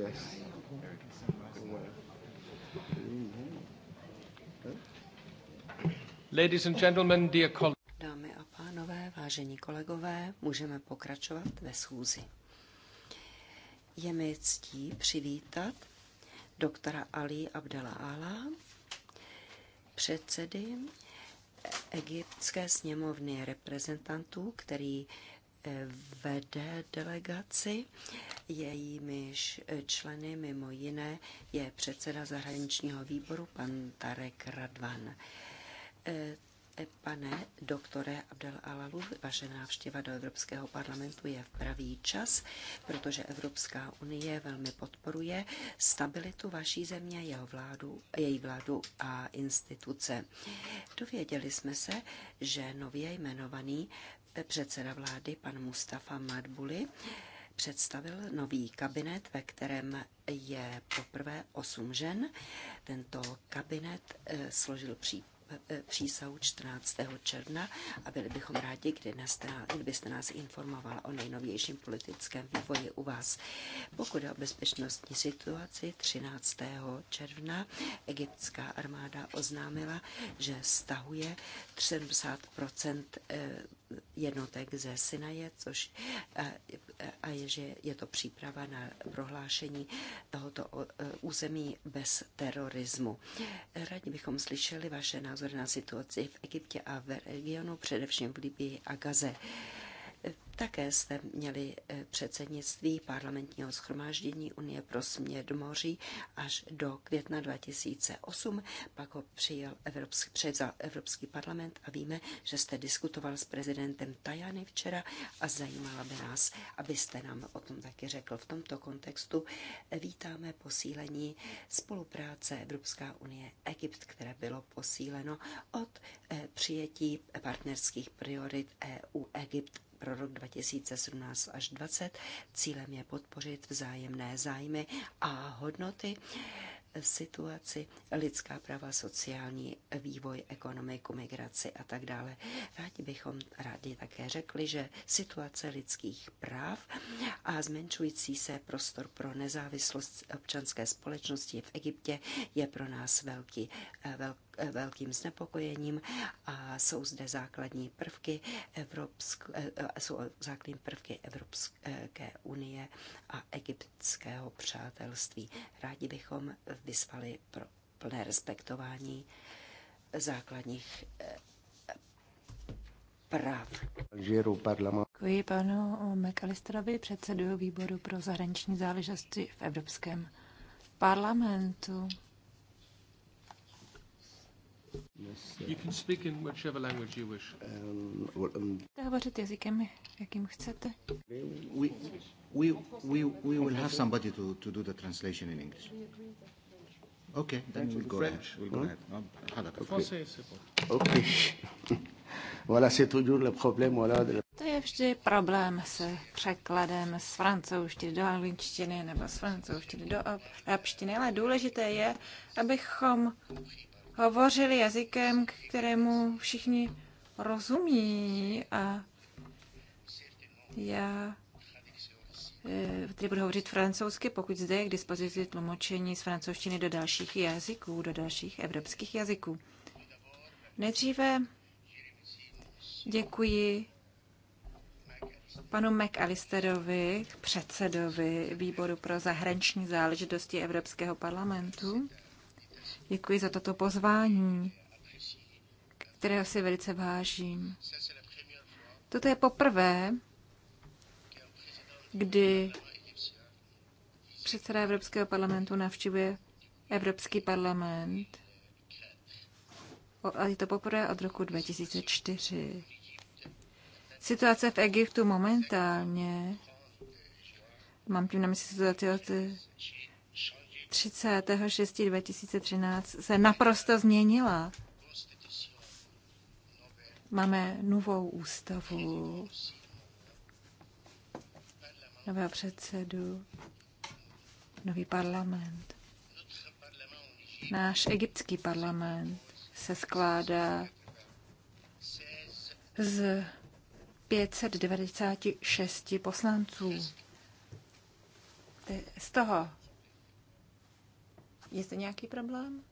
Yes. Ladies and gentlemen, dear colleagues. Dámy a pánové, vážení kolegové, můžeme pokračovat ve schůzi. Je mi ctí přivítat doktora Ali Abdela Ala, předsedy egyptské sněmovny reprezentantů, který eh, vede delegaci Jejímiž členy mimo jiné je předseda zahraničního výboru pan Tarek Radvan. E, e, pane doktore Abdel Alalu, vaše návštěva do Evropského parlamentu je v pravý čas, protože Evropská unie velmi podporuje stabilitu vaší země, jeho vládu, její vládu a instituce. Dověděli jsme se, že nově jmenovaný předseda vlády, pan Mustafa Madbuli, představil nový kabinet, ve kterém je poprvé osm žen. Tento kabinet eh, složil pří, eh, přísahu 14. června a byli bychom rádi, kdy nás, kdybyste nás informoval o nejnovějším politickém vývoji u vás. Pokud je o bezpečnostní situaci, 13. června egyptská armáda oznámila, že stahuje 70 jednotek ze Sinaje, což a je, že je to příprava na prohlášení tohoto e, území bez terorismu. Rádi bychom slyšeli vaše názory na situaci v Egyptě a v regionu, především v Libii a Gaze. Také jste měli eh, předsednictví parlamentního schromáždění Unie pro moří až do května 2008, pak ho přijel Evropský, převzal Evropský parlament a víme, že jste diskutoval s prezidentem Tajany včera a zajímala by nás, abyste nám o tom taky řekl. V tomto kontextu eh, vítáme posílení spolupráce Evropská unie Egypt, které bylo posíleno od eh, přijetí partnerských priorit EU Egypt pro rok 2017 až 2020. Cílem je podpořit vzájemné zájmy a hodnoty situaci, lidská práva, sociální vývoj, ekonomiku, migraci a tak dále. Rádi bychom rádi také řekli, že situace lidských práv a zmenšující se prostor pro nezávislost občanské společnosti v Egyptě je pro nás velký, velký velkým znepokojením a jsou zde základní prvky, Evropsk, eh, eh, jsou základní prvky Evropské unie a egyptského přátelství. Rádi bychom vyzvali pro plné respektování základních eh, práv. Děkuji panu McAllisterovi, předsedu výboru pro zahraniční záležitosti v Evropském parlamentu. Můžete hovořit jazykem, jakým chcete. We, we, we, we will have somebody to, to do the translation in English. Okay, then we'll go ahead. We'll go ahead. Hmm? Oh, okay. voilà, c'est toujours le problème. Voilà, To je vždy problém s překladem z francouzštiny do angličtiny nebo z francouzštiny do arabštiny, ale důležité je, abychom hovořili jazykem, kterému všichni rozumí a já eh, tedy budu hovořit francouzsky, pokud zde je k dispozici tlumočení z francouzštiny do dalších jazyků, do dalších evropských jazyků. Nejdříve děkuji panu McAllisterovi, předsedovi výboru pro zahraniční záležitosti Evropského parlamentu, Děkuji za toto pozvání, kterého si velice vážím. Toto je poprvé, kdy předseda Evropského parlamentu navštívuje Evropský parlament. A je to poprvé od roku 2004. Situace v Egyptu momentálně, mám tím na mysli situaci od 36. 2013 se naprosto změnila. Máme novou ústavu, nového předsedu, nový parlament. Náš egyptský parlament se skládá z 596 poslanců. Z toho je zde nějaký problém?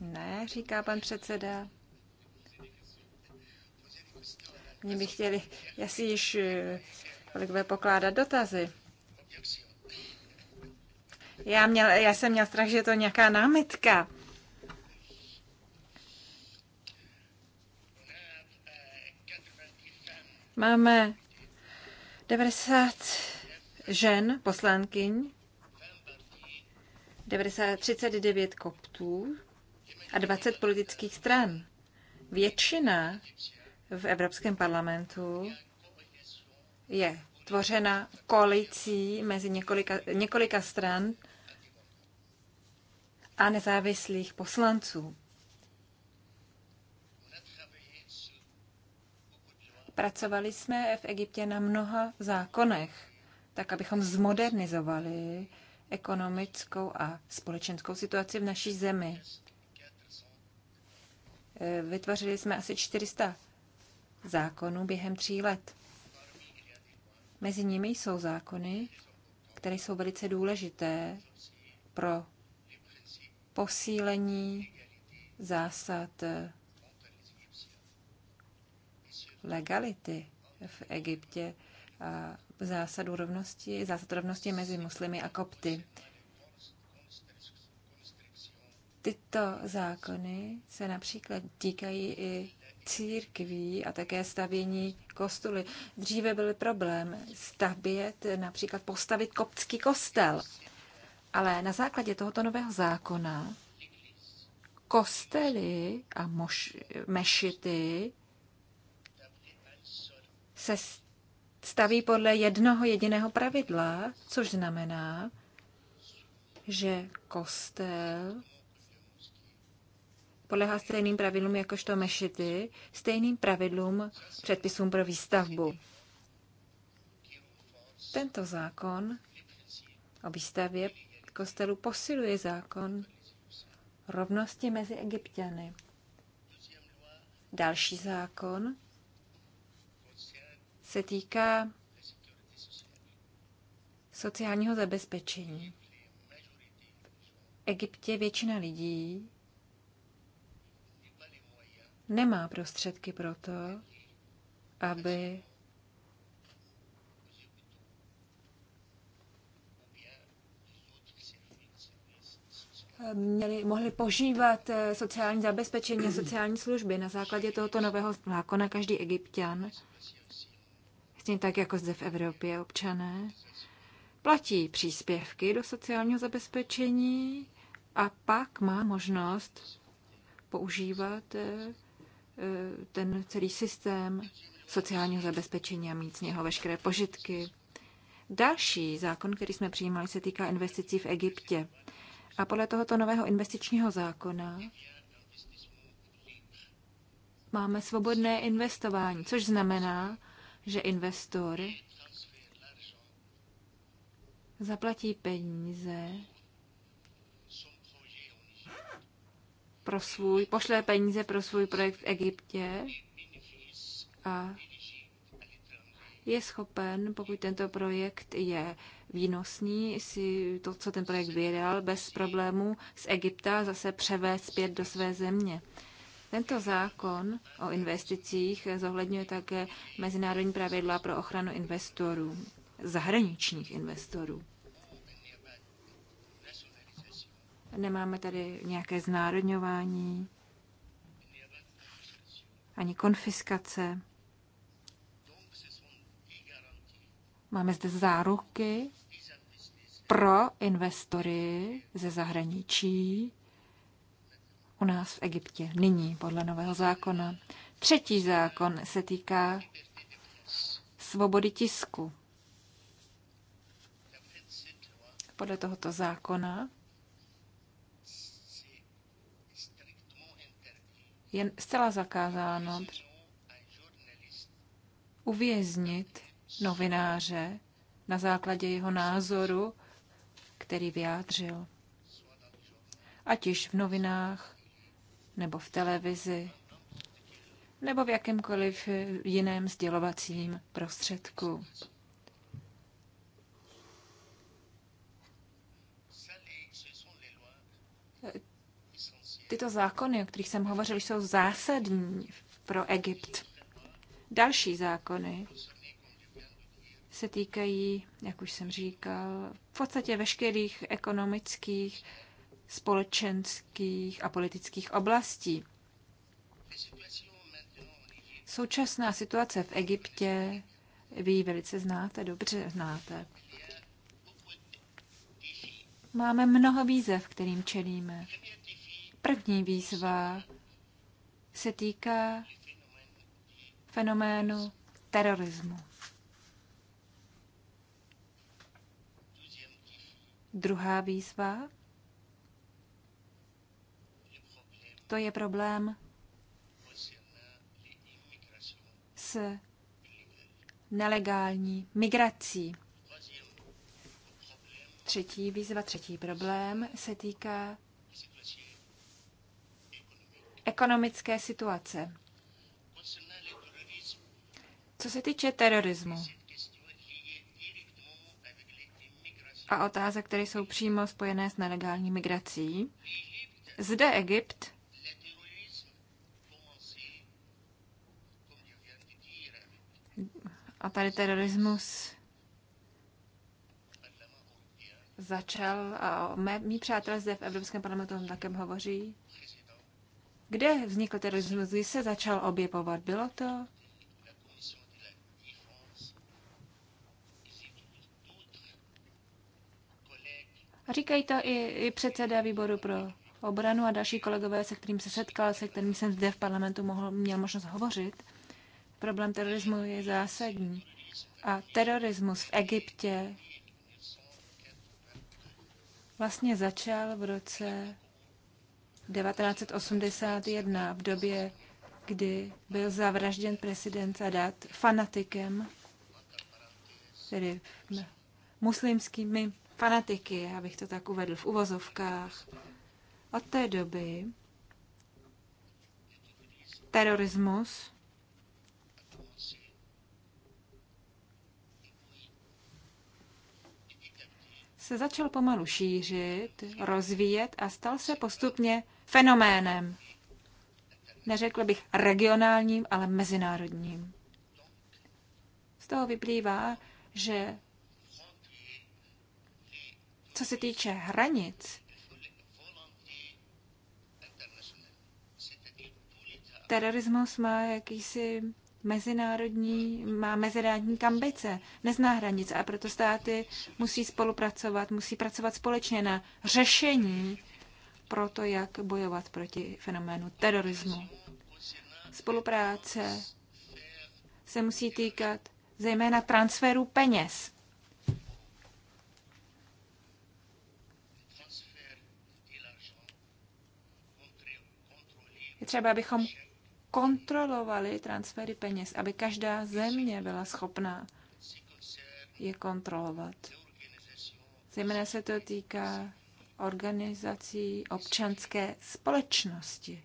Ne, říká pan předseda. Mě by chtěli, já si již bude eh, pokládat dotazy. Já, měl, já jsem měl strach, že je to nějaká námitka. Máme 90 žen poslankyň, 39 koptů a 20 politických stran. Většina v Evropském parlamentu je tvořena koalicí mezi několika, několika stran a nezávislých poslanců. Pracovali jsme v Egyptě na mnoha zákonech tak abychom zmodernizovali ekonomickou a společenskou situaci v naší zemi. E, vytvořili jsme asi 400 zákonů během tří let. Mezi nimi jsou zákony, které jsou velice důležité pro posílení zásad e, legality v Egyptě. A zásadu rovnosti, zásad rovnosti mezi muslimy a kopty. Tyto zákony se například týkají i církví a také stavění kostuly. Dříve byl problém stavět, například postavit koptský kostel. Ale na základě tohoto nového zákona kostely a moš, mešity se staví podle jednoho jediného pravidla, což znamená, že kostel podlehá stejným pravidlům jakožto mešity, stejným pravidlům předpisům pro výstavbu. Tento zákon o výstavě kostelu posiluje zákon rovnosti mezi egyptiany. Další zákon se týká sociálního zabezpečení. V Egyptě většina lidí nemá prostředky pro to, aby měli, mohli požívat eh, sociální zabezpečení a sociální služby. Na základě tohoto nového zákona každý egyptian stejně tak jako zde v Evropě občané, platí příspěvky do sociálního zabezpečení a pak má možnost používat eh, eh, ten celý systém sociálního zabezpečení a mít z něho veškeré požitky. Další zákon, který jsme přijímali, se týká investicí v Egyptě. A podle tohoto nového investičního zákona máme svobodné investování, což znamená, že investor zaplatí peníze pro svůj, pošle peníze pro svůj projekt v Egyptě a je schopen, pokud tento projekt je výnosný, si to, co ten projekt vydal, bez problémů z Egypta zase převést zpět do své země. Tento zákon o investicích zohledňuje také mezinárodní pravidla pro ochranu investorů, zahraničních investorů. Nemáme tady nějaké znárodňování ani konfiskace. Máme zde záruky pro investory ze zahraničí, u nás v Egyptě nyní podle nového zákona. Třetí zákon se týká svobody tisku. Podle tohoto zákona je zcela zakázáno uvěznit novináře na základě jeho názoru, který vyjádřil. Ať již v novinách nebo v televizi, nebo v jakémkoliv jiném sdělovacím prostředku. Tyto zákony, o kterých jsem hovořil, jsou zásadní pro Egypt. Další zákony se týkají, jak už jsem říkal, v podstatě veškerých ekonomických společenských a politických oblastí. Současná situace v Egyptě vy ji velice znáte, dobře znáte. Máme mnoho výzev, kterým čelíme. První výzva se týká fenoménu terorismu. Druhá výzva to je problém s nelegální migrací. Třetí výzva, třetí problém se týká ekonomické situace. Co se týče terorismu a otázek, které jsou přímo spojené s nelegální migrací, zde Egypt A tady terorismus začal a mé, mý přátelé zde v Evropském parlamentu tom také hovoří. Kde vznikl terorismus? Kdy se začal objevovat? Bylo to? A říkají to i, i předseda výboru pro obranu a další kolegové, se kterým se setkal, se kterým jsem zde v parlamentu mohl, měl možnost hovořit. Problém terorismu je zásadní. A terorismus v Egyptě vlastně začal v roce 1981, v době, kdy byl zavražděn prezident Sadat fanatikem, tedy muslimskými fanatiky, abych to tak uvedl v uvozovkách. Od té doby terorismus se začal pomalu šířit, rozvíjet a stal se postupně fenoménem. Neřekl bych regionálním, ale mezinárodním. Z toho vyplývá, že co se týče hranic, terorismus má jakýsi mezinárodní, má mezinárodní kambice, nezná hranice a proto státy musí spolupracovat, musí pracovat společně na řešení pro to, jak bojovat proti fenoménu terorismu. Spolupráce se musí týkat zejména transferu peněz. Je třeba, abychom kontrolovali transfery peněz, aby každá země byla schopná je kontrolovat. Zejména se to týká organizací občanské společnosti.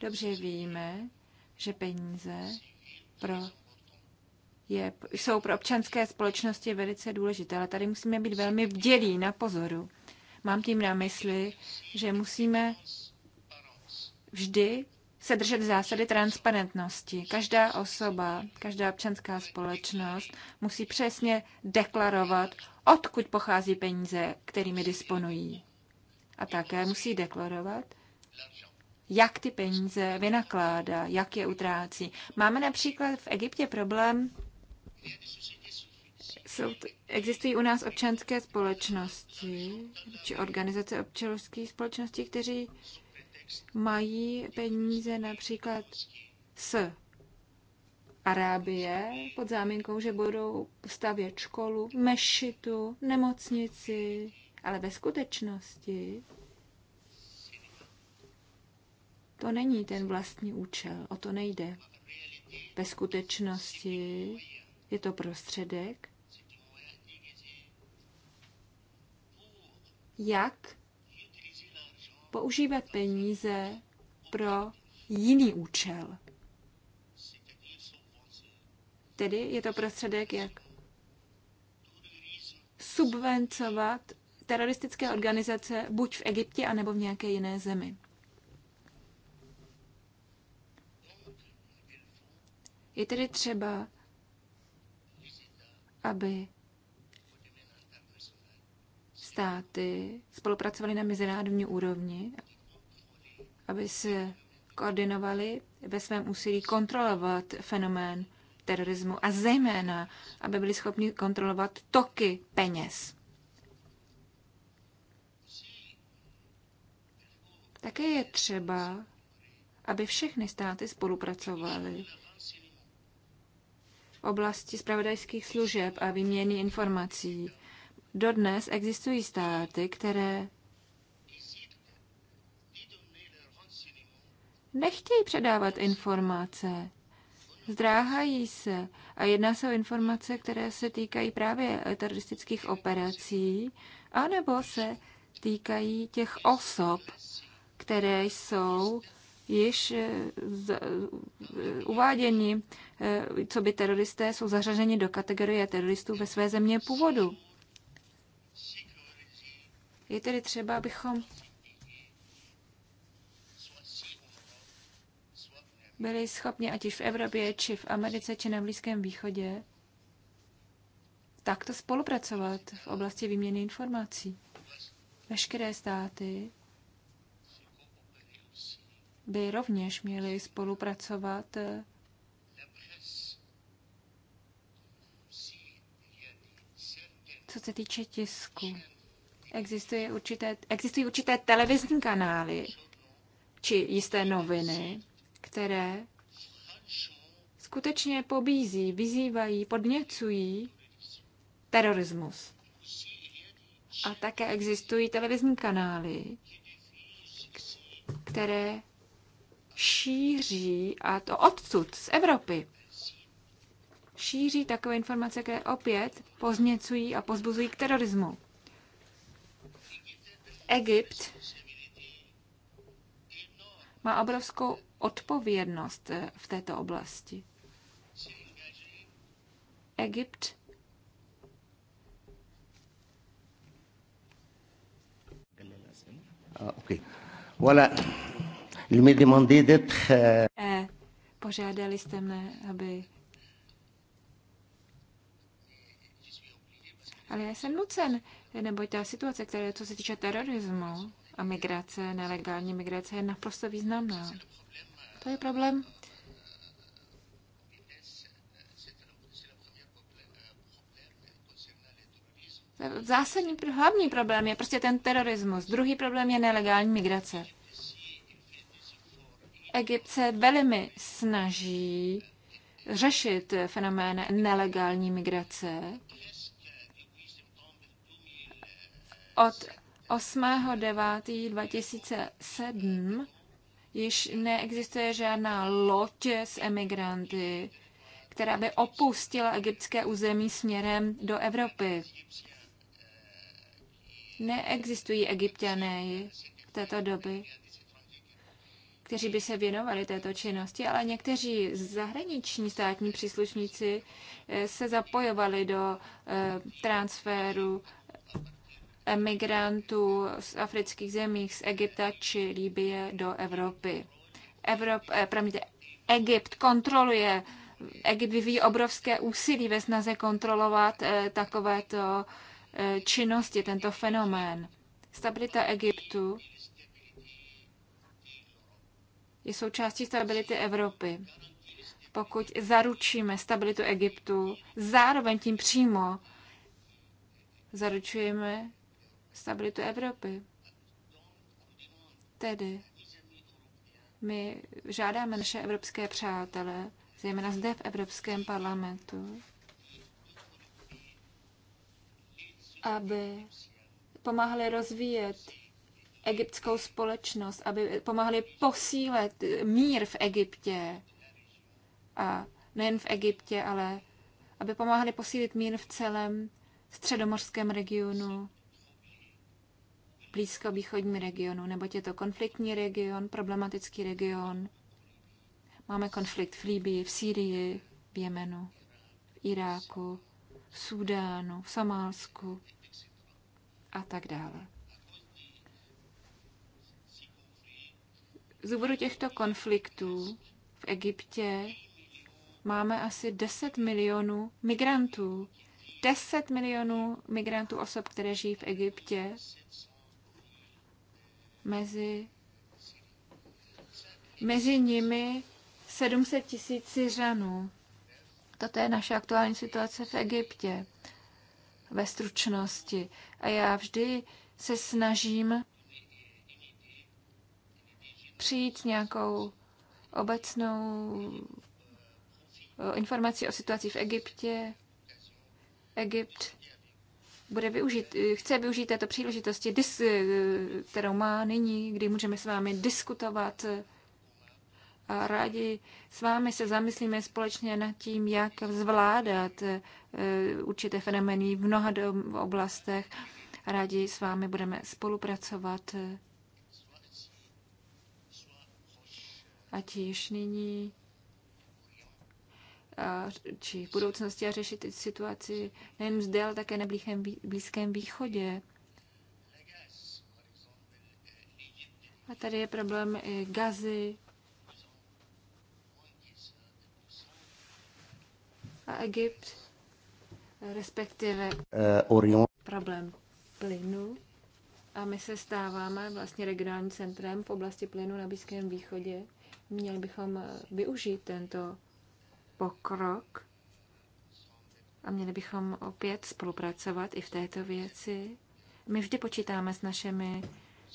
Dobře víme, že peníze pro je, jsou pro občanské společnosti velice důležité, ale tady musíme být velmi vdělí na pozoru. Mám tím na mysli, že musíme vždy se držet zásady transparentnosti. Každá osoba, každá občanská společnost musí přesně deklarovat, odkud pochází peníze, kterými disponují. A také musí deklarovat, jak ty peníze vynakládá, jak je utrácí. Máme například v Egyptě problém, jsou, existují u nás občanské společnosti či organizace občanských společností, kteří mají peníze například s Arábie pod záminkou, že budou stavět školu, mešitu, nemocnici, ale ve skutečnosti to není ten vlastní účel, o to nejde. Ve skutečnosti je to prostředek, jak používat peníze pro jiný účel. Tedy je to prostředek, jak subvencovat teroristické organizace buď v Egyptě, anebo v nějaké jiné zemi. Je tedy třeba, aby státy spolupracovaly na mezinárodní úrovni, aby se koordinovali ve svém úsilí kontrolovat fenomén terorismu a zejména, aby byli schopni kontrolovat toky peněz. Také je třeba, aby všechny státy spolupracovaly v oblasti spravodajských služeb a výměny informací Dodnes existují státy, které nechtějí předávat informace, zdráhají se a jedná se o informace, které se týkají právě teroristických operací, anebo se týkají těch osob, které jsou již eh, z, eh, uváděni, eh, co by teroristé jsou zařazeni do kategorie teroristů ve své země původu. Je tedy třeba, abychom byli schopni, ať už v Evropě, či v Americe, či na Blízkém východě, takto spolupracovat v oblasti výměny informací. Veškeré státy by rovněž měly spolupracovat co se týče tisku. Existuje určité, existují určité televizní kanály či jisté noviny, které skutečně pobízí, vyzývají, podněcují terorismus. A také existují televizní kanály, které šíří, a to odsud, z Evropy, šíří takové informace, které opět pozněcují a pozbuzují k terorismu. Egypt má obrovskou odpovědnost eh, v této oblasti. Egypt ah, Okay. Euh, eh, požádali jste mne, aby... Ale já jsem nucen neboť ta situace, která co se týče terorismu a migrace, nelegální migrace, je naprosto významná. To je problém. Zásadní, hlavní problém je prostě ten terorismus. Druhý problém je nelegální migrace. Egypt se velmi snaží řešit fenomén nelegální migrace Od 8.9.2007 již neexistuje žádná loď s emigranty, která by opustila egyptské území směrem do Evropy. Neexistují egyptiané v této doby, kteří by se věnovali této činnosti, ale někteří zahraniční státní příslušníci eh, se zapojovali do eh, transferu emigrantů z afrických zemí, z Egypta či Líbie do Evropy. Evrop, eh, promiňte, Egypt kontroluje, Egypt vyvíjí obrovské úsilí ve snaze kontrolovat eh, takovéto eh, činnosti, tento fenomén. Stabilita Egyptu je součástí stability Evropy. Pokud zaručíme stabilitu Egyptu, zároveň tím přímo zaručujeme stabilitu Evropy. Tedy my žádáme naše evropské přátele, zejména zde v Evropském parlamentu, aby pomáhali rozvíjet egyptskou společnost, aby pomáhali posílet mír v Egyptě. A nejen v Egyptě, ale aby pomáhali posílit mír v celém středomorském regionu blízkovýchodním regionu, neboť je to konfliktní region, problematický region. Máme konflikt v Líbii, v Sýrii, v Jemenu, v Iráku, v Súdánu, v Somálsku a tak dále. Z důvodu těchto konfliktů v Egyptě máme asi 10 milionů migrantů. 10 milionů migrantů osob, které žijí v Egyptě, mezi, mezi nimi 700 tisíc Syřanů. Toto je naše aktuální situace v Egyptě ve stručnosti. A já vždy se snažím přijít nějakou obecnou eh, informací o situaci v Egyptě. Egypt bude využít, eh, chce využít této příležitosti, dis, eh, kterou má nyní, kdy můžeme s vámi diskutovat eh, a rádi s vámi se zamyslíme společně nad tím, jak zvládat určité fenomény v mnoha oblastech. Rádi s vámi budeme spolupracovat. Ať již nyní a, či v budoucnosti a řešit situaci nejen zde, ale také na blízkém, blízkém východě. A tady je problém i e, gazy a Egypt, respektive uh, eh, Orion. problém plynu. A my se stáváme vlastně regionálním centrem v oblasti plynu na Blízkém východě. Měli bychom eh, využít tento pokrok a měli bychom opět spolupracovat i v této věci. My vždy počítáme s našimi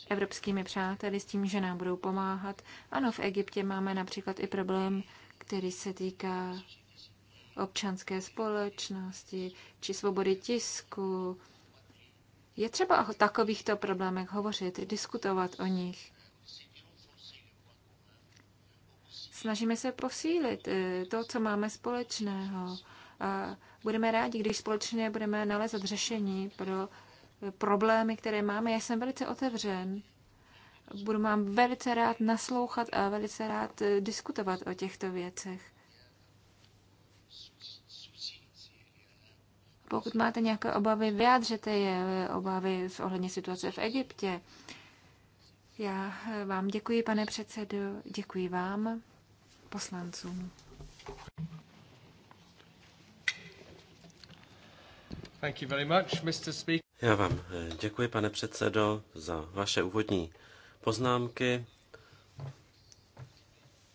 evropskými přáteli, s tím, že nám budou pomáhat. Ano, v Egyptě máme například i problém, který se týká občanské společnosti či svobody tisku. Je třeba o takovýchto problémech hovořit, diskutovat o nich. Snažíme se posílit eh, to, co máme společného. A budeme rádi, když společně budeme nalezat řešení pro eh, problémy, které máme. Já jsem velice otevřen. Budu vám velice rád naslouchat a velice rád eh, diskutovat o těchto věcech. Pokud máte nějaké obavy, vyjádřete je, obavy v ohledně situace v Egyptě. Já vám děkuji, pane předsedo, děkuji vám poslancům. Thank you very much, Mr. Speaker. Já vám eh, děkuji, pane předsedo, za vaše úvodní poznámky.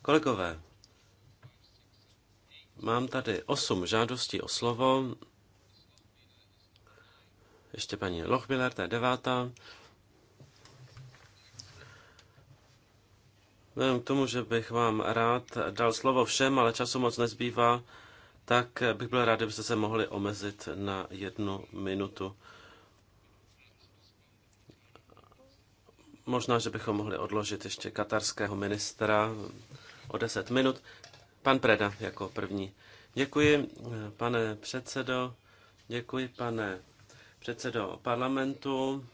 Kolegové, mám tady osm žádostí o slovo. Ještě paní Lochbiller, to je devátá. Vzhledem k tomu, že bych vám rád dal slovo všem, ale času moc nezbývá, tak bych byl rád, kdybyste se mohli omezit na jednu minutu. Možná, že bychom mohli odložit ještě katarského ministra o 10 minut. Pan Preda jako první. Děkuji, pane předsedo. Děkuji, pane předsedo parlamentu.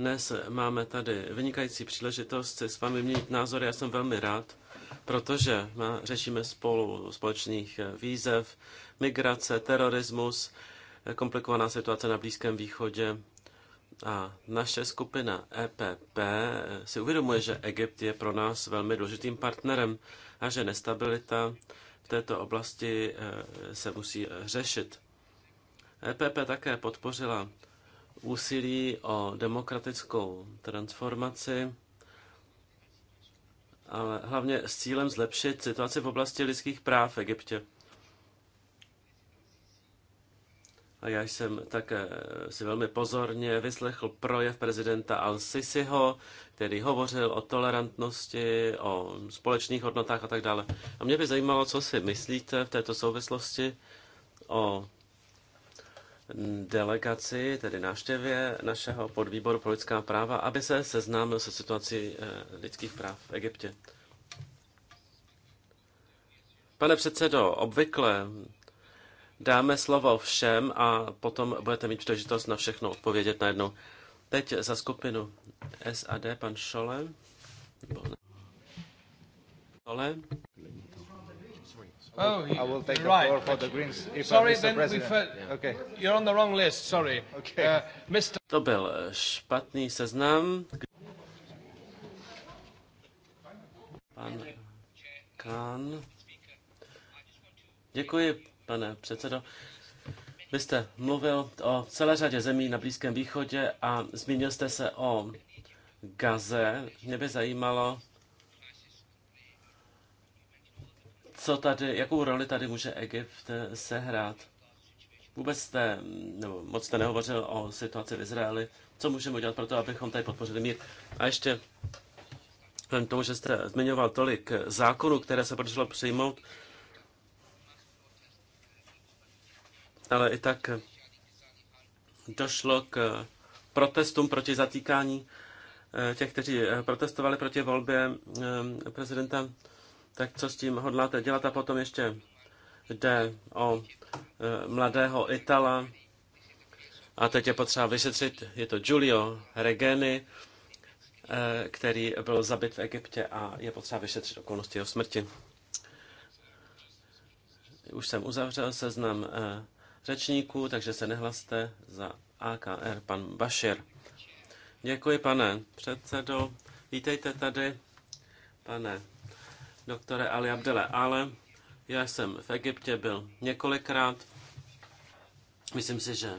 Dnes máme tady vynikající příležitost si s vámi měnit názory. Já jsem velmi rád, protože řešíme spolu společných eh, výzev, migrace, terorismus, eh, komplikovaná situace na Blízkém východě. A naše skupina EPP eh, si uvědomuje, že Egypt je pro nás velmi důležitým partnerem a že nestabilita v této oblasti se musí řešit. EPP také podpořila úsilí o demokratickou transformaci, ale hlavně s cílem zlepšit situaci v oblasti lidských práv v Egyptě. A já jsem také si velmi pozorně vyslechl projev prezidenta Al-Sisiho, který hovořil o tolerantnosti, o společných hodnotách a tak dále. A mě by zajímalo, co si myslíte v této souvislosti o delegaci, tedy návštěvě našeho podvýboru pro lidská práva, aby se seznámil se situací eh, lidských práv v Egyptě. Pane předsedo, obvykle dáme slovo všem a potom budete mít příležitost na všechno odpovědět najednou. Teď za skupinu SAD pan Šole. Šole. Oh, I will take the right. floor for the Greens. If sorry, then we yeah. okay. You're on the wrong list. Sorry. Okay. Uh, Mr. To byl špatný seznam. Pan Kán. Děkuji, pane předsedo. Vy jste mluvil o celé řadě zemí na Blízkém východě a zmínil jste se o Gaze. Mě by zajímalo, co tady, jakou roli tady může Egypt eh, sehrát. Vůbec jste, nebo moc jste nehovořil o situaci v Izraeli. Co můžeme udělat pro to, abychom tady podpořili mír? A ještě k tomu, že jste zmiňoval tolik eh, zákonů, které se podařilo přijmout, ale i tak eh, došlo k protestům proti zatýkání těch, kteří protestovali proti volbě prezidenta tak co s tím hodláte dělat? A potom ještě jde o e, mladého Itala. A teď je potřeba vyšetřit, je to Giulio Regeni, e, který byl zabit v Egyptě a je potřeba vyšetřit okolnosti jeho smrti. Už jsem uzavřel seznam e, řečníků, takže se nehlaste za AKR, pan Bašir. Děkuji, pane předsedo. Vítejte tady, pane doktore Ali Abdele, ale já jsem v Egyptě byl několikrát. Myslím si, že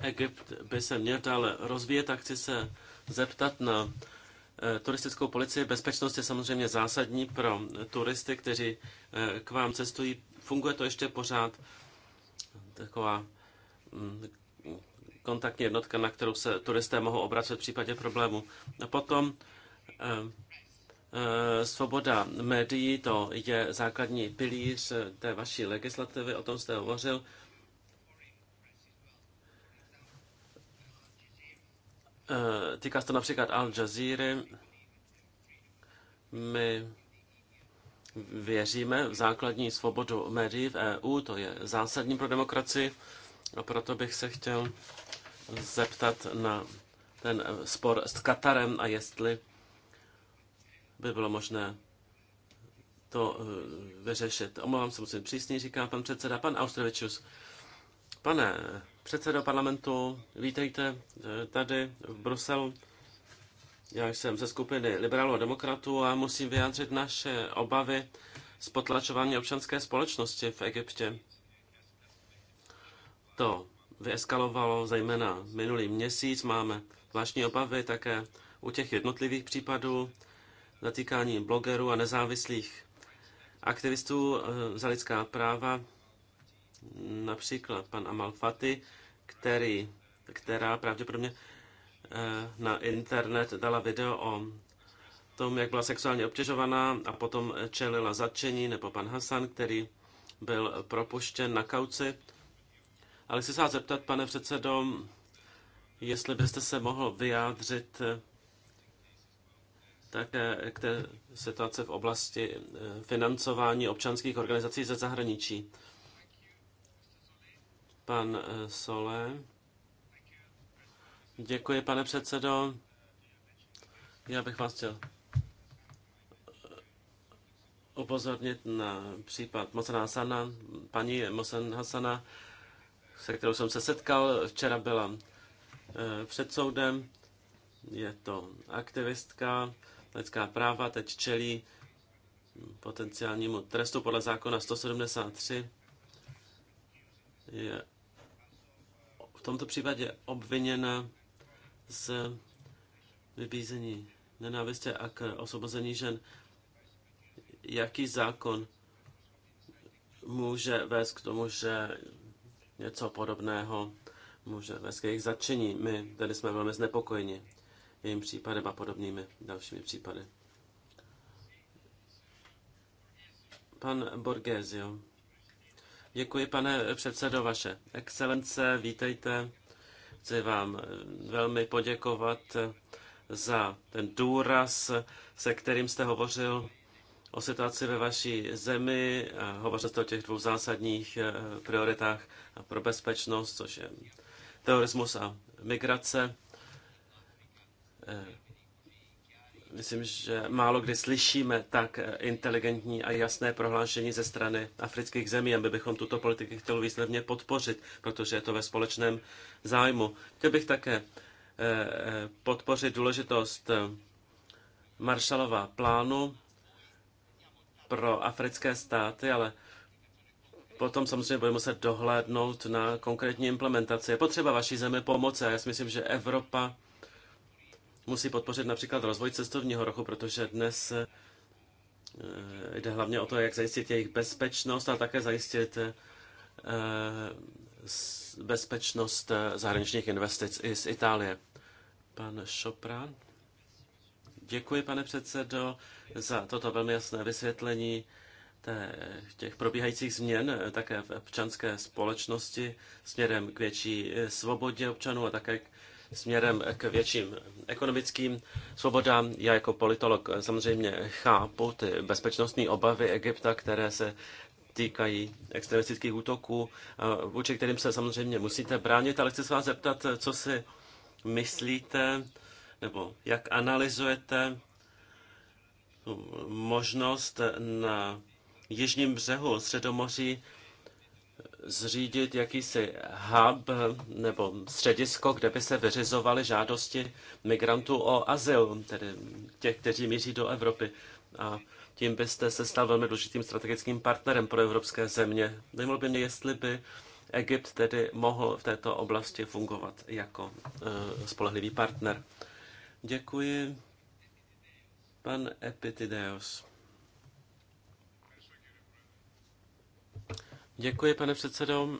Egypt by se měl dále rozvíjet a chci se zeptat na eh, turistickou policii. Bezpečnost je samozřejmě zásadní pro turisty, kteří eh, k vám cestují. Funguje to ještě pořád taková mm, kontaktní jednotka, na kterou se turisté mohou obracet v případě problému. A potom eh, Eh, svoboda médií, to je základní pilíř eh, té vaší legislativy, o tom jste hovořil. Eh, týká se to například Al Jazeera. My věříme v základní svobodu médií v EU, to je zásadní pro demokracii, a proto bych se chtěl zeptat na ten spor s Katarem a jestli by bylo možné to eh, vyřešit. Omlouvám se, musím přísně, říká pan předseda, pan Austrovičus. Pane předsedo parlamentu, vítejte eh, tady v Bruselu. Já jsem ze skupiny liberálů a demokratů a musím vyjádřit naše obavy z potlačování občanské společnosti v Egyptě. To vyeskalovalo zejména minulý měsíc. Máme zvláštní obavy také u těch jednotlivých případů zatýkání blogerů a nezávislých aktivistů eh, za lidská práva, například pan Amal Fati, který, která pravděpodobně eh, na internet dala video o tom, jak byla sexuálně obtěžovaná a potom čelila zatčení, nebo pan Hasan, který byl propuštěn na kauci. Ale chci se vás zeptat, pane předsedo, jestli byste se mohl vyjádřit eh, také k té situaci v oblasti eh, financování občanských organizací ze zahraničí. Pan eh, Sole. Děkuji, pane předsedo. Já bych vás chtěl eh, upozornit na případ Mosen Hasana, paní Mosen Hasana, se kterou jsem se setkal. Včera byla před soudem. Je to aktivistka, lidská práva teď čelí potenciálnímu trestu podle zákona 173. Je v tomto případě obviněna z vybízení nenávistě a k osvobození žen. Jaký zákon může vést k tomu, že něco podobného může vést k jejich začení. My tady jsme velmi znepokojeni jejím případem a podobnými dalšími případy. Pan Borgesio. Děkuji, pane předsedo, vaše excelence, vítejte. Chci vám velmi poděkovat za ten důraz, se kterým jste hovořil o situaci ve vaší zemi. Hovořil jste o těch dvou zásadních eh, prioritách pro bezpečnost, což je terorismus a migrace. Eh, myslím, že málo kdy slyšíme tak eh, inteligentní a jasné prohlášení ze strany afrických zemí, aby bychom tuto politiku chtěli výsledně podpořit, protože je to ve společném zájmu. Chtěl bych také eh, podpořit důležitost Marshallova plánu pro africké státy, ale potom samozřejmě budeme muset dohlédnout na konkrétní implementaci. Je potřeba vaší zemi pomoci a já si myslím, že Evropa musí podpořit například rozvoj cestovního ruchu, protože dnes eh, jde hlavně o to, jak zajistit jejich bezpečnost a také zajistit eh, bezpečnost eh, zahraničních investic i z Itálie. Pan Šopran. Děkuji, pane předsedo, za toto velmi jasné vysvětlení té, těch probíhajících změn eh, také v občanské společnosti směrem k větší eh, svobodě občanů a také směrem eh, k větším ekonomickým svobodám. Já jako politolog samozřejmě chápu ty bezpečnostní obavy Egypta, které se týkají extremistických útoků, vůči kterým se samozřejmě musíte bránit, ale chci se vás zeptat, co si myslíte nebo jak analyzujete možnost na jižním břehu Středomoří zřídit jakýsi hub nebo středisko, kde by se vyřizovaly žádosti migrantů o azyl, tedy těch, kteří míří do Evropy. A tím byste se stal velmi důležitým strategickým partnerem pro evropské země. Zajímalo by mě, jestli by Egypt tedy mohl v této oblasti fungovat jako uh, spolehlivý partner. Děkuji, pan Epitideus. Děkuji, pane předsedo.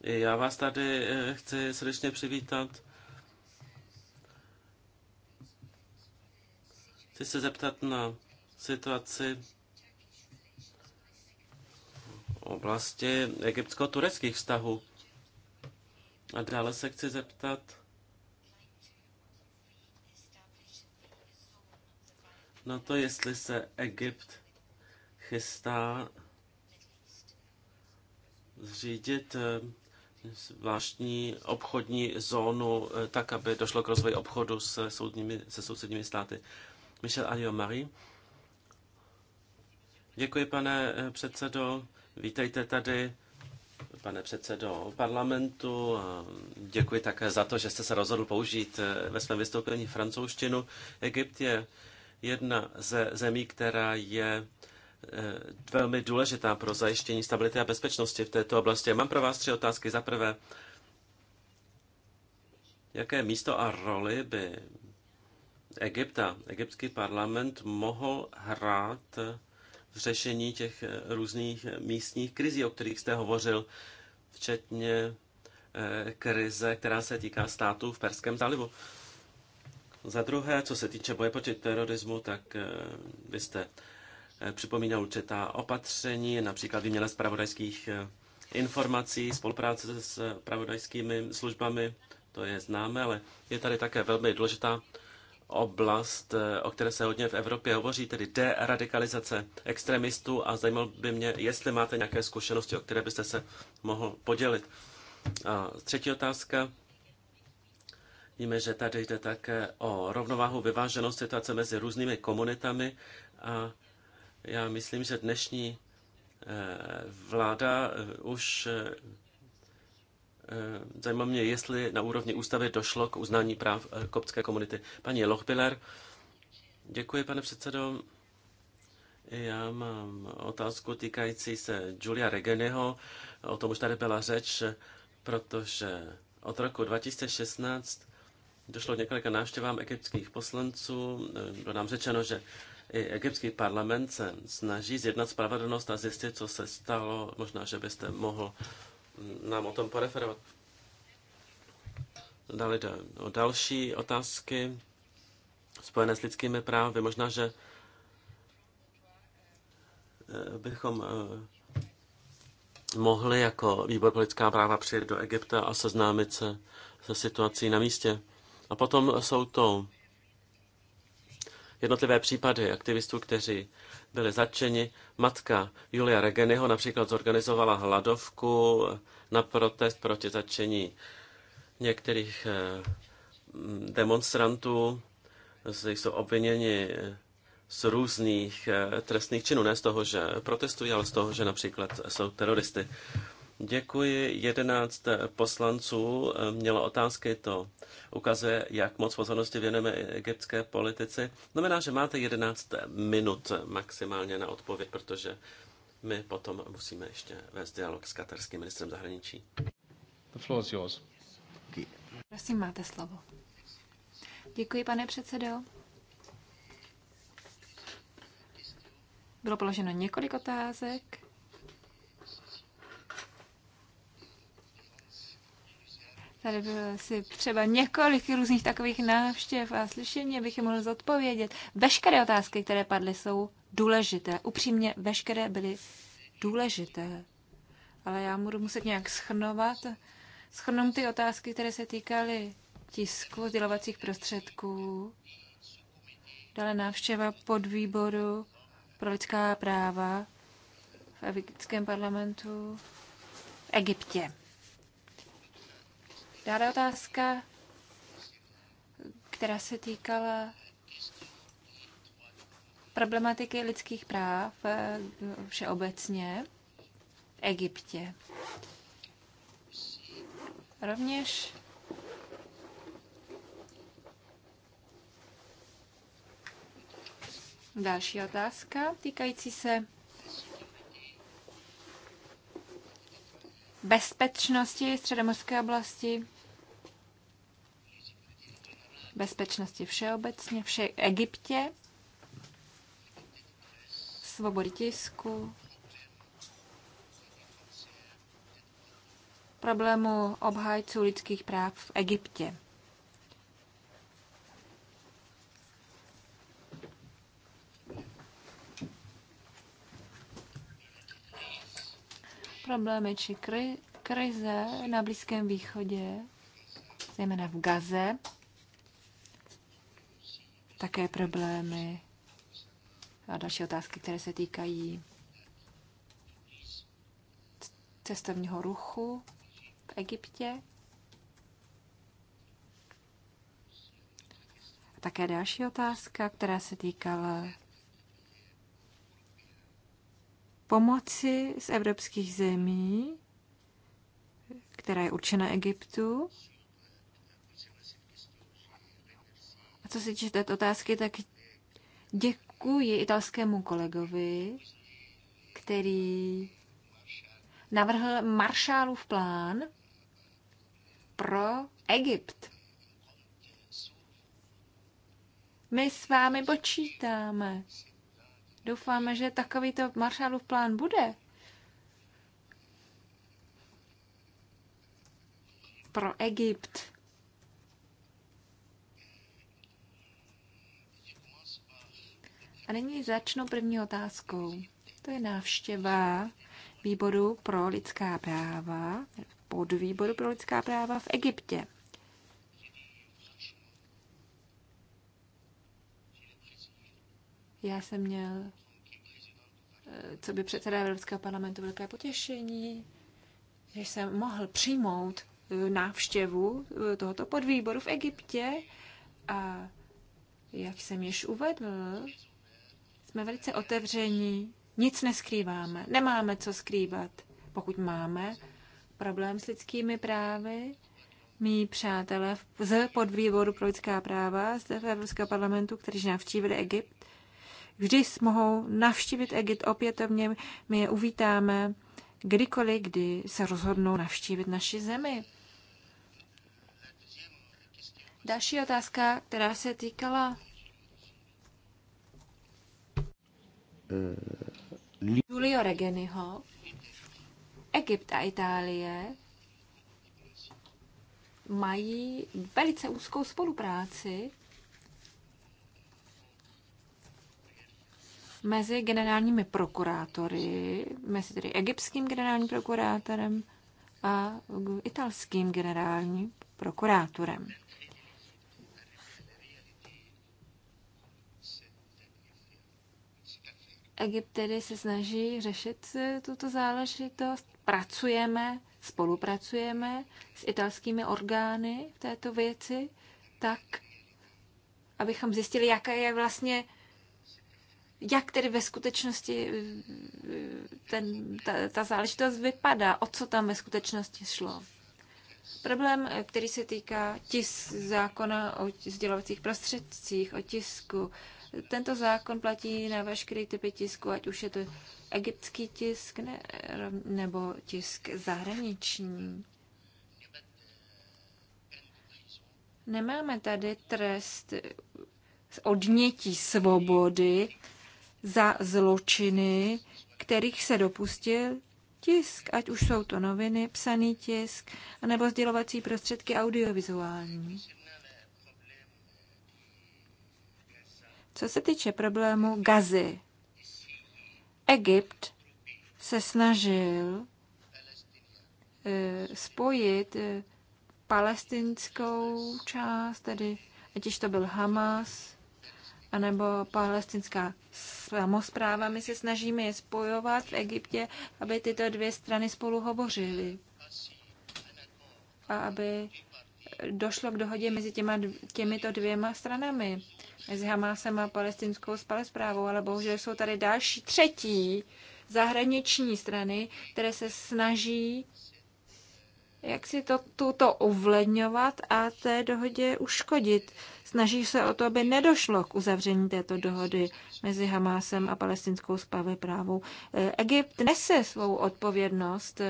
Já vás tady eh, chci srdečně přivítat. Chci se zeptat na situaci oblasti egyptsko-tureckých vztahů. A dále se chci zeptat, na to, jestli se Egypt chystá zřídit eh, zvláštní obchodní zónu, eh, tak, aby došlo k rozvoji obchodu se, soudními, se sousedními státy. Michel Alio Marie. Děkuji, pane eh, předsedo. Vítejte tady, pane předsedo parlamentu. Děkuji také za to, že jste se rozhodl použít ve svém vystoupení francouzštinu. Egypt je jedna ze zemí, která je eh, velmi důležitá pro zajištění stability a bezpečnosti v této oblasti. Mám pro vás tři otázky. Za prvé, jaké místo a roli by Egypta, egyptský parlament mohl hrát v řešení těch eh, různých místních krizí, o kterých jste hovořil, včetně eh, krize, která se týká států v Perském zálivu. Za druhé, co se týče boje proti terorismu, tak eh, vy jste eh, připomínal určitá opatření, například výměna zpravodajských eh, informací, spolupráce s pravodajskými službami, to je známe, ale je tady také velmi důležitá oblast, o které se hodně v Evropě hovoří, tedy deradikalizace extremistů a zajímalo by mě, jestli máte nějaké zkušenosti, o které byste se mohl podělit. A třetí otázka Víme, že tady jde také o rovnováhu, vyváženost situace mezi různými komunitami a já myslím, že dnešní eh, vláda eh, už eh, zajímá mě, jestli na úrovni ústavy došlo k uznání práv koptské komunity. Paní Lochbiller, děkuji, pane předsedo. Já mám otázku týkající se Julia Regeneho. O tom už tady byla řeč, protože od roku 2016 došlo k několika návštěvám egyptských poslanců. Bylo nám řečeno, že i egyptský parlament se snaží zjednat spravedlnost a zjistit, co se stalo. Možná, že byste mohl mm, nám o tom poreferovat. Dále jde o další otázky spojené s lidskými právy. Možná, že eh, bychom eh, mohli jako výbor pro lidská práva přijet do Egypta a seznámit se se situací na místě. A potom jsou to jednotlivé případy aktivistů, kteří byli zatčeni. Matka Julia Regenyho například zorganizovala hladovku na protest proti zatčení některých eh, demonstrantů. Jsou obviněni z různých eh, trestných činů, ne z toho, že protestují, ale z toho, že například jsou teroristy. Děkuji. Jedenáct poslanců eh, mělo otázky. To ukazuje, jak moc pozornosti věneme egyptské politici. Znamená, že máte 11 minut maximálně na odpověď, protože my potom musíme ještě vést dialog s katarským ministrem zahraničí. The floor is yours. Prosím, máte slovo. Děkuji, pane předsedo. Bylo položeno několik otázek. Tady bylo asi třeba několik různých takových návštěv a slyšení, abych je mohl zodpovědět. Veškeré otázky, které padly, jsou důležité. Upřímně, veškeré byly důležité. Ale já budu muset nějak schrnovat. Schrnu ty otázky, které se týkaly tisku, sdělovacích prostředků, dále návštěva podvýboru pro lidská práva v Evropském parlamentu v Egyptě. Dále otázka, která se týkala problematiky lidských práv eh, všeobecně v Egyptě. Rovněž další otázka týkající se bezpečnosti středomorské oblasti bezpečnosti všeobecně, vše Egyptě, svobody tisku, problému obhájců lidských práv v Egyptě. Problémy či kry, krize na Blízkém východě, zejména v Gaze, také problémy a další otázky, které se týkají cestovního ruchu v Egyptě. A také další otázka, která se týkala pomoci z evropských zemí, která je určena Egyptu A co se týče této otázky, tak děkuji italskému kolegovi, který navrhl Maršálův plán pro Egypt. My s vámi počítáme. Doufáme, že takovýto Maršálův plán bude. Pro Egypt. A nyní začnu první otázkou. To je návštěva výboru pro lidská práva, podvýboru pro lidská práva v Egyptě. Já jsem měl, eh, co by předseda Evropského parlamentu, velké potěšení, že jsem mohl přijmout eh, návštěvu eh, tohoto podvýboru v Egyptě a jak jsem již uvedl, jsme velice otevření, nic neskrýváme, nemáme co skrývat. Pokud máme problém s lidskými právy, mý přátelé z podvýboru pro lidská práva zde v Evropského parlamentu, kteří navštívili Egypt, vždy mohou navštívit Egypt opětovně. My je uvítáme kdykoliv, kdy se rozhodnou navštívit naši zemi. Další otázka, která se týkala Julio Regeniho, Egypt a Itálie mají velice úzkou spolupráci mezi generálními prokurátory, mezi tedy egyptským generálním prokurátorem a italským generálním prokurátorem. Egypt tedy se snaží řešit eh, tuto záležitost. Pracujeme, spolupracujeme s italskými orgány v této věci, tak, abychom zjistili, jaká je vlastně jak tedy ve skutečnosti eh, ten, ta, ta záležitost vypadá, o co tam ve skutečnosti šlo. Problém, eh, který se týká tis, zákona o sdělovacích prostředcích, o tisku, tento zákon platí na veškerý typy tisku, ať už je to egyptský tisk ne, nebo tisk zahraniční. Nemáme tady trest odnětí svobody za zločiny, kterých se dopustil tisk, ať už jsou to noviny, psaný tisk, anebo sdělovací prostředky audiovizuální. Co se týče problému Gazy, Egypt se snažil eh, spojit eh, palestinskou část, tedy ať již to byl Hamas, anebo palestinská samozpráva. My se snažíme je spojovat v Egyptě, aby tyto dvě strany spolu hovořily a aby došlo k dohodě mezi těma, těmito dvěma stranami, mezi Hamásem a palestinskou spalesprávou, ale bohužel jsou tady další třetí zahraniční strany, které se snaží jak si to, tuto uvledňovat a té dohodě uškodit. Snaží se o to, aby nedošlo k uzavření této dohody mezi Hamásem a palestinskou správou. Egypt nese svou odpovědnost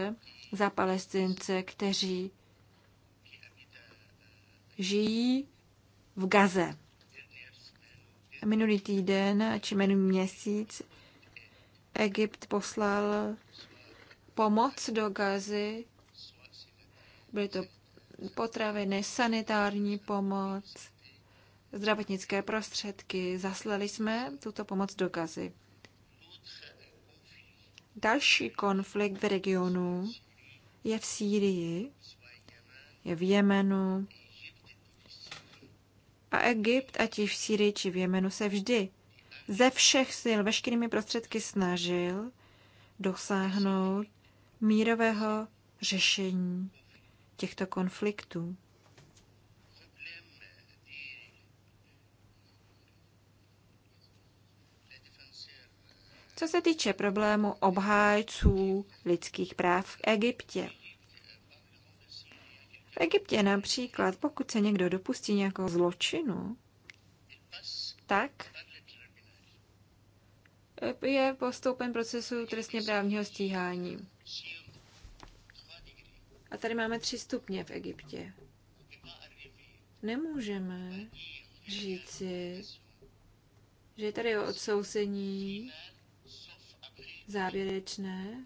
za palestince, kteří žijí v Gaze. Minulý týden či minulý měsíc Egypt poslal pomoc do Gazy. Byly to potraviny, sanitární pomoc, zdravotnické prostředky. Zaslali jsme tuto pomoc do Gazy. Další konflikt v regionu je v Sýrii, je v Jemenu, a Egypt, ať již v Sýrii či v Jemenu, se vždy ze všech sil, veškerými prostředky snažil dosáhnout mírového řešení těchto konfliktů. Co se týče problému obhájců lidských práv v Egyptě, v Egyptě například, pokud se někdo dopustí nějakého zločinu, tak je postoupen procesu trestně právního stíhání. A tady máme tři stupně v Egyptě. Nemůžeme říci, že je tady je odsouzení závěrečné,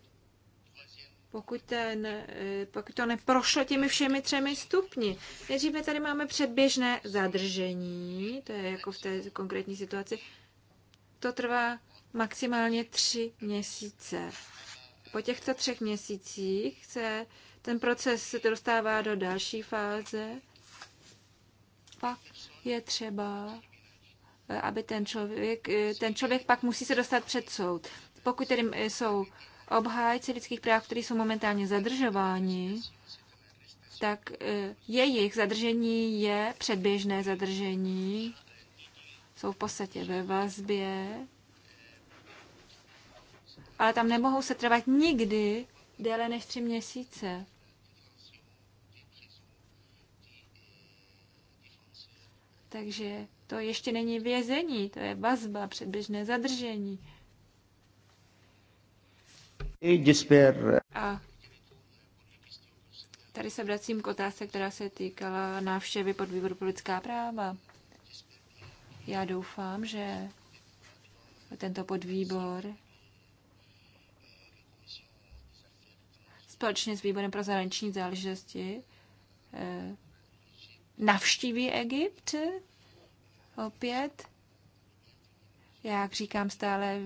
pokud, ten, eh, eh, pokud to neprošlo těmi všemi třemi stupni. Nejdříve tady máme předběžné zadržení, to je jako v té konkrétní situaci. To trvá maximálně tři měsíce. Po těchto třech měsících se ten proces se dostává do další fáze. Pak je třeba, eh, aby ten člověk, ten člověk pak musí se dostat před soud. Pokud tedy jsou obhájci lidských práv, kteří jsou momentálně zadržováni, tak eh, jejich zadržení je předběžné zadržení, jsou v podstatě ve vazbě, ale tam nemohou se trvat nikdy déle než tři měsíce. Takže to ještě není vězení, to je vazba, předběžné zadržení. A tady se vracím k otázce, která se týkala návštěvy pod výboru pro lidská práva. Já doufám, že tento podvýbor společně s výborem pro zahraniční záležitosti eh, navštíví Egypt opět. Jak říkám stále,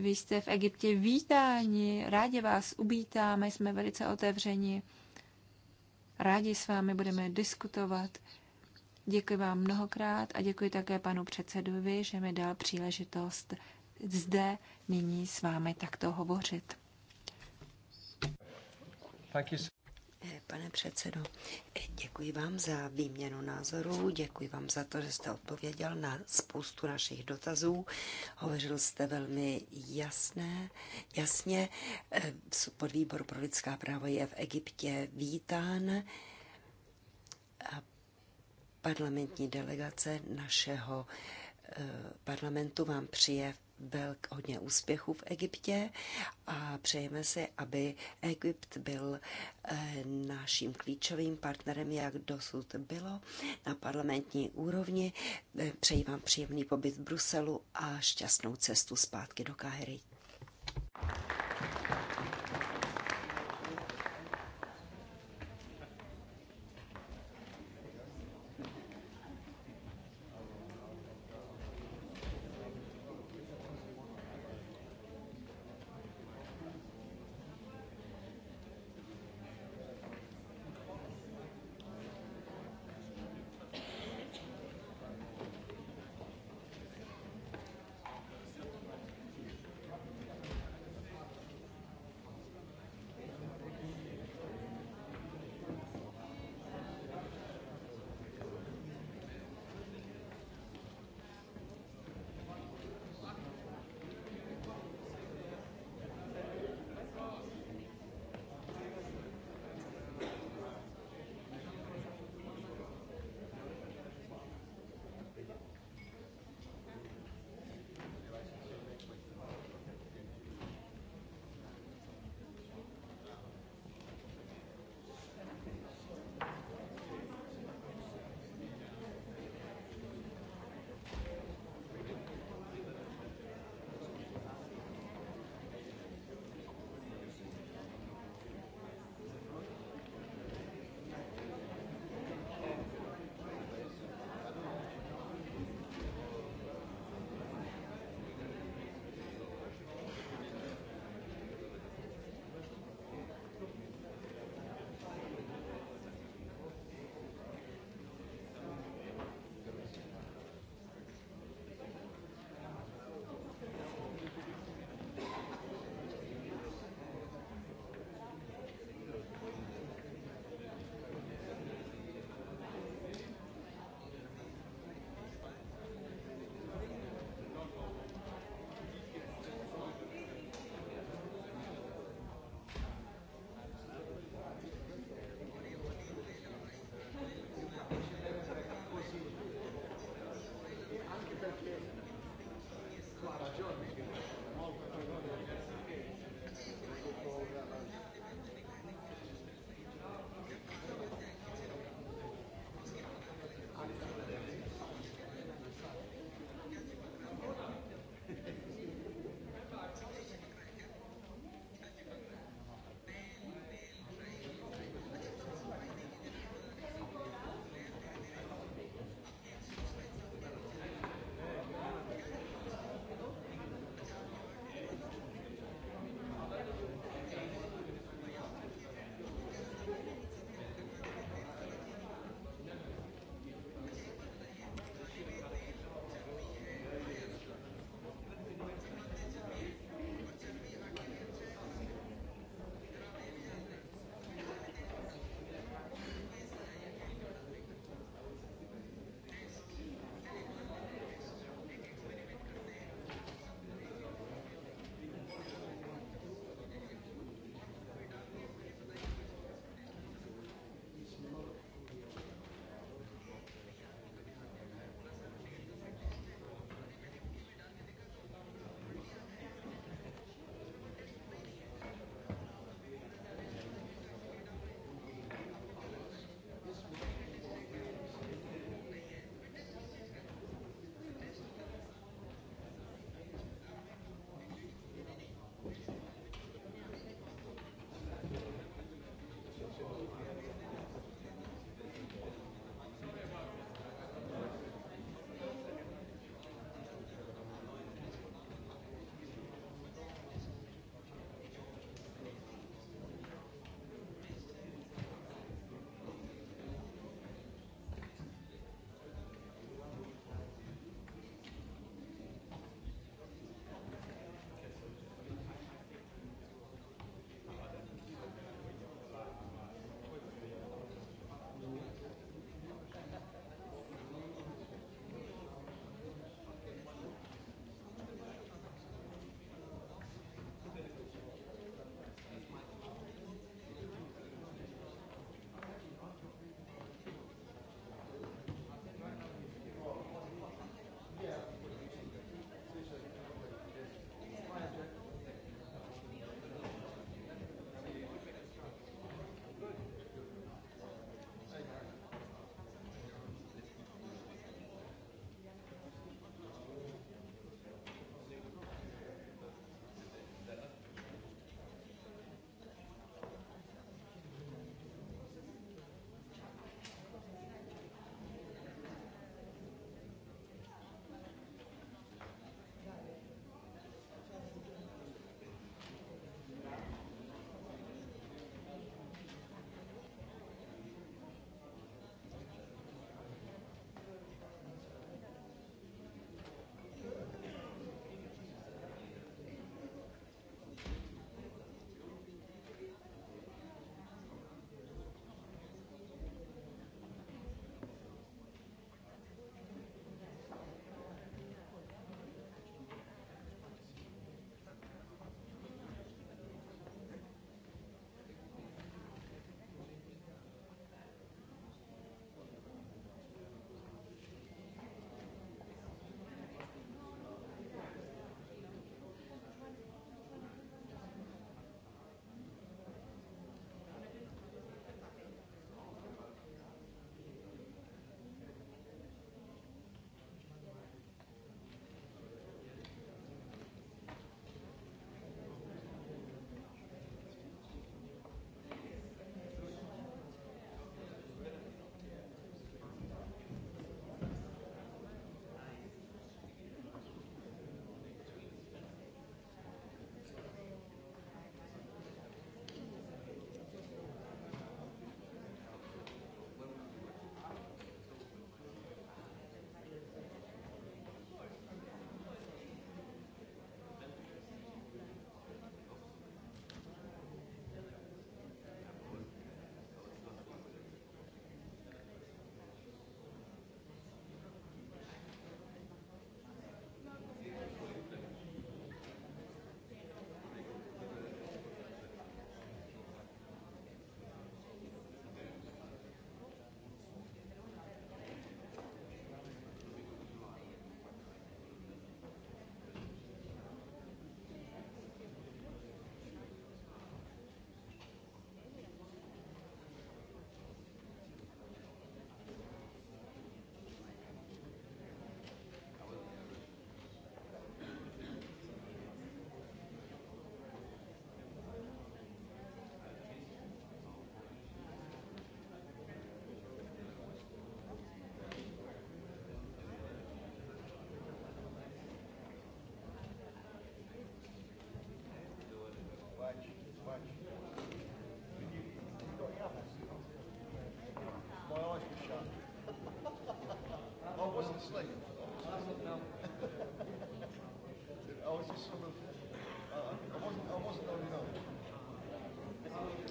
vy jste v Egyptě vítáni, rádi vás ubítáme, jsme velice otevřeni. Rádi s vámi budeme diskutovat. Děkuji vám mnohokrát a děkuji také panu předsedovi, že mi dal příležitost zde nyní s vámi takto hovořit. Eh, pane předsedo, eh, děkuji vám za výměnu názorů, děkuji vám za to, že jste odpověděl na spoustu našich dotazů. Hovořil jste velmi jasné, jasně. Eh, podvýbor pro lidská práva je v Egyptě vítán. A parlamentní delegace našeho parlamentu vám přije. v velk, hodně úspěchů v Egyptě a přejeme si, aby Egypt byl eh, naším klíčovým partnerem, jak dosud bylo na parlamentní úrovni. Eh, přeji vám příjemný pobyt v Bruselu a šťastnou cestu zpátky do Káhery.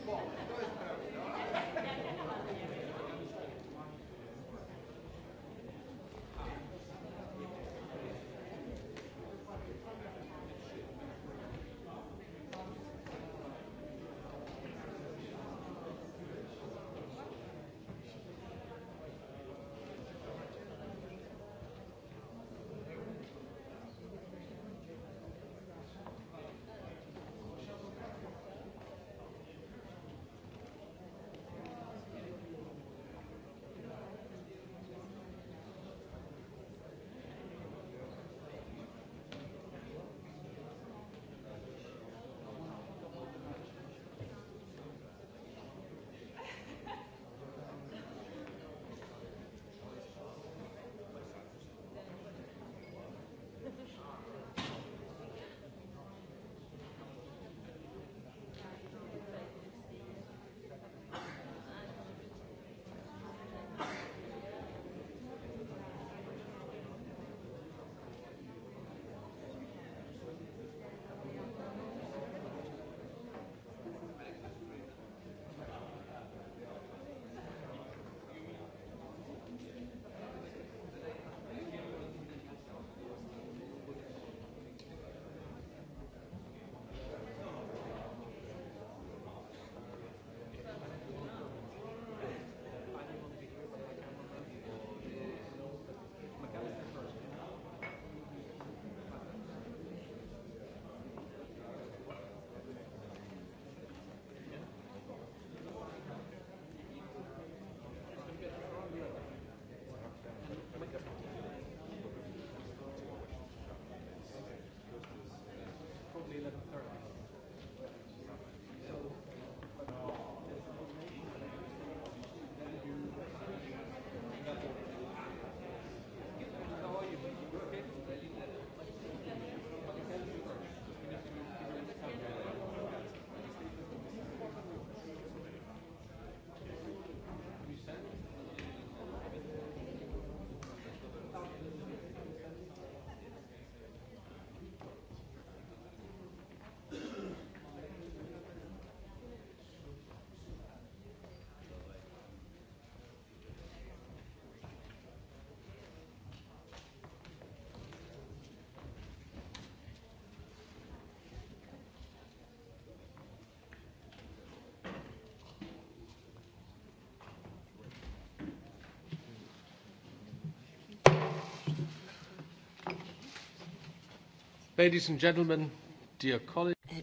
Well,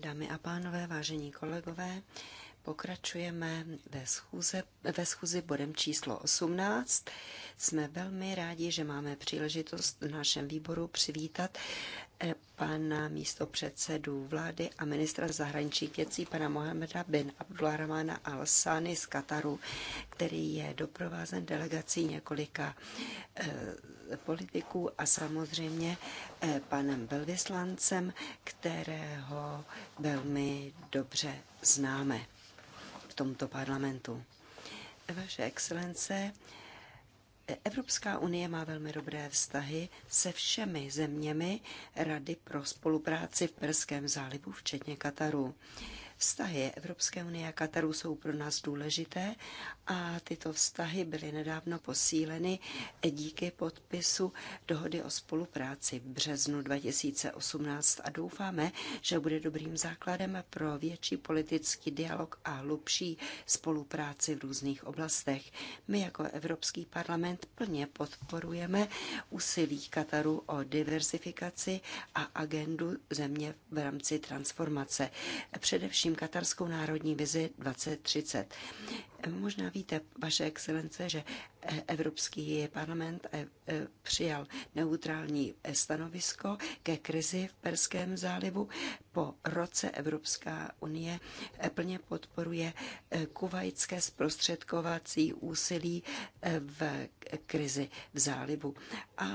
Dámy a pánové, vážení kolegové, pokračujeme ve, schůze, ve schůzi bodem číslo 18. Jsme velmi rádi, že máme příležitost v našem výboru přivítat eh, pana místopředsedu vlády a ministra zahraničí věcí, pana Mohameda bin Abdulrahmana al-Sani z Kataru, který je doprovázen delegací několika eh, politiků a samozřejmě eh, panem velvyslancem, kterého velmi dobře známe v tomto parlamentu. Vaše excelence, eh, Evropská unie má velmi dobré vztahy se všemi zeměmi Rady pro spolupráci v Perském zálivu, včetně Kataru. Vztahy Evropské unie a Kataru jsou pro nás důležité a tyto vztahy byly nedávno posíleny díky podpisu dohody o spolupráci v březnu 2018 a doufáme, že bude dobrým základem pro větší politický dialog a hlubší spolupráci v různých oblastech. My jako Evropský parlament plně podporujeme úsilí Kataru o diversifikaci a agendu země v rámci transformace. Především prosím katarskou národní vizi 2030. Možná víte, vaše excelence, že Evropský parlament eh, eh, přijal neutrální stanovisko ke krizi v Perském zálivu. Po roce Evropská unie eh, plně podporuje kuvajské zprostředkovací úsilí v krizi v zálivu a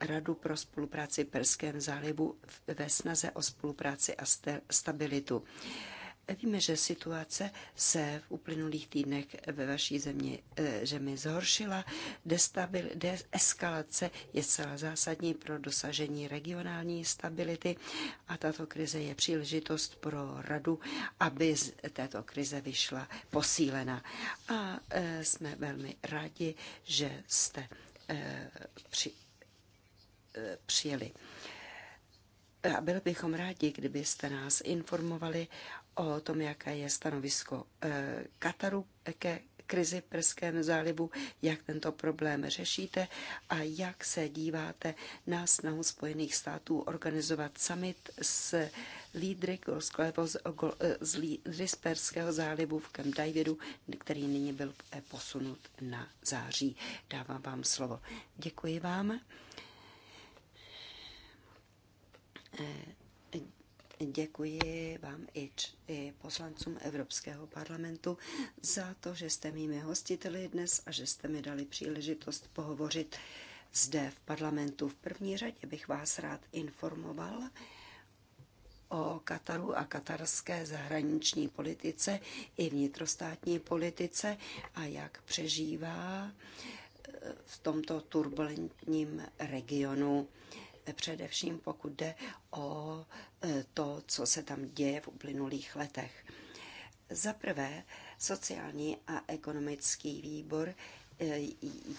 Radu pro spolupráci Perském zálivu ve snaze o spolupráci a stabilitu. Víme, že situace se v uplynulých týdnech ve vaší země, eh, zemi zhoršila. Destabil, deeskalace je zcela zásadní pro dosažení regionální stability a tato krize je příležitost pro radu, aby z této krize vyšla posílena. A eh, jsme velmi rádi, že jste eh, při, přijeli. A byli bychom rádi, kdybyste nás informovali o tom, jaké je stanovisko eh, Kataru ke krizi Perském zálivu, jak tento problém řešíte a jak se díváte na snahu Spojených států organizovat summit s lídry, z eh, lídry z Perského zálivu v Camp Davidu, který nyní byl eh, posunut na září. Dávám vám slovo. Děkuji vám. Děkuji vám i, č- i poslancům Evropského parlamentu za to, že jste mými hostiteli dnes a že jste mi dali příležitost pohovořit zde v parlamentu. V první řadě bych vás rád informoval o Kataru a katarské zahraniční politice i vnitrostátní politice a jak přežívá eh, v tomto turbulentním regionu především pokud jde o e, to, co se tam děje v uplynulých letech. Za prvé, sociální a ekonomický výbor e,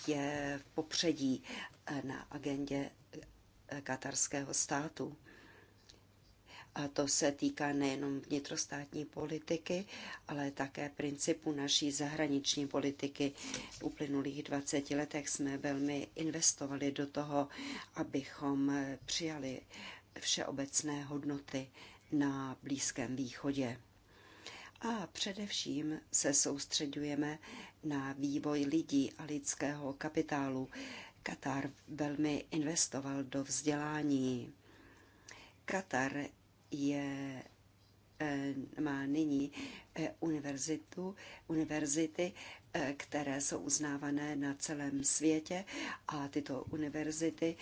je v popředí e, na agendě katarského státu. A to se týká nejenom vnitrostátní politiky, ale také principu naší zahraniční politiky. V uplynulých 20 letech jsme velmi investovali do toho, abychom přijali všeobecné hodnoty na Blízkém východě. A především se soustředujeme na vývoj lidí a lidského kapitálu. Katar velmi investoval do vzdělání. Katar je, eh, má nyní eh, univerzitu, univerzity, eh, které jsou uznávané na celém světě a tyto univerzity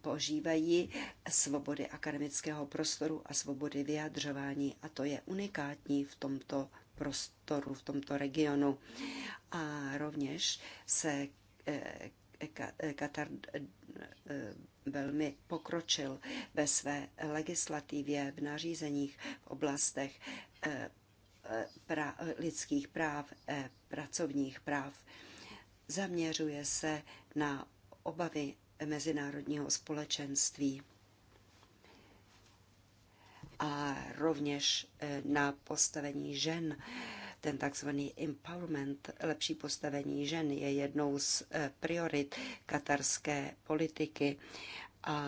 požívají svobody akademického prostoru a svobody vyjadřování a to je unikátní v tomto prostoru, v tomto regionu. A rovněž se Katar velmi pokročil ve své legislativě, v nařízeních, v oblastech eh, eh, pra, lidských práv, eh, pracovních práv. Zaměřuje se na obavy mezinárodního společenství a rovněž na postavení žen ten takzvaný empowerment, lepší postavení žen, je jednou z eh, priorit katarské politiky a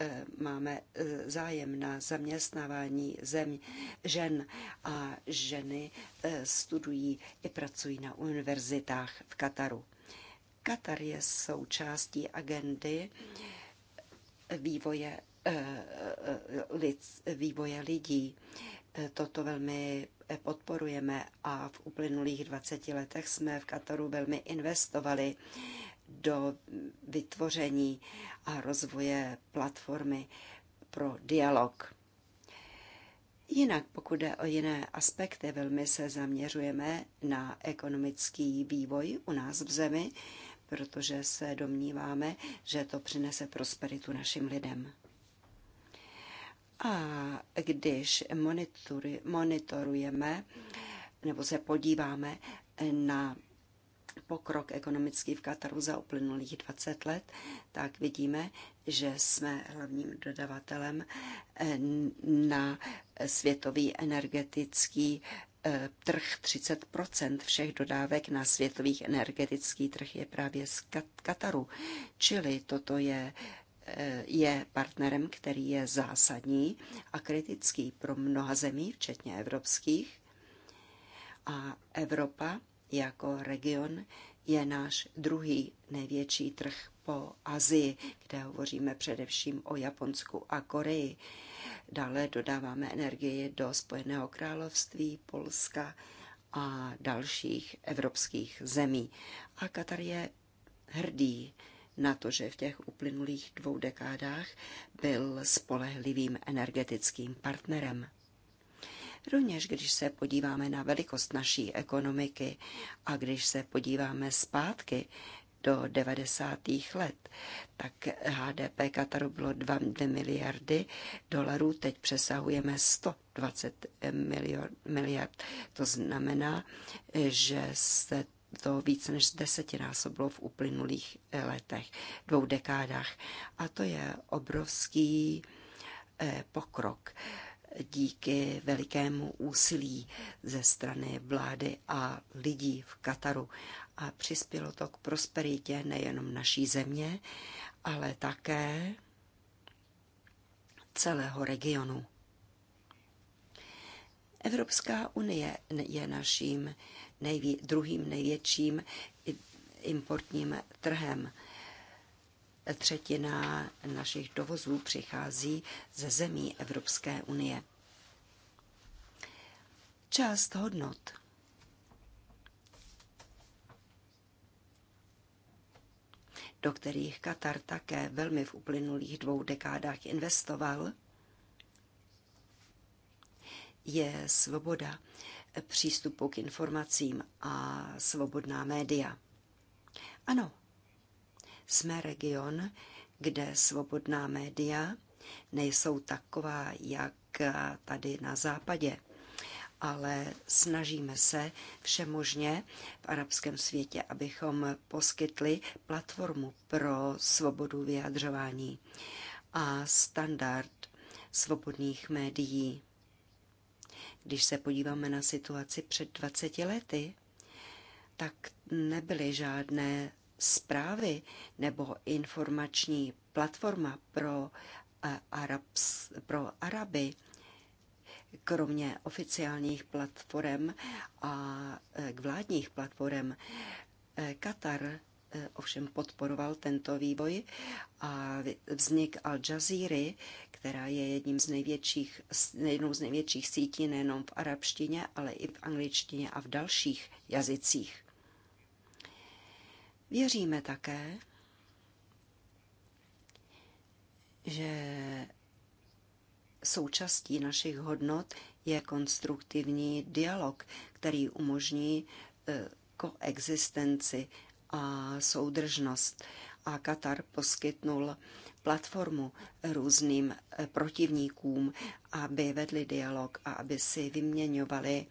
eh, máme eh, zájem na zaměstnávání zem žen a ženy studují i pracují na univerzitách v Kataru. Katar je součástí agendy vývoje, vývoje lidí toto velmi podporujeme a v uplynulých 20 letech jsme v Kataru velmi investovali do vytvoření a rozvoje platformy pro dialog. Jinak, pokud jde o jiné aspekty, velmi se zaměřujeme na ekonomický vývoj u nás v zemi, protože se domníváme, že to přinese prosperitu našim lidem. A když monitorujeme nebo se podíváme na pokrok ekonomický v Kataru za uplynulých 20 let, tak vidíme, že jsme hlavním dodavatelem eh, na světový energetický eh, trh 30 všech dodávek na světových energetický trh je právě z Kataru. Čili toto je je partnerem, který je zásadní a kritický pro mnoha zemí, včetně evropských. A Evropa jako region je náš druhý největší trh po Azii, kde hovoříme především o Japonsku a Koreji. Dále dodáváme energii do Spojeného království, Polska a dalších evropských zemí. A Katar je hrdý na to, že v těch uplynulých dvou dekádách byl spolehlivým energetickým partnerem. Rovněž když se podíváme na velikost naší ekonomiky a když se podíváme zpátky do 90. let, tak HDP Kataru bylo 2 miliardy dolarů, teď přesahujeme 120 miliard. To znamená, že se to víc než desetinásobilo v uplynulých eh, letech, dvou dekádách. A to je obrovský eh, pokrok díky velikému úsilí ze strany vlády a lidí v Kataru. A přispělo to k prosperitě nejenom naší země, ale také celého regionu. Evropská unie je naším nejví, druhým největším importním trhem. Třetina našich dovozů přichází ze zemí Evropské unie. Část hodnot do kterých Katar také velmi v uplynulých dvou dekádách investoval, je svoboda přístupu k informacím a svobodná média. Ano, jsme region, kde svobodná média nejsou taková, jak tady na západě, ale snažíme se všemožně v arabském světě, abychom poskytli platformu pro svobodu vyjadřování a standard svobodných médií. Když se podíváme na situaci před 20 lety, tak nebyly žádné zprávy nebo informační platforma pro, eh, Arabs, pro Araby, kromě oficiálních platform a eh, k vládních platform. Eh, Katar ovšem podporoval tento vývoj a vznik Al Jazeera, která je jedním z největších, jednou z největších sítí nejenom v arabštině, ale i v angličtině a v dalších jazycích. Věříme také, že součástí našich hodnot je konstruktivní dialog, který umožní eh, koexistenci a soudržnost. A Katar poskytnul platformu různým eh, protivníkům, aby vedli dialog a aby si vyměňovali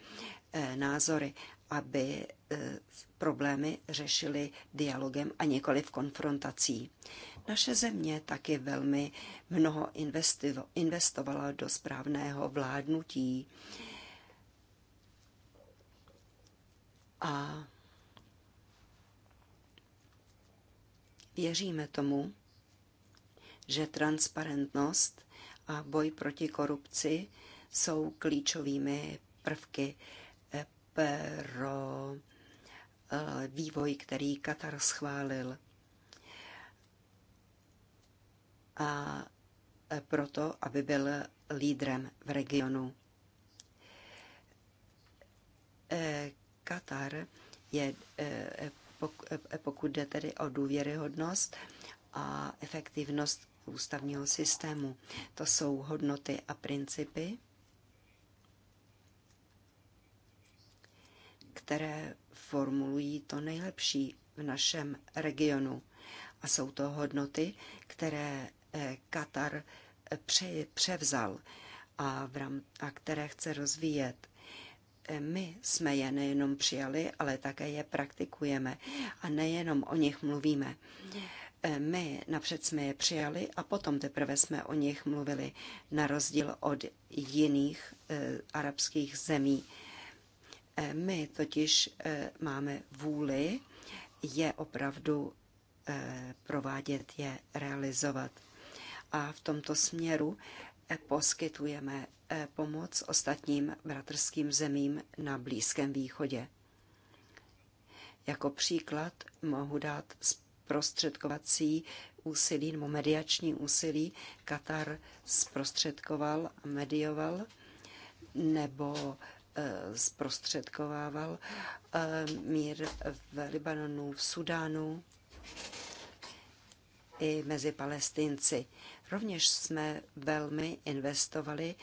eh, názory, aby eh, problémy řešili dialogem a nikoli v konfrontací. Naše země taky velmi mnoho investovala do správného vládnutí a Věříme tomu, že transparentnost a boj proti korupci jsou klíčovými prvky eh, pro eh, vývoj, který Katar schválil. A eh, proto, aby byl lídrem v regionu. Katar je pokud jde tedy o důvěryhodnost a efektivnost ústavního systému. To jsou hodnoty a principy, které formulují to nejlepší v našem regionu. A jsou to hodnoty, které eh, Katar převzal a, které chce rozvíjet. E, my jsme je nejenom přijali, ale také je praktikujeme a nejenom o nich mluvíme. E, my napřed jsme je přijali a potom teprve jsme o nich mluvili, na rozdíl od jiných e, arabských zemí. E, my totiž e, máme vůli je opravdu e, provádět, je realizovat. A v tomto směru E, poskytujeme e, pomoc ostatním bratrským zemím na Blízkém východě. Jako příklad mohu dát zprostředkovací úsilí nebo mediační úsilí. Katar zprostředkoval a medioval nebo e, zprostředkovával mír v Libanonu, v Sudánu i mezi palestinci. Rovněž jsme velmi investovali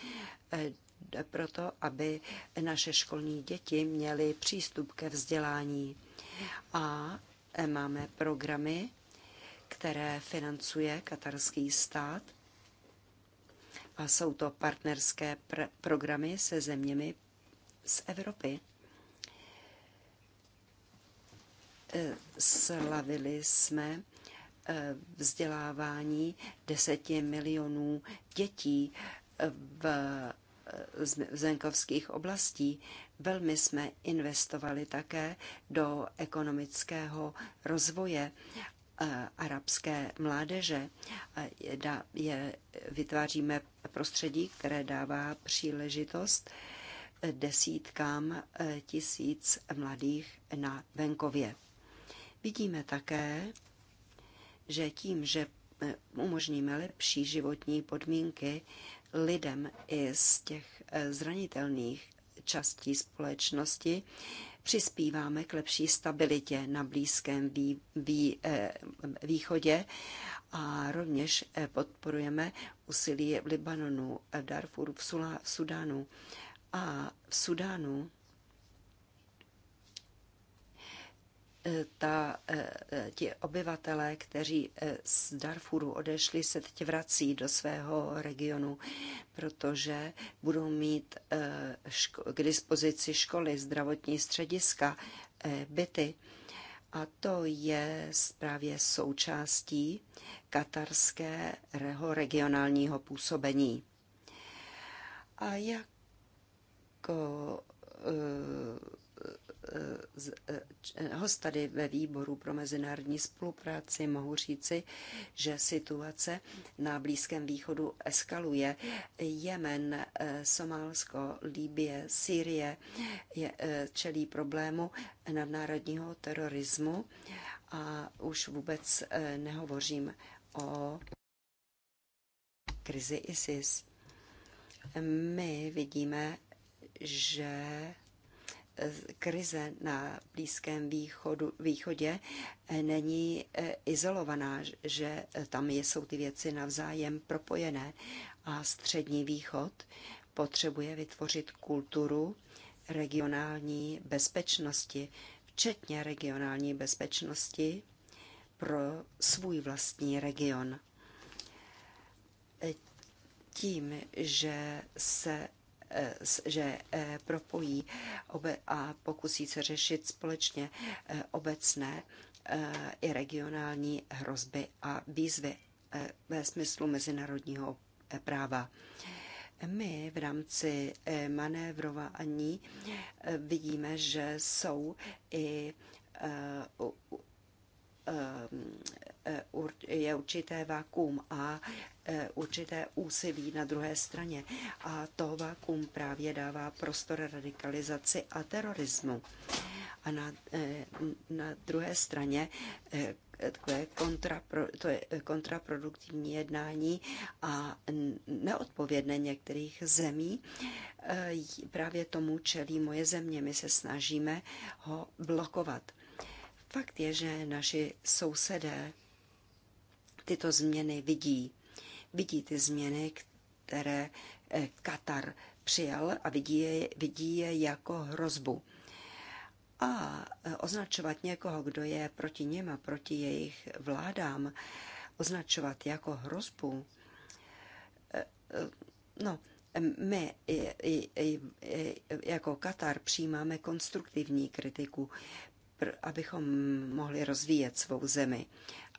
eh, proto, aby naše školní děti měly přístup ke vzdělání. A eh, máme programy, které financuje katarský stát. A jsou to partnerské pr- programy se zeměmi z Evropy. Eh, slavili jsme Eh, vzdělávání deseti milionů dětí eh, v eh, zenkovských oblastí. Velmi jsme investovali také do ekonomického rozvoje arabské mládeže. Je, vytváříme prostředí, které dává příležitost desítkám tisíc mladých na venkově. Vidíme také, že tím, že eh, umožníme lepší životní podmínky lidem i z těch eh, zranitelných částí společnosti, přispíváme k lepší stabilitě na Blízkém vý, vý, eh, východě a rovněž podporujeme úsilí v Libanonu, v Darfuru, v, Sula, v Sudánu. A v Sudánu Eh, ta, eh, eh, ti obyvatelé, kteří z Darfuru odešli, se teď vrací do svého regionu, protože budou mít k dispozici školy, zdravotní střediska, byty. A to je právě součástí katarského regionálního působení. A jako Eh, eh, host tady ve výboru pro mezinárodní spolupráci mohu říci, že situace na Blízkém východu eskaluje. Jemen, eh, Somálsko, Líbie, Sýrie je, čelí problému nadnárodního terorismu a už vůbec nehovořím o krizi ISIS. My vidíme, že krize na Blízkém východu, východě eh, není eh, izolovaná, že eh, tam jsou ty věci navzájem propojené. A střední východ potřebuje vytvořit kulturu regionální bezpečnosti, včetně regionální bezpečnosti pro svůj vlastní region. Tím, že se že eh, propojí a pokusí se řešit společně eh, obecné eh, i regionální hrozby a výzvy ve smyslu mezinárodního práva. My v rámci manévrování vidíme, že jsou i je určité vákum a E, určité úsilí na druhé straně. A to vákum právě dává prostor radikalizaci a terorismu. A na, e, na druhé straně e, takové kontrapro, to je kontraproduktivní jednání a neodpovědné některých zemí. Právě tomu čelí moje země. My se snažíme ho blokovat. Fakt je, že naši sousedé tyto změny vidí vidí ty změny, které eh, Katar přijal a vidí je, vidí je jako hrozbu. A eh, označovat někoho, kdo je proti něm a proti jejich vládám, označovat jako hrozbu, eh, no, my jako Katar přijímáme konstruktivní kritiku, abychom mohli rozvíjet svou zemi.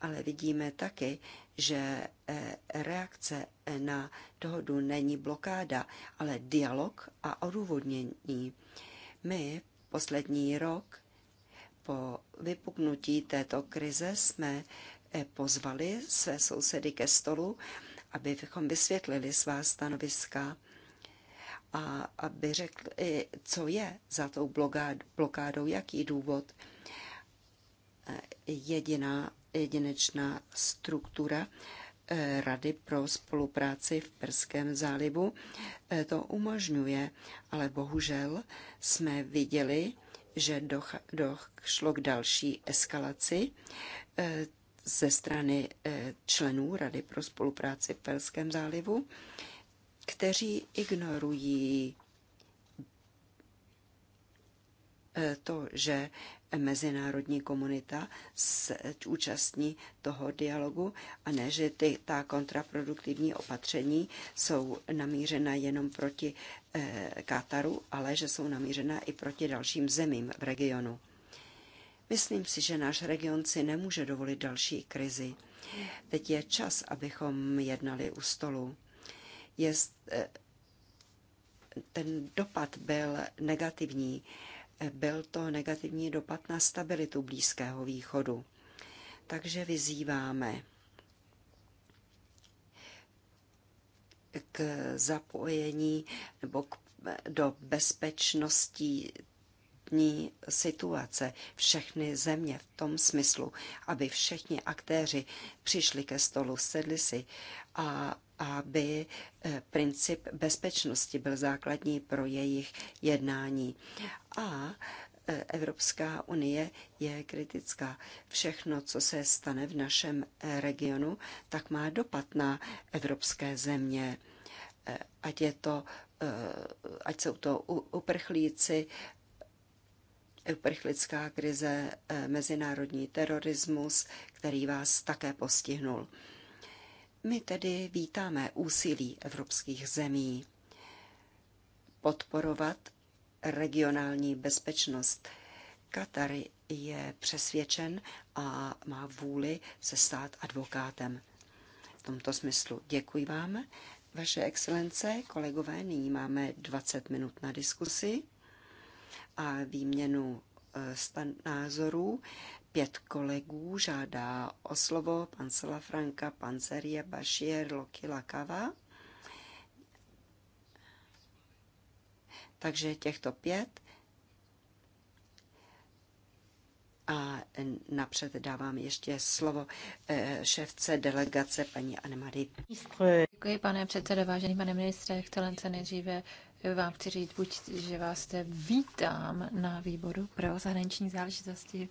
Ale vidíme taky, že eh, reakce na dohodu není blokáda, ale dialog a odůvodnění. My poslední rok po vypuknutí této krize jsme eh, pozvali své sousedy ke stolu, abychom vysvětlili svá stanoviska a aby řekli, eh, co je za tou blokádou, jaký důvod. Jediná jedinečná struktura eh, Rady pro spolupráci v Perském zálivu eh, to umožňuje, ale bohužel jsme viděli, že došlo k další eskalaci eh, ze strany členů Rady pro spolupráci v Perském zálivu, kteří ignorují to, že mezinárodní komunita s, účastní toho dialogu a ne, že ty, ta kontraproduktivní opatření jsou namířena jenom proti eh, Kataru, ale že jsou namířena i proti dalším zemím v regionu. Myslím si, že náš region si nemůže dovolit další krizi. Teď je čas, abychom jednali u stolu. Je, eh, ten dopad byl negativní byl to negativní dopad na stabilitu Blízkého východu. Takže vyzýváme k zapojení nebo k, do bezpečnosti situace všechny země v tom smyslu, aby všichni aktéři přišli ke stolu, sedli si a aby eh, princip bezpečnosti byl základní pro jejich jednání. A eh, Evropská unie je kritická. Všechno, co se stane v našem eh, regionu, tak má dopad na evropské země. Ať, je to, ať jsou to uprchlíci, uprchlická krize, mezinárodní terorismus, který vás také postihnul. My tedy vítáme úsilí evropských zemí podporovat regionální bezpečnost. Katar je přesvědčen a má vůli se stát advokátem. V tomto smyslu děkuji vám. Vaše excelence, kolegové, nyní máme 20 minut na diskusi a výměnu e, stan názorů Pět kolegů žádá o slovo pan Salafranka, pan Zerie, Bashir, Lokila Takže těchto pět. A napřed dávám ještě slovo eh, šéfce delegace paní Anemary. Děkuji, pane předsedo, vážený pane ministře, se nejdříve vám chci říct, buď, že vás vítám na výboru pro zahraniční záležitosti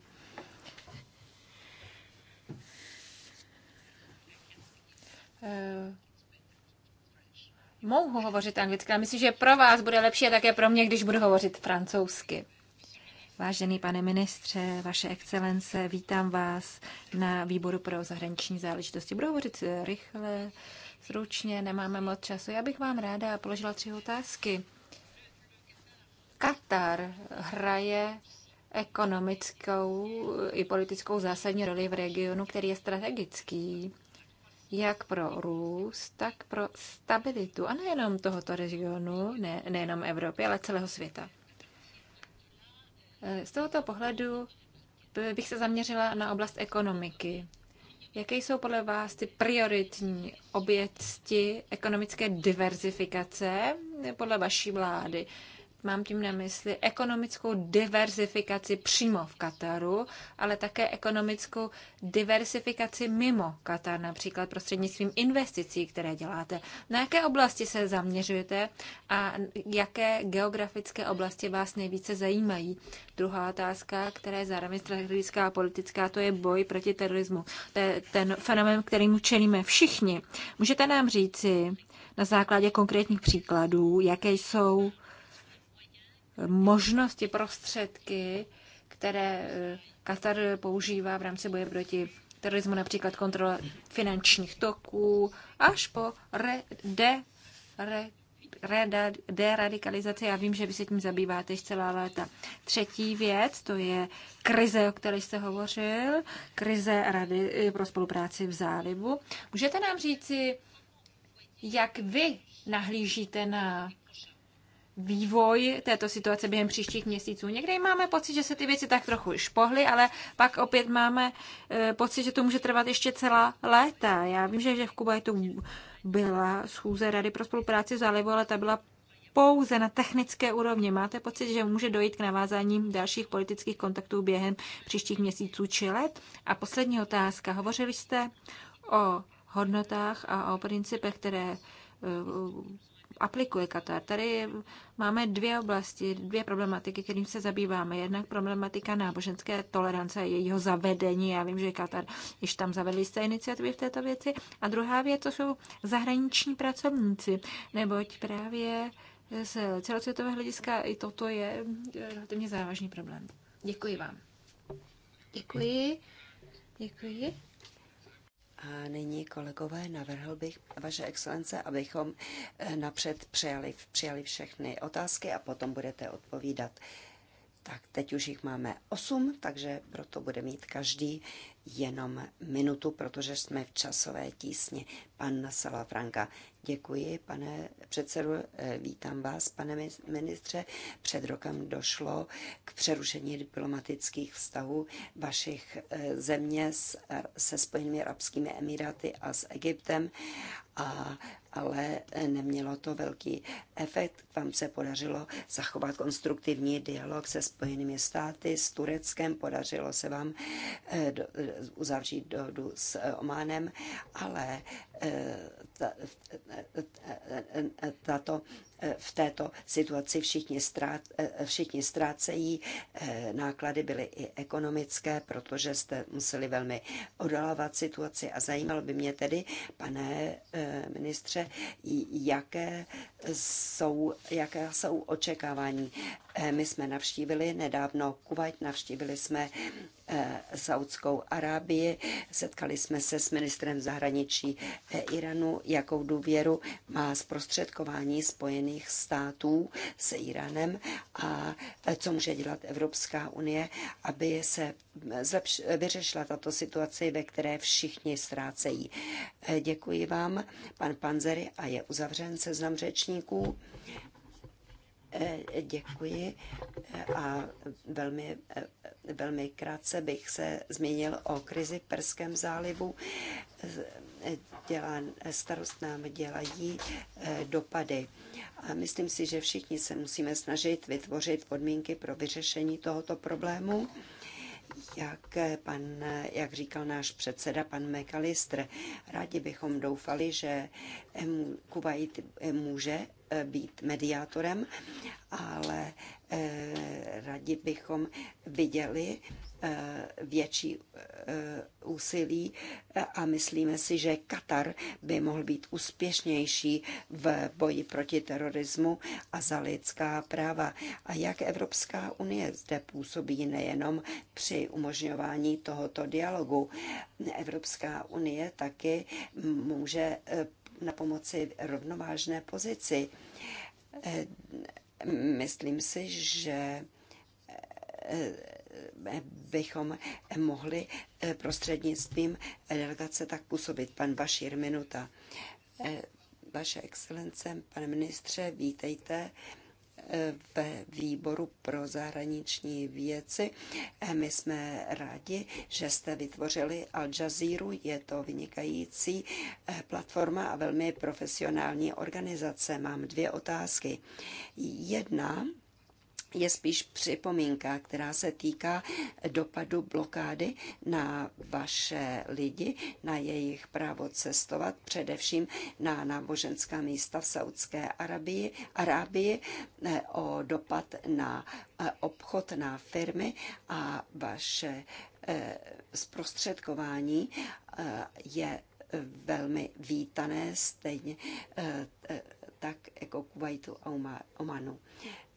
Eh, mohu hovořit anglicky, ale myslím, že pro vás bude lepší a také pro mě, když budu hovořit francouzsky. Vážený pane ministře, vaše excelence, vítám vás na výboru pro zahraniční záležitosti. Budu hovořit eh, rychle, zručně, nemáme moc času. Já bych vám ráda položila tři otázky. Katar hraje ekonomickou i politickou zásadní roli v regionu, který je strategický jak pro růst, tak pro stabilitu. A nejenom tohoto regionu, ne, nejenom Evropy, ale celého světa. Eh, z tohoto pohledu bych se zaměřila na oblast ekonomiky. Jaké jsou podle vás ty prioritní oběti ekonomické diverzifikace eh, podle vaší vlády? Mám tím na mysli ekonomickou diversifikaci přímo v Kataru, ale také ekonomickou diversifikaci mimo Katar, například prostřednictvím investicí, které děláte. Na jaké oblasti se zaměřujete a jaké geografické oblasti vás nejvíce zajímají? Druhá otázka, která je zároveň strategická a politická, to je boj proti terorismu. To je ten fenomén, kterýmu čelíme všichni. Můžete nám říci na základě konkrétních příkladů, jaké jsou možnosti, prostředky, které eh, Katar používá v rámci boje proti terorismu, například kontrola finančních toků, až po re, de, re, re, deradikalizaci. Já vím, že vy se tím zabýváte již celá léta. Třetí věc, to je krize, o které jste hovořil, krize Rady eh, pro spolupráci v zálivu. Můžete nám říci, jak vy nahlížíte na vývoj této situace během příštích měsíců. Někdy máme pocit, že se ty věci tak trochu špohly, ale pak opět máme eh, pocit, že to může trvat ještě celá léta. Já vím, že v Kubajtu byla schůze Rady pro spolupráci zálivu, ale ta byla pouze na technické úrovni. Máte pocit, že může dojít k navázání dalších politických kontaktů během příštích měsíců či let? A poslední otázka. Hovořili jste o hodnotách a o principech, které eh, aplikuje Katar. Tady máme dvě oblasti, dvě problematiky, kterým se zabýváme. Jednak problematika náboženské tolerance a jejího zavedení. Já vím, že Katar již tam zavedli jste iniciativy v této věci. A druhá věc, to jsou zahraniční pracovníci, neboť právě z celosvětového hlediska i toto je relativně závažný problém. Děkuji vám. Děkuji. Děkuji. A nyní, kolegové, navrhl bych, vaše excelence, abychom eh, napřed přijali, přijali všechny otázky a potom budete odpovídat. Tak teď už jich máme osm, takže proto bude mít každý jenom minutu, protože jsme v časové tísni. Pan Salafranka, děkuji, pane předsedu, eh, vítám vás, pane ministře. Před rokem došlo k přerušení diplomatických vztahů vašich eh, země eh, se Spojenými arabskými emiráty a s Egyptem a ale nemělo to velký efekt. Vám se podařilo zachovat konstruktivní dialog se Spojenými státy, s Tureckem, podařilo se vám eh, eh, uzavřít dohodu s eh, Ománem, ale tato v této situaci všichni, ztrát, všichni ztrácejí. Náklady byly i ekonomické, protože jste museli velmi odolávat situaci a zajímalo by mě tedy, pane eh, ministře, jaké jsou, jaké jsou očekávání Eh, my jsme navštívili nedávno Kuwait, navštívili jsme eh, Saudskou Arábii, setkali jsme se s ministrem zahraničí eh, Iranu, jakou důvěru má zprostředkování Spojených států s Iranem a co může dělat Evropská unie, aby se zlepš- vyřešila tato situace, ve které všichni ztrácejí. Děkuji vám, pan Panzery, a je uzavřen seznam řečníků. Eh, děkuji eh, a velmi, eh, velmi krátce bych se zmínil o krizi v Perském zálivu. Dělá, starost nám dělají dopady. A myslím si, že všichni se musíme snažit vytvořit podmínky pro vyřešení tohoto problému jak, pan, jak říkal náš předseda, pan McAllister. Rádi bychom doufali, že Kuwait může být mediátorem, ale eh, radi bychom viděli eh, větší eh, úsilí a myslíme si, že Katar by mohl být úspěšnější v boji proti terorismu a za lidská práva. A jak Evropská unie zde působí nejenom při umožňování tohoto dialogu. Evropská unie taky může na pomoci rovnovážné pozici. Eh, myslím si, že eh, bychom mohli eh, prostřednictvím delegace tak působit. Pan Bašír, minuta. Vaše excelence, pane ministře, vítejte ve výboru pro zahraniční věci. Eh, my jsme rádi, že jste vytvořili Al Jazeera. Je to vynikající eh, platforma a velmi profesionální organizace. Mám dvě otázky. Jedna je spíš připomínka, která se týká dopadu blokády na vaše lidi, na jejich právo cestovat, především na náboženská místa v Saudské Arabii, Arábii, eh, o dopad na eh, obchod, na firmy a vaše eh, zprostředkování je velmi vítané, stejně tak jako Kuwaitu a Omanu.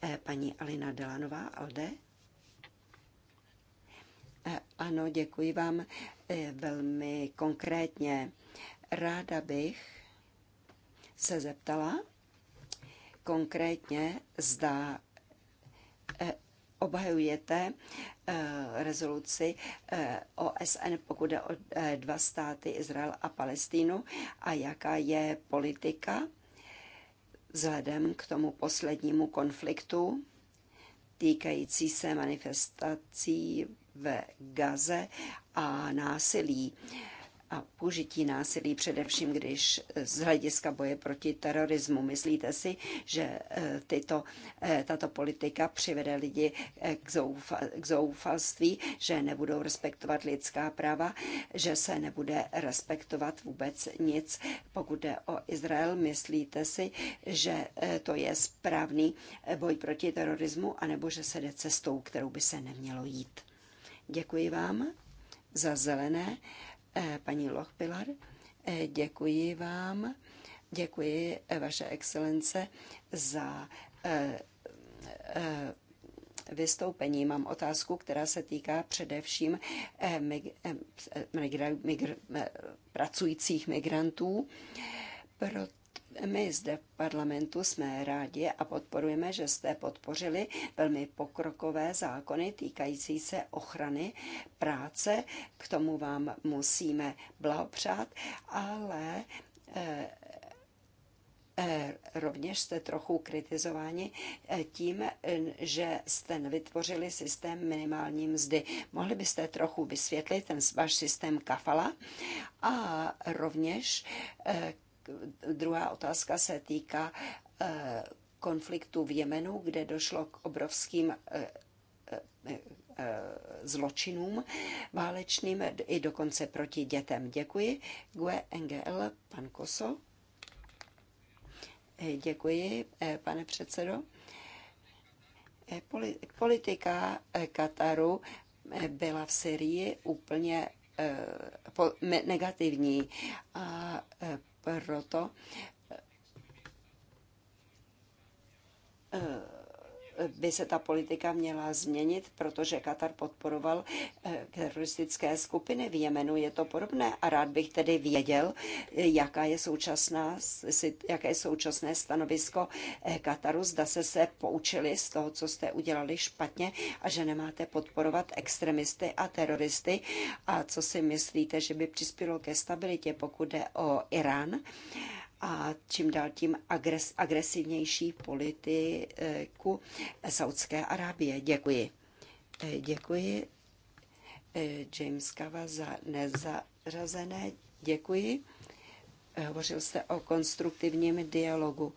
Eh, paní Alina Delanová, Alde. Eh, ano, děkuji vám eh, velmi konkrétně. Ráda bych se zeptala konkrétně, zda obhajujete rezoluci OSN, pokud jde o dva státy, Izrael a Palestínu, a jaká je politika Vzhledem k tomu poslednímu konfliktu týkající se manifestací ve Gaze a násilí a použití násilí, především když eh, z hlediska boje proti terorismu. Myslíte si, že eh, tyto, eh, tato politika přivede lidi k, zoufa, k zoufalství, že nebudou respektovat lidská práva, že se nebude respektovat vůbec nic? Pokud jde o Izrael, myslíte si, že to je správný boj proti terorismu, anebo že se jde cestou, kterou by se nemělo jít? Děkuji vám za zelené. Eh, paní Lochpilar. Eh, děkuji vám, děkuji eh, vaše excelence za vystoupení. Mám otázku, která se týká především pracujících migrantů, proto my zde v parlamentu jsme rádi a podporujeme, že jste podpořili velmi pokrokové zákony týkající se ochrany práce. K tomu vám musíme blahopřát, ale eh, eh, Rovněž jste trochu kritizováni eh, tím, že jste vytvořili systém minimální mzdy. Mohli byste trochu vysvětlit ten váš systém kafala a rovněž druhá otázka se týká eh, konfliktu v Jemenu, kde došlo k obrovským eh, eh, zločinům válečným i dokonce proti dětem. Děkuji. Gue NGL, pan Koso. Děkuji, pane předsedo. Politika Kataru byla v Syrii úplně negativní a proto eh, by se ta politika měla změnit, protože Katar podporoval eh, teroristické skupiny v Jemenu. Je to podobné a rád bych tedy věděl, jaká je současná, jaké je současné stanovisko eh, Kataru. Zda se se poučili z toho, co jste udělali špatně a že nemáte podporovat extremisty a teroristy. A co si myslíte, že by přispělo ke stabilitě, pokud jde o Irán? a čím dál tím agres, agresivnější politiku Saudské Arábie. Děkuji. E, děkuji e, James Kava za nezařazené. Děkuji. E, hovořil jste o konstruktivním dialogu.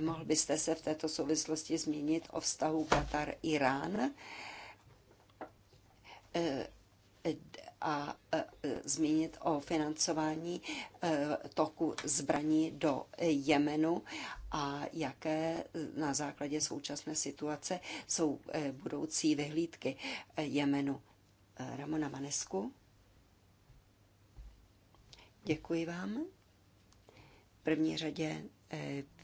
Mohl byste se v této souvislosti zmínit o vztahu Katar-Irán? a zmínit o financování e, toku zbraní do Jemenu a jaké na základě současné situace jsou e, budoucí vyhlídky e, Jemenu. Ramona Manesku. Děkuji vám. V první řadě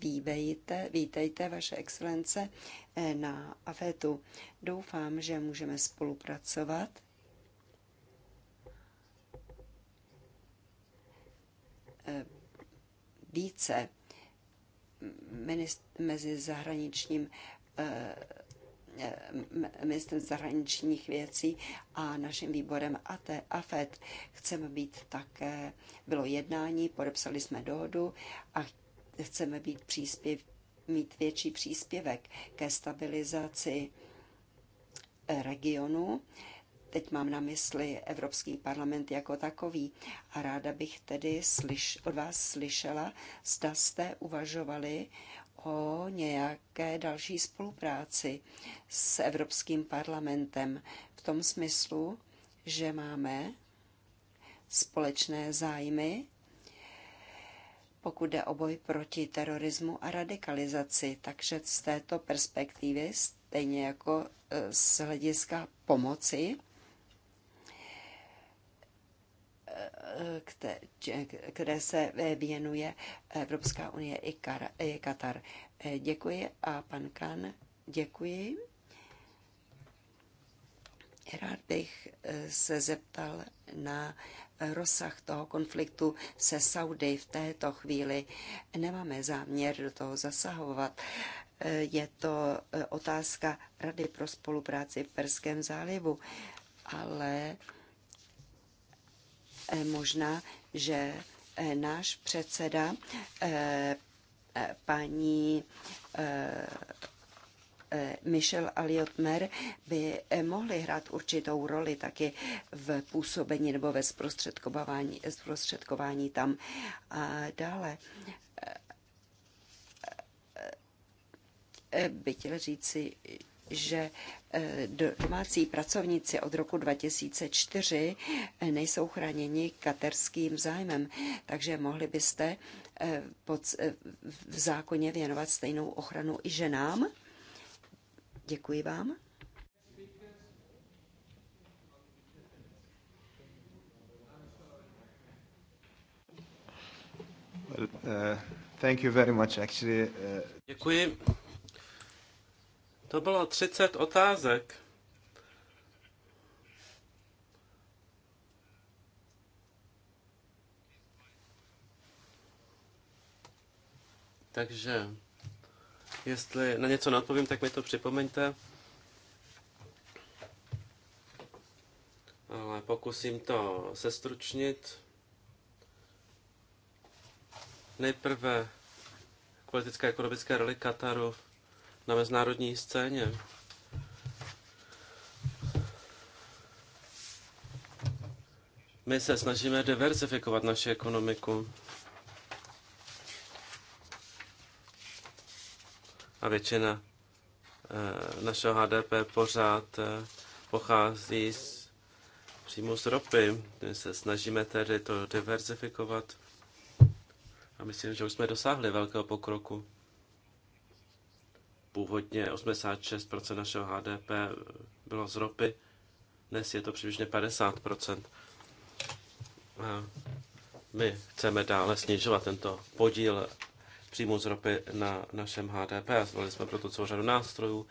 vítejte, vítejte, vaše excelence, na AFETu. Doufám, že můžeme spolupracovat. Eh, více mezi zahraničním eh, eh, ministrem zahraničních věcí a naším výborem AT, AFET. Chceme být také, bylo jednání, podepsali jsme dohodu a chceme být příspěv, mít větší příspěvek ke stabilizaci eh, regionu. Teď mám na mysli Evropský parlament jako takový a ráda bych tedy slyš, od vás slyšela, zda jste uvažovali o nějaké další spolupráci s Evropským parlamentem v tom smyslu, že máme společné zájmy pokud jde o boj proti terorismu a radikalizaci. Takže z této perspektivy, stejně jako e, z hlediska pomoci, e, které se věnuje Evropská unie i, Katar. E, děkuji a pan Kan, děkuji. Rád bych se zeptal na rozsah toho konfliktu se Saudy v této chvíli. Nemáme záměr do toho zasahovat. Eh, je to eh, otázka Rady pro spolupráci v Perském zálivu, ale eh, možná, že náš předseda paní Eh, Michel a Mer by eh, mohli hrát určitou roli taky v působení nebo ve zprostředkování, zprostředkování tam. A dále eh, by chtěl říci, že domácí pracovníci od roku 2004 nejsou chráněni katerským zájmem, takže mohli byste v zákoně věnovat stejnou ochranu i ženám? Děkuji vám. Well, uh, thank you very much, actually. Uh, Děkuji. To bylo 30 otázek. Takže Jestli na něco neodpovím, tak mi to připomeňte. Ale pokusím to sestručnit. Nejprve politické a ekonomické roli Kataru na mezinárodní scéně. My se snažíme diversifikovat naši ekonomiku. a většina eh, našeho HDP pořád eh, pochází z, přímo z ropy. My se snažíme tedy to diverzifikovat a myslím, že už jsme dosáhli velkého pokroku. Původně 86% našeho HDP bylo z ropy, dnes je to přibližně 50%. A my chceme dále snižovat tento podíl Přímo z ropy na našem HDP a zvolili jsme proto celou řadu nástrojů,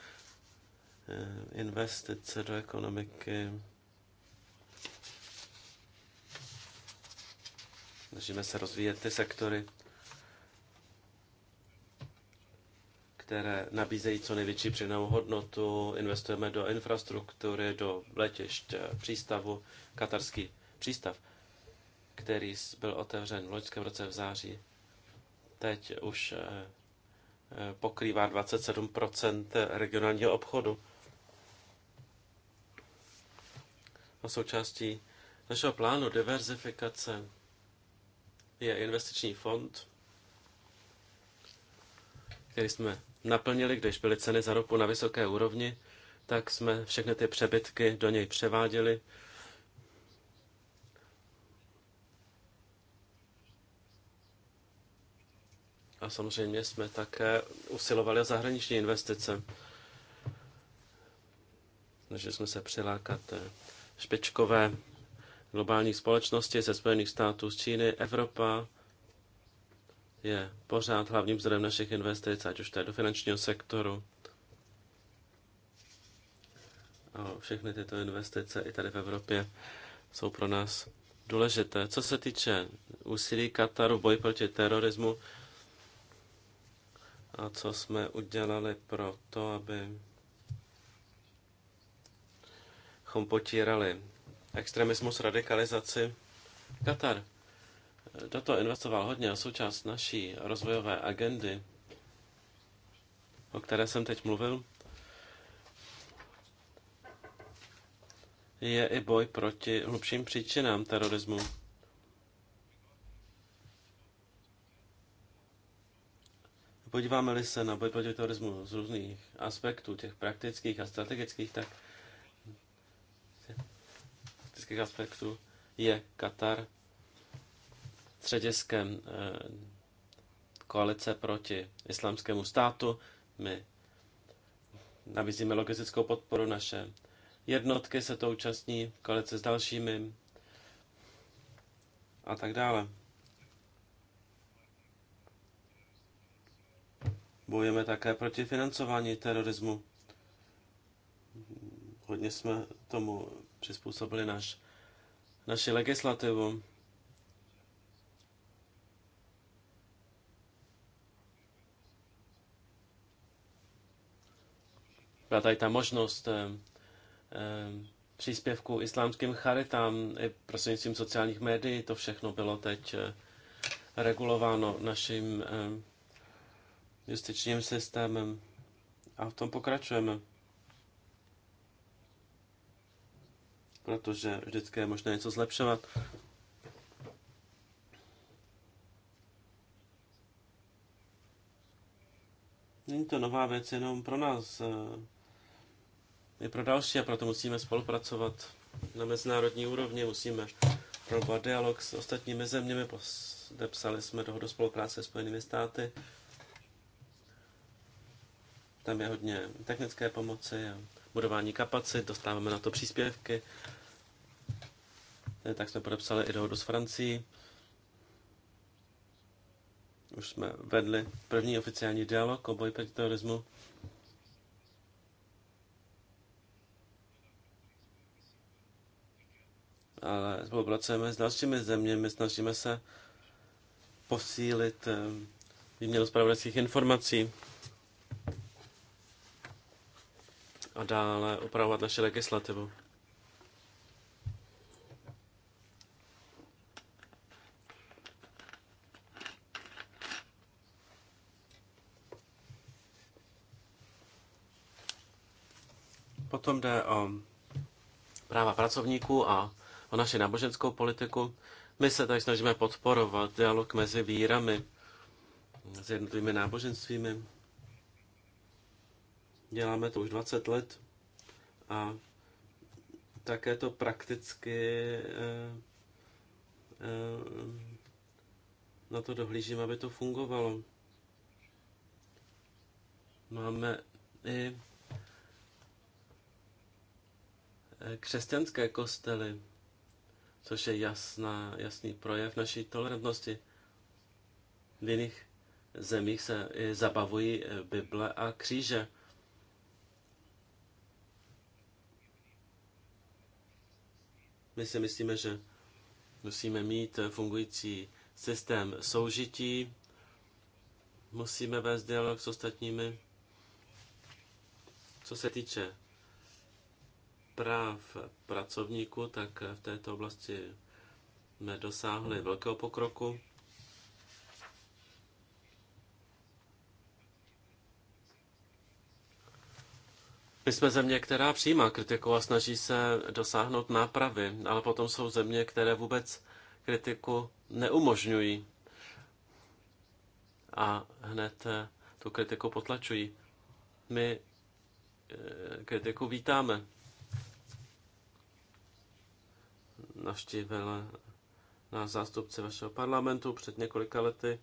eh, investice do ekonomiky, Snažíme se rozvíjet ty sektory, které nabízejí co největší přidanou hodnotu. Investujeme do infrastruktury, do letišť, přístavu, katarský přístav, který byl otevřen v loňském roce v září teď už eh, eh, pokrývá 27 regionálního obchodu. A součástí našeho plánu diverzifikace je investiční fond, který jsme naplnili, když byly ceny za ropu na vysoké úrovni, tak jsme všechny ty přebytky do něj převáděli A samozřejmě jsme také usilovali o zahraniční investice. Snažili jsme se přilákat eh, špičkové globální společnosti ze Spojených států, z Číny, Evropa je pořád hlavním zdrojem našich investic, ať už to je do finančního sektoru. A všechny tyto investice i tady v Evropě jsou pro nás důležité. Co se týče úsilí Kataru v boji proti terorismu, a co jsme udělali pro to, aby chom potírali extremismus, radikalizaci. Katar do toho investoval hodně a součást naší rozvojové agendy, o které jsem teď mluvil, je i boj proti hlubším příčinám terorismu. podíváme-li se na boj proti terorismu z různých aspektů, těch praktických a strategických, tak praktických aspektů je Katar střediskem eh, koalice proti islámskému státu. My nabízíme logistickou podporu naše jednotky se to účastní, koalice s dalšími a tak dále. Bojujeme také proti financování terorismu. Hodně jsme tomu přizpůsobili naš, naši legislativu. Byla tady ta možnost eh, eh, příspěvku islámským charitám i prostřednictvím sociálních médií. To všechno bylo teď eh, regulováno naším justičním systémem. A v tom pokračujeme. Protože vždycky je možné něco zlepšovat. Není to nová věc jenom pro nás, je eh, pro další a proto musíme spolupracovat na mezinárodní úrovni, musíme probovat dialog s ostatními zeměmi, podepsali jsme dohodu spolupráce s Spojenými státy, tam je hodně technické pomoci a budování kapacit, dostáváme na to příspěvky. Eh, tak jsme podepsali i dohodu s Francií. Už jsme vedli první oficiální dialog o boji proti terorismu. ale spolupracujeme s dalšími zeměmi, snažíme se posílit eh, výměnu zpravodajských informací. a dále opravovat naši legislativu. Potom jde o práva pracovníků a o naši náboženskou politiku. My se tady snažíme podporovat dialog mezi vírami, s jednotlivými náboženstvími. Děláme to už 20 let a také to prakticky eh, eh, na to dohlížím, aby to fungovalo. Máme i eh, křesťanské kostely, což je jasná, jasný projev naší tolerantnosti. V jiných zemích se i zabavují Bible a kříže. My si myslíme, že musíme mít fungující systém soužití, musíme vést dialog s ostatními. Co se týče práv pracovníků, tak v této oblasti jsme dosáhli velkého pokroku. My jsme země, která přijímá kritiku a snaží se dosáhnout nápravy, ale potom jsou země, které vůbec kritiku neumožňují a hned eh, tu kritiku potlačují. My eh, kritiku vítáme. Navštívil nás zástupce vašeho parlamentu před několika lety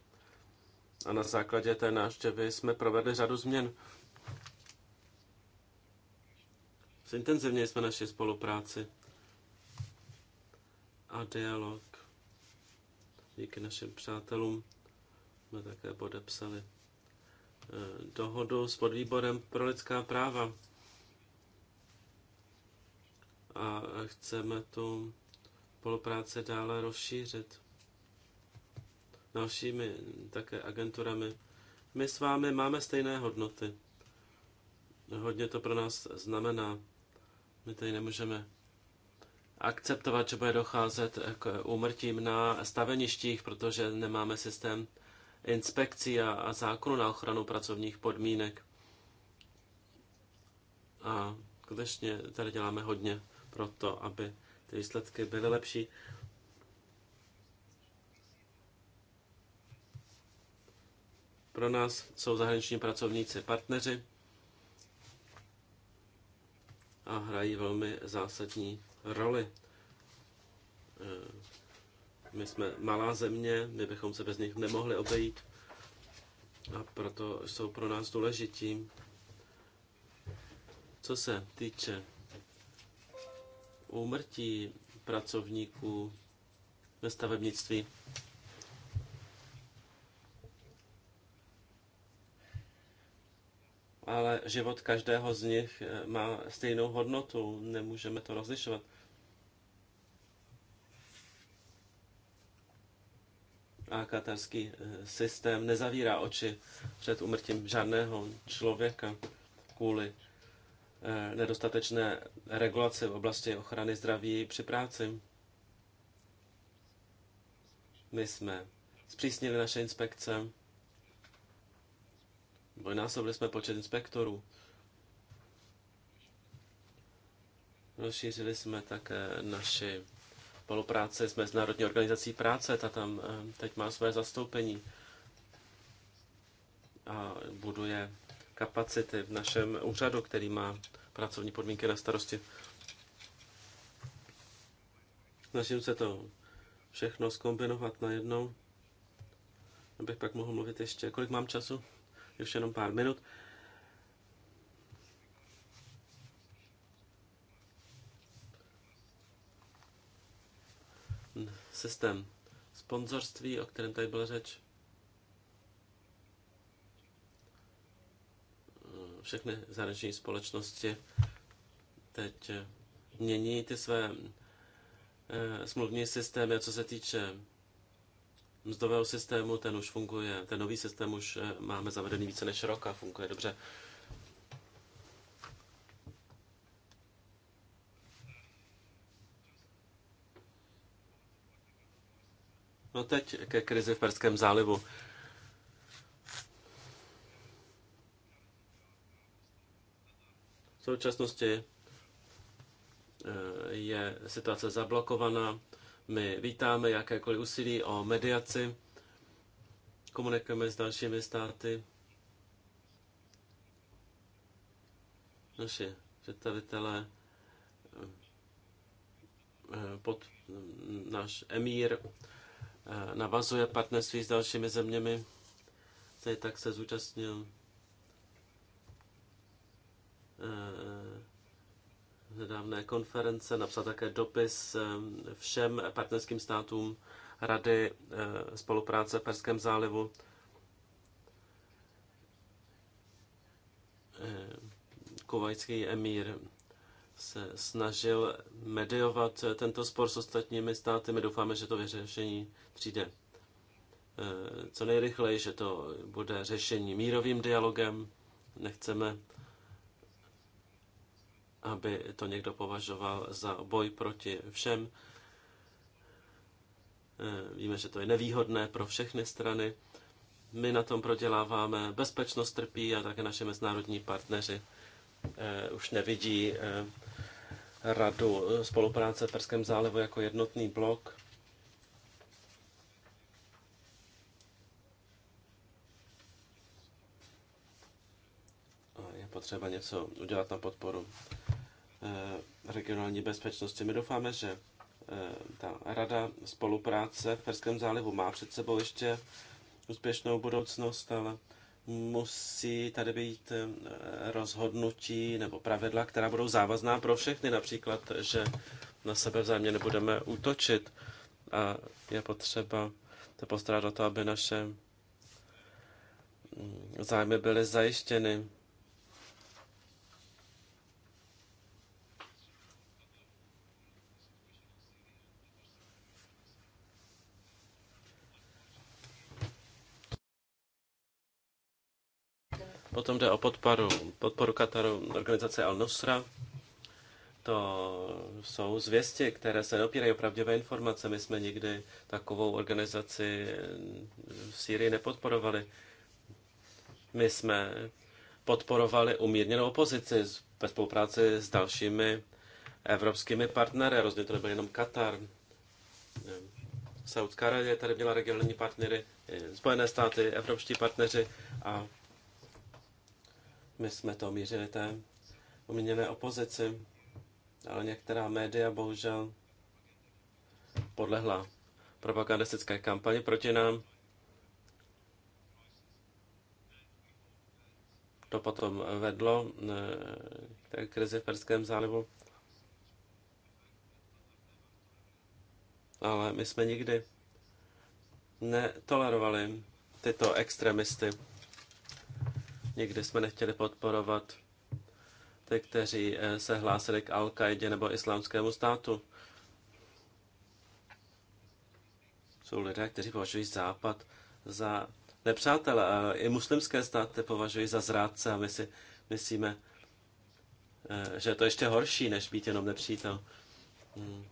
a na základě té návštěvy jsme provedli řadu změn. Zintenzivnili jsme naši spolupráci a dialog. Díky našim přátelům jsme také podepsali eh, dohodu s podvýborem pro lidská práva. A chceme tu spolupráci dále rozšířit dalšími také agenturami. My s vámi máme stejné hodnoty. Hodně to pro nás znamená. My tady nemůžeme akceptovat, že bude docházet k úmrtím na staveništích, protože nemáme systém inspekcí a, a zákonu na ochranu pracovních podmínek. A skutečně tady děláme hodně pro to, aby ty výsledky byly lepší. Pro nás jsou zahraniční pracovníci partneři a hrají velmi zásadní roli. E, my jsme malá země, my bychom se bez nich nemohli obejít a proto jsou pro nás důležití. Co se týče úmrtí pracovníků ve stavebnictví, ale život každého z nich eh, má stejnou hodnotu, nemůžeme to rozlišovat. A katarský eh, systém nezavírá oči před umrtím žádného člověka kvůli eh, nedostatečné regulaci v oblasti ochrany zdraví při práci. My jsme zpřísnili naše inspekce, Dvojnásobili jsme počet inspektorů. Rozšířili jsme také naši spolupráci s Mezinárodní organizací práce, ta tam eh, teď má své zastoupení a buduje kapacity v našem úřadu, který má pracovní podmínky na starosti. Snažím se to všechno skombinovat najednou, abych pak mohl mluvit ještě. Kolik mám času? ještě jenom pár minut. Systém sponzorství, o kterém tady byla řeč. Všechny zahraniční společnosti teď mění ty své eh, smluvní systémy, co se týče mzdového systému, ten už funguje, ten nový systém už eh, máme zavedený více než rok a funguje dobře. No teď ke krizi v Perském zálivu. V současnosti eh, je situace zablokovaná my vítáme jakékoliv úsilí o mediaci, komunikujeme s dalšími státy. Naši představitelé, eh, pod, náš emír eh, navazuje partnerství s dalšími zeměmi, který tak se zúčastnil eh, nedávné konference, napsal také dopis všem partnerským státům Rady eh, spolupráce v Perském zálivu. Eh, Kuvajský emír se snažil mediovat tento spor s ostatními státy. My doufáme, že to vyřešení přijde eh, co nejrychleji, že to bude řešení mírovým dialogem. Nechceme aby to někdo považoval za boj proti všem. Eh, víme, že to je nevýhodné pro všechny strany. My na tom proděláváme, bezpečnost trpí a také naše mezinárodní partneři eh, už nevidí eh, radu spolupráce v Perském zálevu jako jednotný blok. potřeba něco udělat na podporu Eh, regionální bezpečnosti. My doufáme, že eh, ta rada spolupráce v Perském zálivu má před sebou ještě úspěšnou budoucnost, ale musí tady být eh, rozhodnutí nebo pravidla, která budou závazná pro všechny, například, že na sebe vzájemně nebudeme útočit a je potřeba se postarat o to, aby naše mm, zájmy byly zajištěny. Potom jde o podporu, podporu Kataru organizace Al-Nusra. To jsou zvěsti, které se neopírají o pravdivé informace. My jsme nikdy takovou organizaci v Sýrii nepodporovali. My jsme podporovali umírněnou opozici ve spolupráci s dalšími evropskými partnery. Rozhodně to nebyl jenom Katar. Saudská Arábie tady měla regionální partnery, Spojené státy, evropští partneři a my jsme to mířili té umíněné opozici, ale některá média bohužel podlehla propagandistické kampani proti nám. To potom vedlo eh, k krizi v Perském zálivu. Ale my jsme nikdy netolerovali tyto extremisty. Někdy jsme nechtěli podporovat ty, kteří eh, se hlásili k al nebo islámskému státu. Jsou lidé, kteří považují Západ za nepřátelé. I muslimské státy považují za zrádce a my si myslíme, eh, že je to ještě horší, než být jenom nepřítel. Hmm.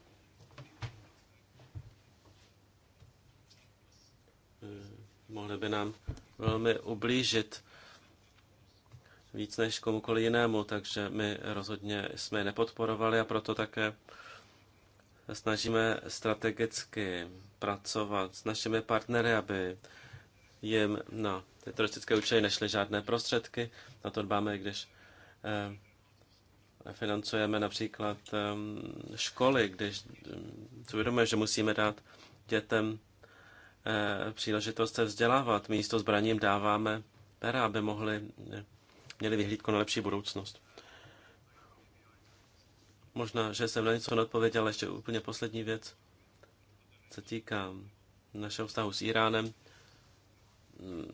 Eh, mohli by nám velmi ublížit víc než komukoliv jinému, takže my rozhodně jsme je nepodporovali a proto také snažíme strategicky pracovat s našimi partnery, aby jim na ty turistické účely nešly žádné prostředky. Na to dbáme, když eh, financujeme například eh, školy, když eh, si uvědomujeme, že musíme dát dětem příležitost se vzdělávat. Místo zbraním dáváme pera, aby mohli měli vyhlídku na lepší budoucnost. Možná, že jsem na něco neodpověděl, ale ještě úplně poslední věc se týká našeho vztahu s Iránem.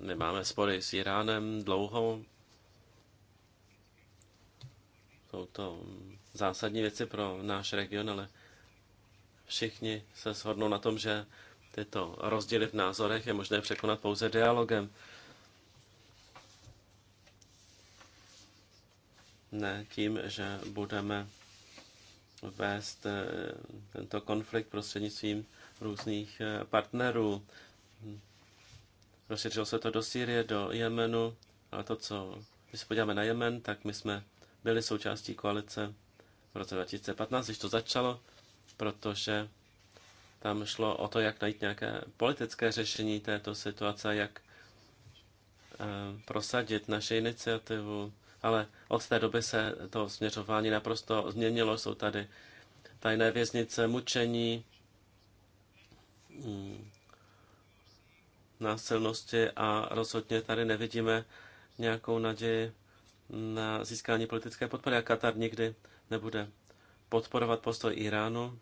My máme spory s Iránem dlouho. Jsou to zásadní věci pro náš region, ale všichni se shodnou na tom, že tyto rozdíly v názorech je možné překonat pouze dialogem. ne tím, že budeme vést eh, tento konflikt prostřednictvím různých eh, partnerů. Rozšířilo se to do Sýrie, do Jemenu a to, co my se podíváme na Jemen, tak my jsme byli součástí koalice v roce 2015, když to začalo, protože tam šlo o to, jak najít nějaké politické řešení této situace, jak eh, prosadit naše iniciativu ale od té doby se to směřování naprosto změnilo. Jsou tady tajné věznice, mučení, mm, násilnosti a rozhodně tady nevidíme nějakou naději na získání politické podpory a Katar nikdy nebude podporovat postoj Iránu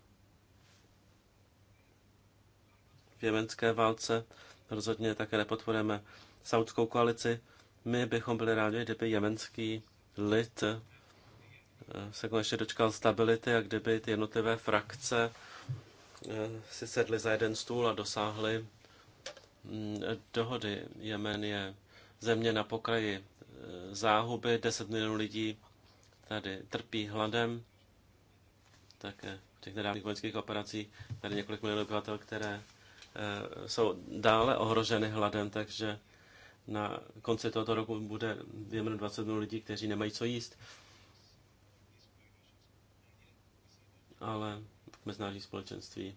v jemenské válce. Rozhodně také nepodporujeme saudskou koalici. My bychom byli rádi, kdyby jemenský lid eh, se konečně dočkal stability a kdyby ty jednotlivé frakce eh, si sedly za jeden stůl a dosáhly mm, dohody. Jemen je země na pokraji eh, záhuby, 10 milionů lidí tady trpí hladem, také v těch nedávných vojenských operacích tady několik milionů obyvatel, které jsou dále ohroženy hladem, takže na konci tohoto roku bude 2 20 milionů lidí, kteří nemají co jíst. Ale v mezinárodní společenství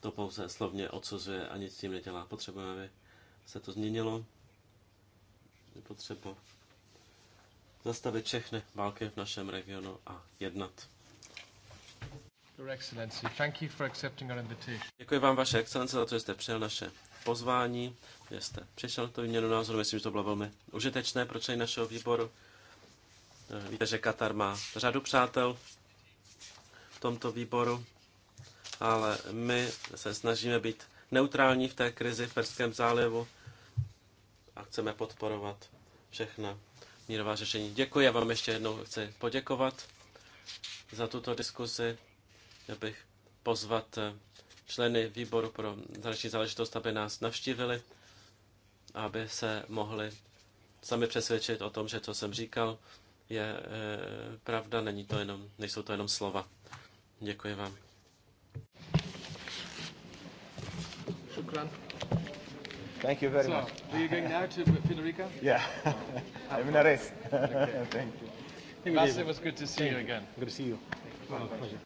to pouze slovně odsuzuje a nic s tím nedělá. Potřebujeme, aby se to změnilo. Je potřeba zastavit všechny války v našem regionu a jednat. Děkuji vám, vaše excelence, za to, že jste přijal naše pozvání, že jste přišel to výměnu názoru. Myslím, že to bylo velmi užitečné pro členy našeho výboru. Eh, víte, že Katar má řadu přátel v tomto výboru, ale my se snažíme být neutrální v té krizi v Perském zálivu a chceme podporovat všechna mírová řešení. Děkuji a vám ještě jednou chci poděkovat za tuto diskusi. Chtěl bych pozvat eh, členy výboru pro zahraniční záležitost, aby nás navštívili, aby se mohli sami přesvědčit o tom, že co jsem říkal, je e, pravda, není to jenom, nejsou to jenom slova. Děkuji vám. Shukran. Thank you very so, much. Are you going now to Federica? Yeah. Ah, I'm in a race. Thank you. Lasse, it was good to see Thank you again. Good to see you. Well, pleasure.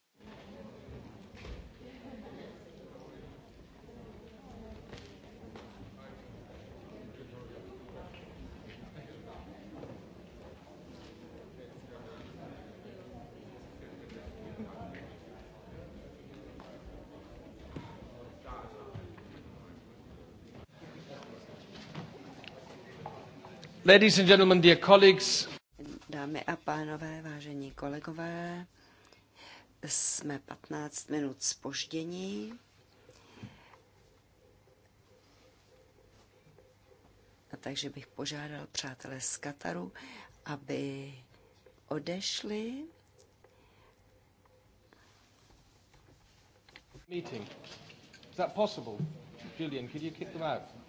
Ladies and gentlemen, dear colleagues. Dámy a pánové, vážení kolegové, jsme 15 minut spoždění. A takže bych požádal přátelé z Kataru, aby odešli. Meeting. Is that possible? Julian, could you kick them out?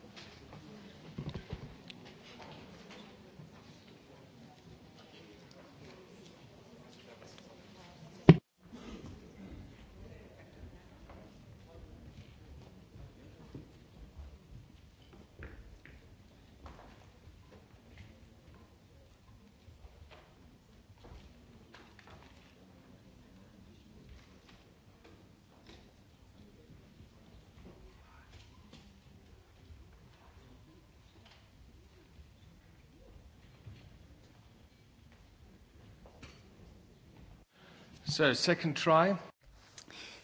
So, second try.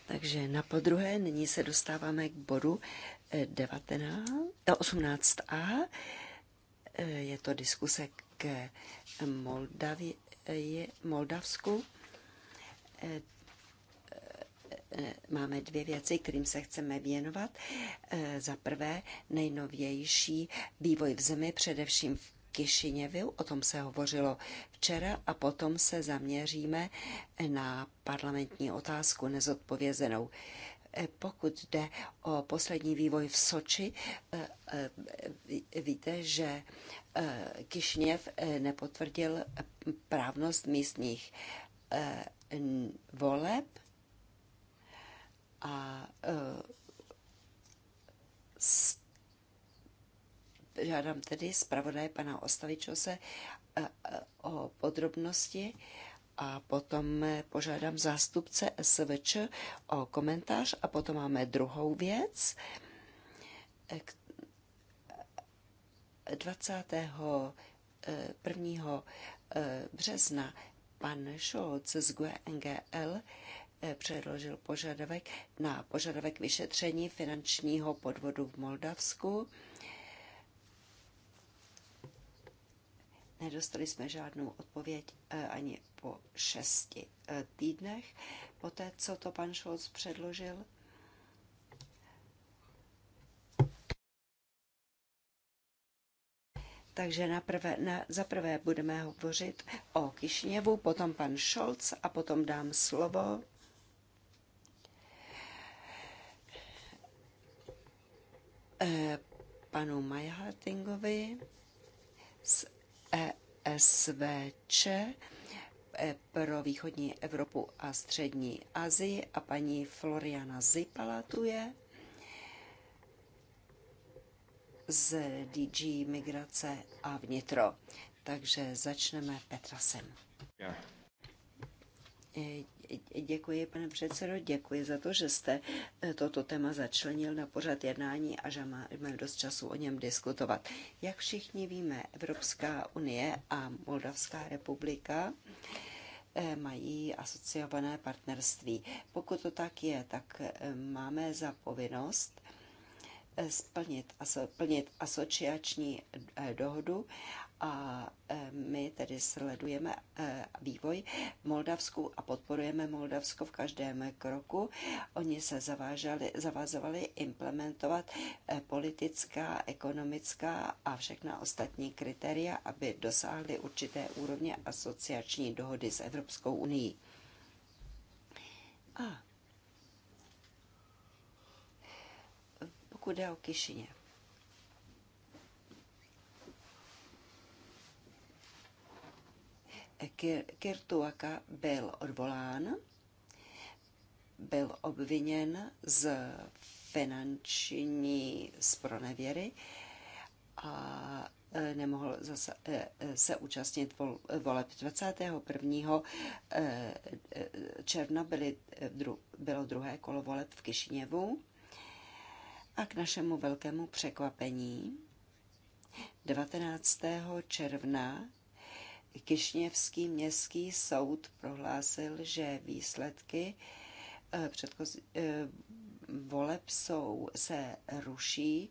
Takže na podruhé nyní se dostáváme k bodu 19, eh, 18a. No, eh, je to diskuse k Moldavě, Moldavsku. Eh, máme dvě věci, kterým se chceme věnovat. Za prvé nejnovější vývoj v zemi, především v Kišiněviu, o tom se hovořilo včera a potom se zaměříme na parlamentní otázku nezodpovězenou. E, pokud jde o poslední vývoj v Soči, e, e, víte, že Kišněv nepotvrdil právnost místních voleb a žádám tedy zpravodaje pana Ostaličose eh, eh, o podrobnosti a potom eh, požádám zástupce SVČ o komentář a potom máme druhou věc. 21. března pan Scholz z GNGL předložil požadavek na požadavek vyšetření finančního podvodu v Moldavsku Nedostali jsme žádnou odpověď eh, ani po šesti eh, týdnech, poté co to pan Scholz předložil. Takže naprvé, na, zaprvé budeme hovořit o Kišněvu, potom pan Scholz a potom dám slovo eh, panu Majhartingovi z ESVČ e, pro východní Evropu a střední Asii a paní Floriana Zipala tu je z DG Migrace a vnitro. Takže začneme Petrasem. Yeah. Eh, děkuji, pane předsedo, děkuji za to, že jste eh, toto téma začlenil na pořad jednání a že máme dost času o něm diskutovat. Jak všichni víme, Evropská unie a Moldavská republika eh, mají asociované partnerství. Pokud to tak je, tak máme za povinnost splnit, aso, plnit asociační dohodu a e, my tedy sledujeme e, vývoj v Moldavsku a podporujeme Moldavsko v každém kroku. Oni se zavážali, zavázovali implementovat e, politická, ekonomická a všechna ostatní kritéria, aby dosáhli určité úrovně asociační dohody s Evropskou unii. A pokud jde o Kišině, Kirtuaka byl odvolán, byl obviněn z finanční spronevěry a e, nemohl zase e, e, se účastnit voleb 21. června byly, bylo druhé kolo voleb v Kišiněvu a k našemu velkému překvapení 19. června Kišněvský městský soud prohlásil, že výsledky eh, předchozí, eh, voleb jsou, se ruší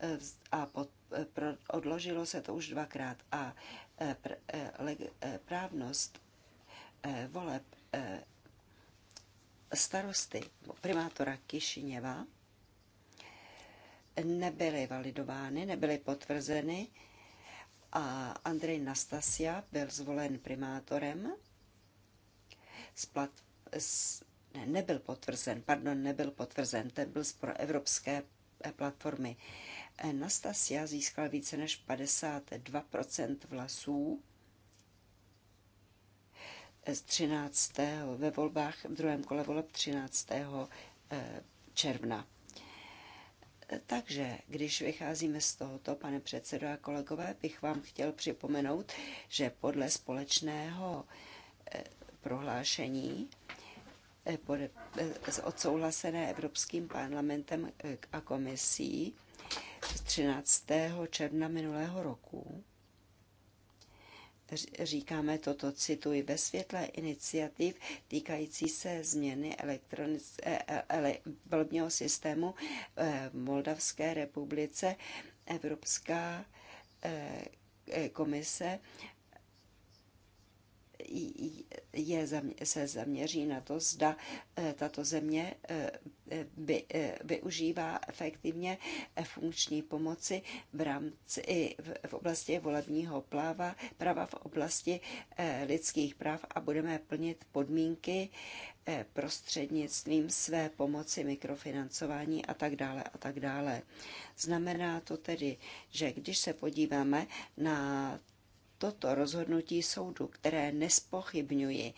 eh, a pod, pro, odložilo se to už dvakrát. A pr, leg, právnost voleb starosty primátora Kišiněva nebyly validovány, nebyly potvrzeny a Andrej Nastasia byl zvolen primátorem. Splat, s, ne, nebyl potvrzen, pardon, nebyl potvrzen, ten byl z proevropské eh, platformy. Eh, Nastasia získal více než 52% vlasů eh, z 13. ve volbách v druhém kole voleb 13. června. Takže, když vycházíme z tohoto, pane předsedo a kolegové, bych vám chtěl připomenout, že podle společného eh, prohlášení eh, eh, odsouhlasené Evropským parlamentem a komisí z 13. června minulého roku říkáme toto, cituji, ve světle iniciativ týkající se změny e- e- volebního systému v Moldavské republice Evropská e- komise je, se zaměří na to, zda eh, tato země eh, eh, by, využívá efektivně funkční pomoci v rámci i v oblasti volebního práva, práva v oblasti lidských práv a budeme plnit podmínky prostřednictvím své pomoci, mikrofinancování a tak dále a tak dále. Znamená to tedy, že když se podíváme na toto rozhodnutí soudu, které nespochybňuji,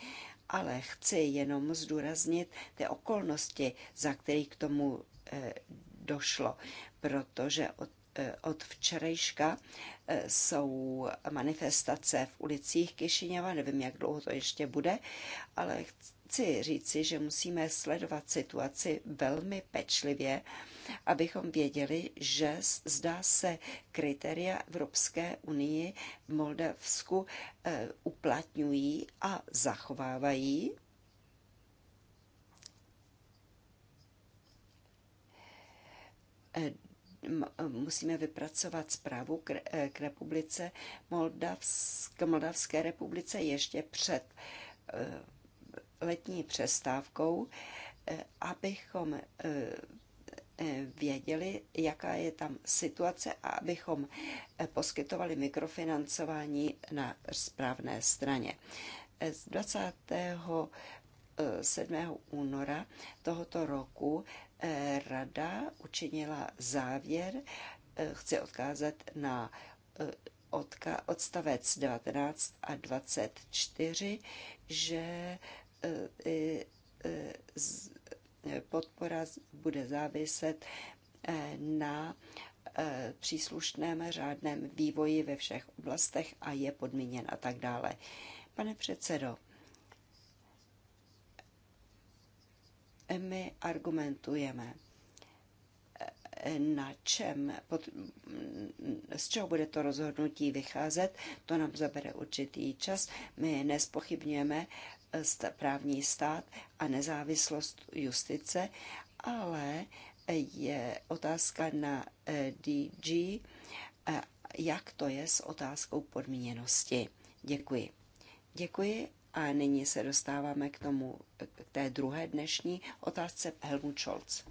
ale chci jenom zdůraznit ty okolnosti, za kterých k tomu eh, došlo, protože od eh, od včerejška eh, jsou manifestace v ulicích Kišiněva, nevím, jak dlouho to ještě bude, ale chci říci, že musíme sledovat situaci velmi pečlivě, abychom věděli, že zdá se kritéria Evropské unii v Moldavsku eh, uplatňují a zachovávají. Eh, eh, musíme vypracovat zprávu k, republice Moldavsk, Moldavské republice ještě před letní přestávkou, eh, abychom eh, eh, věděli, jaká je tam situace a abychom poskytovali mikrofinancování na správné straně. Z 27. února tohoto roku rada učinila závěr, chci odkázat na odstavec 19 a 24, že Eh, i eh, eh, podpora bude záviset na příslušném řádném vývoji ve všech oblastech a je podmíněn a tak dále. Pane předsedo, my argumentujeme, na čem, pod, z čeho bude to rozhodnutí vycházet, to nám zabere určitý čas. My nespochybňujeme právní stát a nezávislost justice, ale je otázka na eh, DG, eh, jak to je s otázkou podmíněnosti. Děkuji. Děkuji a nyní se dostáváme k tomu, k té druhé dnešní otázce Helmut Scholz.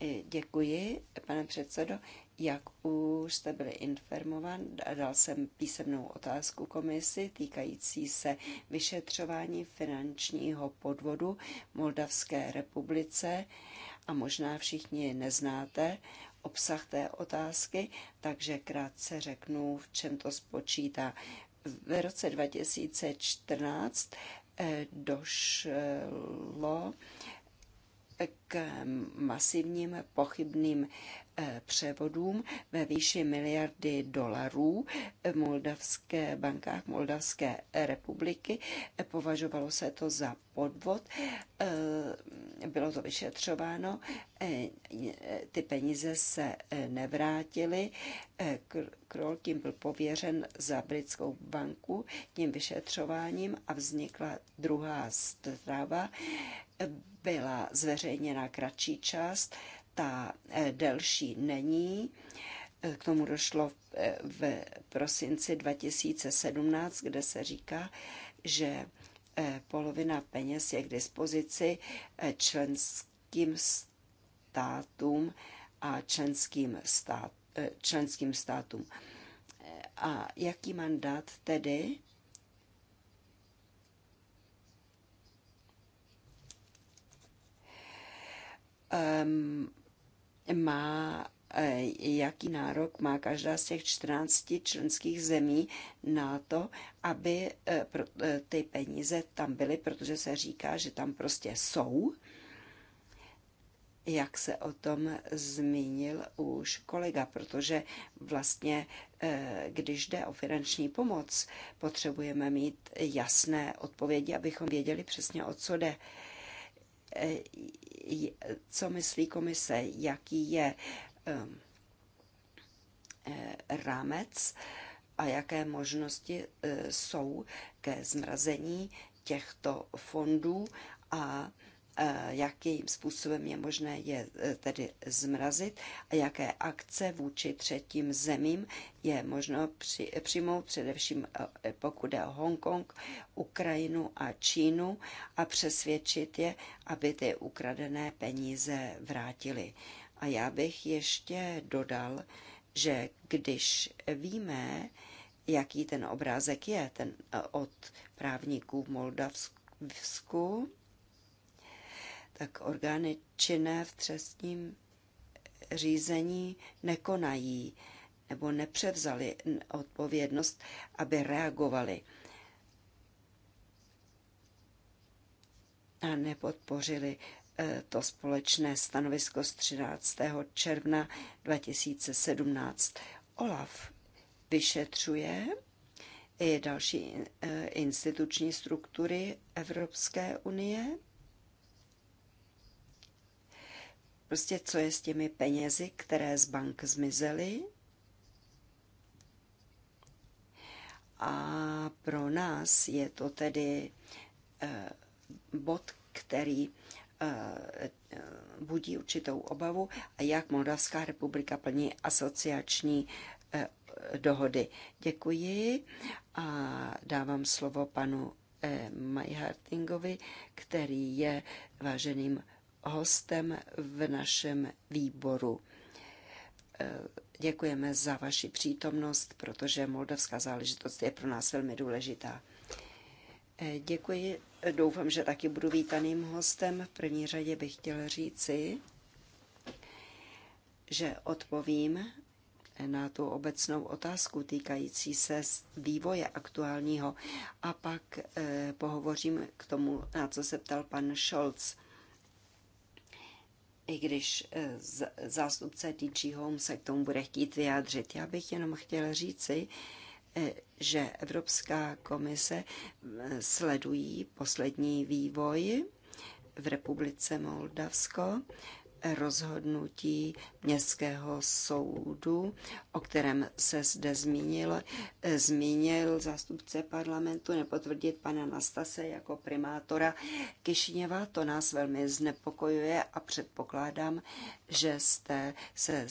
Eh, děkuji, pane předsedo. Jak už jste byli informovan, dal jsem písemnou otázku komisi týkající se vyšetřování finančního podvodu Moldavské republice a možná všichni neznáte obsah té otázky, takže krátce řeknu, v čem to spočítá. V roce 2014 eh, došlo k masivním pochybným Eh, převodům ve výši miliardy dolarů v moldavské bankách Moldavské republiky. Eh, považovalo se to za podvod, eh, bylo to vyšetřováno, ty peníze se nevrátily, Kroll tím byl pověřen za britskou banku tím vyšetřováním a vznikla druhá strava, byla zveřejněna kratší část ta eh, delší není. Eh, k tomu došlo eh, v, prosinci 2017, kde se říká, že polovina peněz je k dispozici členským státům a členským, stát, členským státům. A jaký mandát tedy? Um, má e, jaký nárok má každá z těch 14 členských zemí na to, aby e, e, ty peníze tam byly, protože se říká, že tam prostě jsou, jak se o tom zmínil už kolega, protože vlastně, když jde o finanční pomoc, potřebujeme mít jasné odpovědi, abychom věděli přesně, o co jde. Eh, co myslí komise, jaký je eh, rámec a jaké možnosti eh, jsou ke zmrazení těchto fondů a E, jakým způsobem je možné je e, tedy zmrazit a jaké akce vůči třetím zemím je možno při, přijmout, především e, pokud je o Hongkong, Ukrajinu a Čínu a přesvědčit je, aby ty ukradené peníze vrátili. A já bych ještě dodal, že když víme, jaký ten obrázek je ten od právníků v Moldavsku, tak orgány činné v trestním řízení nekonají nebo nepřevzali odpovědnost, aby reagovali a nepodpořili eh, to společné stanovisko z 13. června 2017. OLAF vyšetřuje i další eh, instituční struktury Evropské unie Prostě co je s těmi penězi, které z bank zmizely? A pro nás je to tedy eh, bod, který eh, budí určitou obavu a jak Moldavská republika plní asociační eh, dohody. Děkuji a dávám slovo panu Majhartingovi, který je váženým hostem v našem výboru. E, děkujeme za vaši přítomnost, protože moldavská záležitost je pro nás velmi důležitá. E, děkuji, doufám, že taky budu vítaným hostem. V první řadě bych chtěl říci, že odpovím na tu obecnou otázku týkající se vývoje aktuálního a pak e, pohovořím k tomu, na co se ptal pan Scholz i když e, zástupce TG Home se k tomu bude chtít vyjádřit. Já bych jenom chtěla říci, e, že Evropská komise e, sledují poslední vývoj v republice Moldavsko rozhodnutí městského soudu, o kterém se zde zmínil, zmínil zástupce parlamentu nepotvrdit pana Nastase jako primátora Kišiněva. To nás velmi znepokojuje a předpokládám, že jste se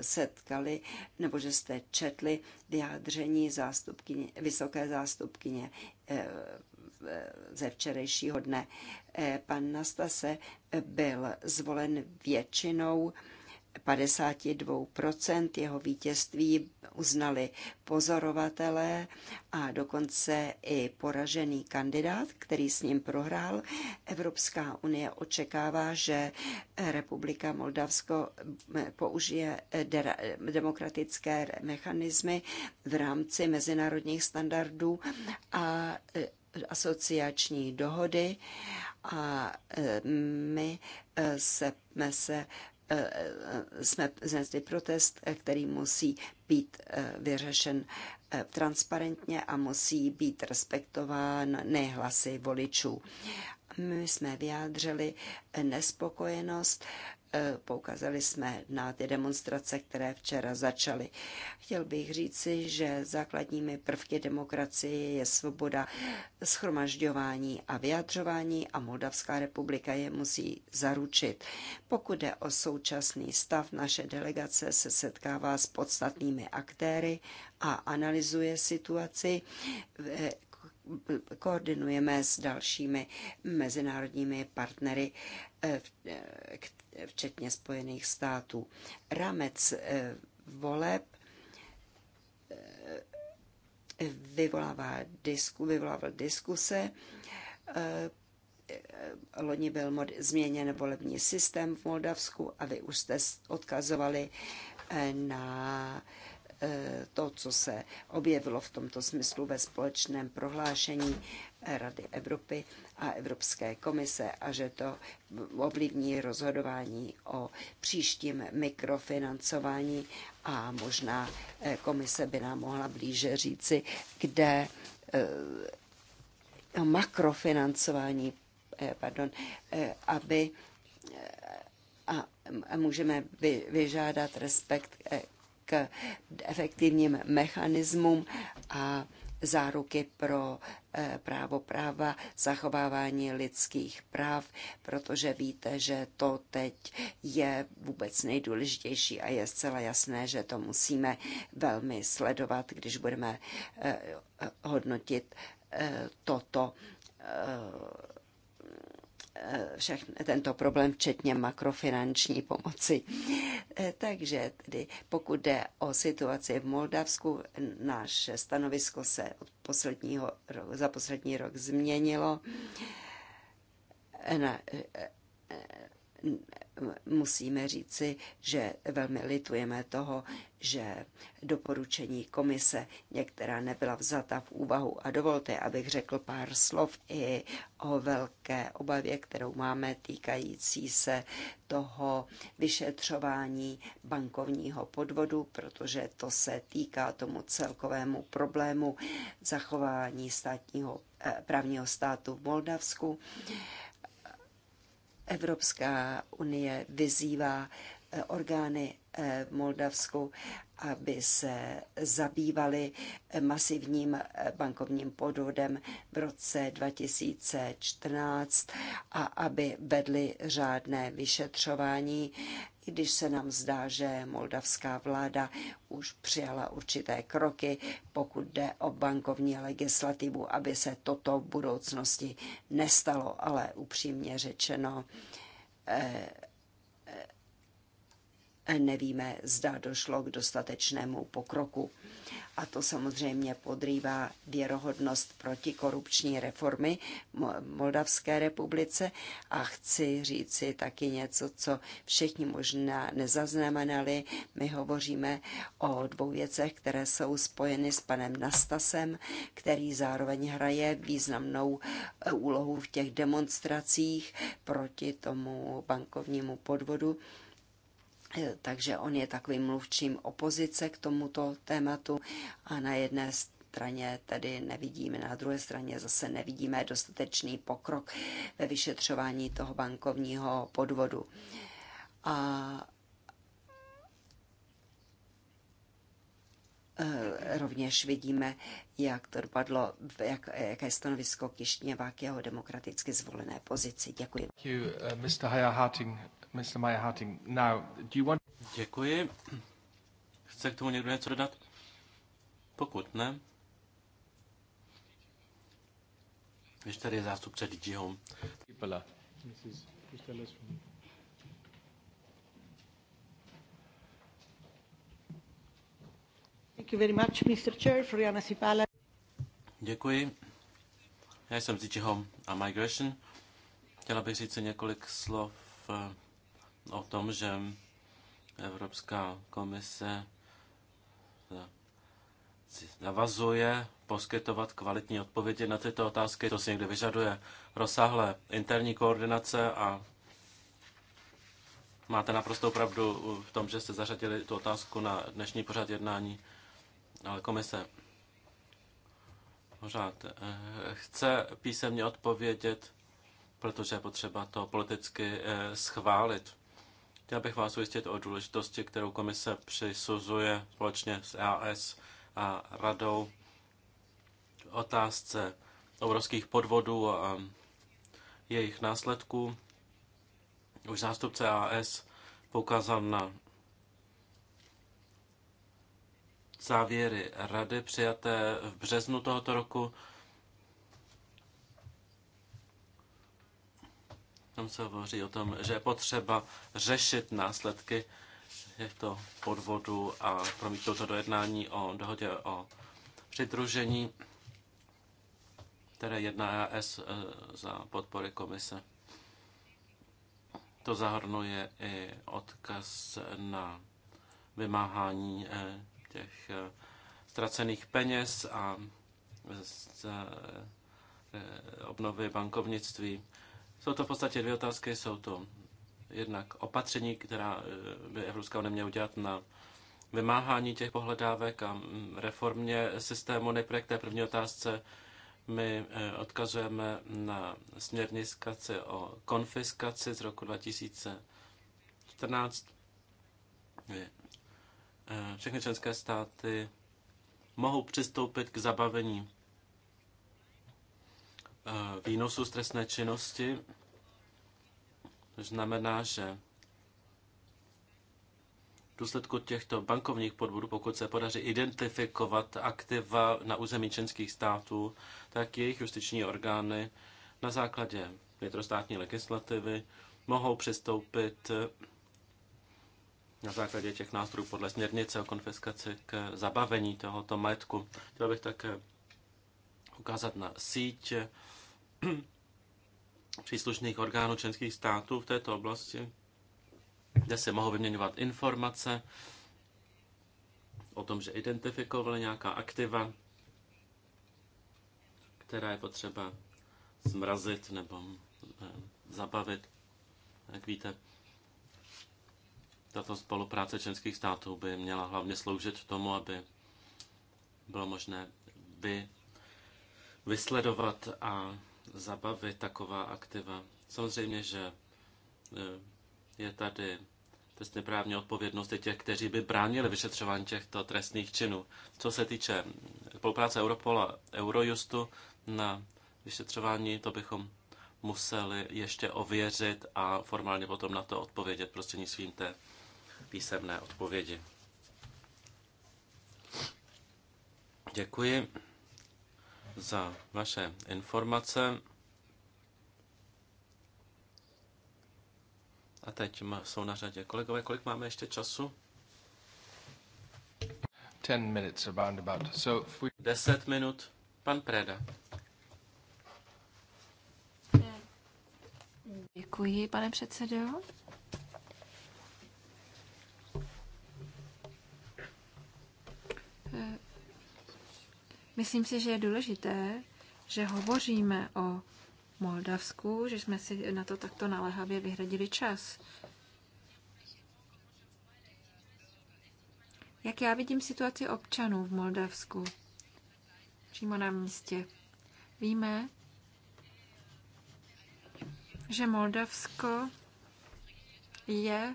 setkali nebo že jste četli vyjádření zástupkyně, vysoké zástupkyně eh, ze včerejšího dne. Eh, pan Nastase byl zvolen většinou 52% jeho vítězství uznali pozorovatelé a dokonce i poražený kandidát, který s ním prohrál. Evropská unie očekává, že Republika Moldavsko eh, použije eh, demokratické mechanismy v rámci mezinárodních standardů a asociační dohody a e, my e, se, jsme se e, jsme znesli protest, který musí být vyřešen transparentně a musí být respektován nehlasy voličů. My jsme vyjádřili nespokojenost E, Poukazali jsme na ty demonstrace, které včera začaly. Chtěl bych říci, že základními prvky demokracie je svoboda schromažďování a vyjadřování a Moldavská republika je musí zaručit. Pokud je o současný stav, naše delegace se setkává s podstatnými aktéry a analyzuje situaci, e, koordinujeme s dalšími mezinárodními partnery, eh, eh, včetně Spojených států. Rámec eh, voleb vyvolává disku, vyvolával diskuse. Loni byl mod, změněn volební systém v Moldavsku a vy už jste odkazovali na Eh, to, co se objevilo v tomto smyslu ve společném prohlášení Rady Evropy a Evropské komise a že to ovlivní rozhodování o příštím mikrofinancování a možná eh, komise by nám mohla blíže říci, kde eh, makrofinancování, pardon, aby a můžeme vyžádat respekt k efektivním mechanismům a záruky pro eh, právo práva, zachovávání lidských práv, protože víte, že to teď je vůbec nejdůležitější a je zcela jasné, že to musíme velmi sledovat, když budeme eh, hodnotit eh, toto všechny, tento problém, včetně makrofinanční pomoci. Takže tedy, pokud jde o situaci v Moldavsku, naše stanovisko se od posledního, za poslední rok změnilo. Na, musíme říci, že velmi litujeme toho, že doporučení komise některá nebyla vzata v úvahu. A dovolte, abych řekl pár slov i o velké obavě, kterou máme týkající se toho vyšetřování bankovního podvodu, protože to se týká tomu celkovému problému zachování státního eh, právního státu v Moldavsku. Evropská unie vyzývá orgány v eh, Moldavsku, aby se zabývali eh, masivním eh, bankovním podvodem v roce 2014 a aby vedli řádné vyšetřování, I když se nám zdá, že moldavská vláda už přijala určité kroky, pokud jde o bankovní legislativu, aby se toto v budoucnosti nestalo, ale upřímně řečeno, nevíme, zda došlo k dostatečnému pokroku. A to samozřejmě podrývá věrohodnost protikorupční reformy Moldavské republice. A chci říci taky něco, co všichni možná nezaznamenali. My hovoříme o dvou věcech, které jsou spojeny s panem Nastasem, který zároveň hraje významnou eh, úlohu v těch demonstracích proti tomu bankovnímu podvodu takže on je takovým mluvčím opozice k tomuto tématu a na jedné straně tedy nevidíme, na druhé straně zase nevidíme dostatečný pokrok ve vyšetřování toho bankovního podvodu. A e, rovněž vidíme, jak to dopadlo, jak, jaké stanovisko Kišněva k jeho demokraticky zvolené pozici. Děkuji. Děkuji, uh, Mr. Mr. Meyer Harting. Now, do you want... Děkuji. Chce k tomu někdo něco dodat? Pokud ne, když tady je zástupce DG Home. Děkuji. Já jsem z DG Home a Migration. Chtěla bych říct několik slov eh, o tom, že Evropská komise navazuje poskytovat kvalitní odpovědi na tyto otázky. To si někdy vyžaduje rozsáhlé interní koordinace a máte naprostou pravdu v tom, že jste zařadili tu otázku na dnešní pořad jednání, ale komise pořád eh, chce písemně odpovědět, protože je potřeba to politicky eh, schválit. Chtěl bych vás ujistit o důležitosti, kterou komise přisuzuje společně s EAS a radou otázce obrovských podvodů a jejich následků. Už zástupce AS poukázal na závěry rady přijaté v březnu tohoto roku Tam se hovoří o tom, že je potřeba řešit následky těchto podvodů a promítnout to do jednání o dohodě o přidružení, které jedná AS e, za podpory komise. To zahrnuje i odkaz na vymáhání e, těch e, ztracených peněz a z obnovy bankovnictví. Jsou to v podstatě dvě otázky. Jsou to jednak opatření, která eh, by Evropská unie měla udělat na vymáhání těch pohledávek a mm, reformě systému. Nejprve k té první otázce my eh, odkazujeme na směrnici o konfiskaci z roku 2014. Eh, všechny členské státy mohou přistoupit k zabavení Výnosu z trestné činnosti, To znamená, že v důsledku těchto bankovních podvodů, pokud se podaří identifikovat aktiva na území členských států, tak jejich justiční orgány na základě vnitrostátní legislativy mohou přistoupit na základě těch nástrojů podle směrnice o konfiskaci k zabavení tohoto majetku. Chtěl bych také ukázat na síť příslušných orgánů členských států v této oblasti, kde se mohou vyměňovat informace o tom, že identifikovali nějaká aktiva, která je potřeba zmrazit nebo eh, zabavit. Jak víte, tato spolupráce členských států by měla hlavně sloužit tomu, aby bylo možné vy, vysledovat a zabavy taková aktiva. Samozřejmě, že e, je tady trestně právní odpovědnost těch, kteří by bránili vyšetřování těchto trestných činů. Co se týče spolupráce Europola Eurojustu na vyšetřování, to bychom museli ještě ověřit a formálně potom na to odpovědět prostřednictvím té písemné odpovědi. Děkuji za vaše informace. A teď jsou na řadě kolegové. Kolik máme ještě času? 10 minutes around about. So if we... 10 minut. Pan Preda. Děkuji, pane předsedo. Uh. Myslím si, že je důležité, že hovoříme o Moldavsku, že jsme si na to takto naléhavě vyhradili čas. Jak já vidím situaci občanů v Moldavsku, přímo na místě. Víme, že Moldavsko je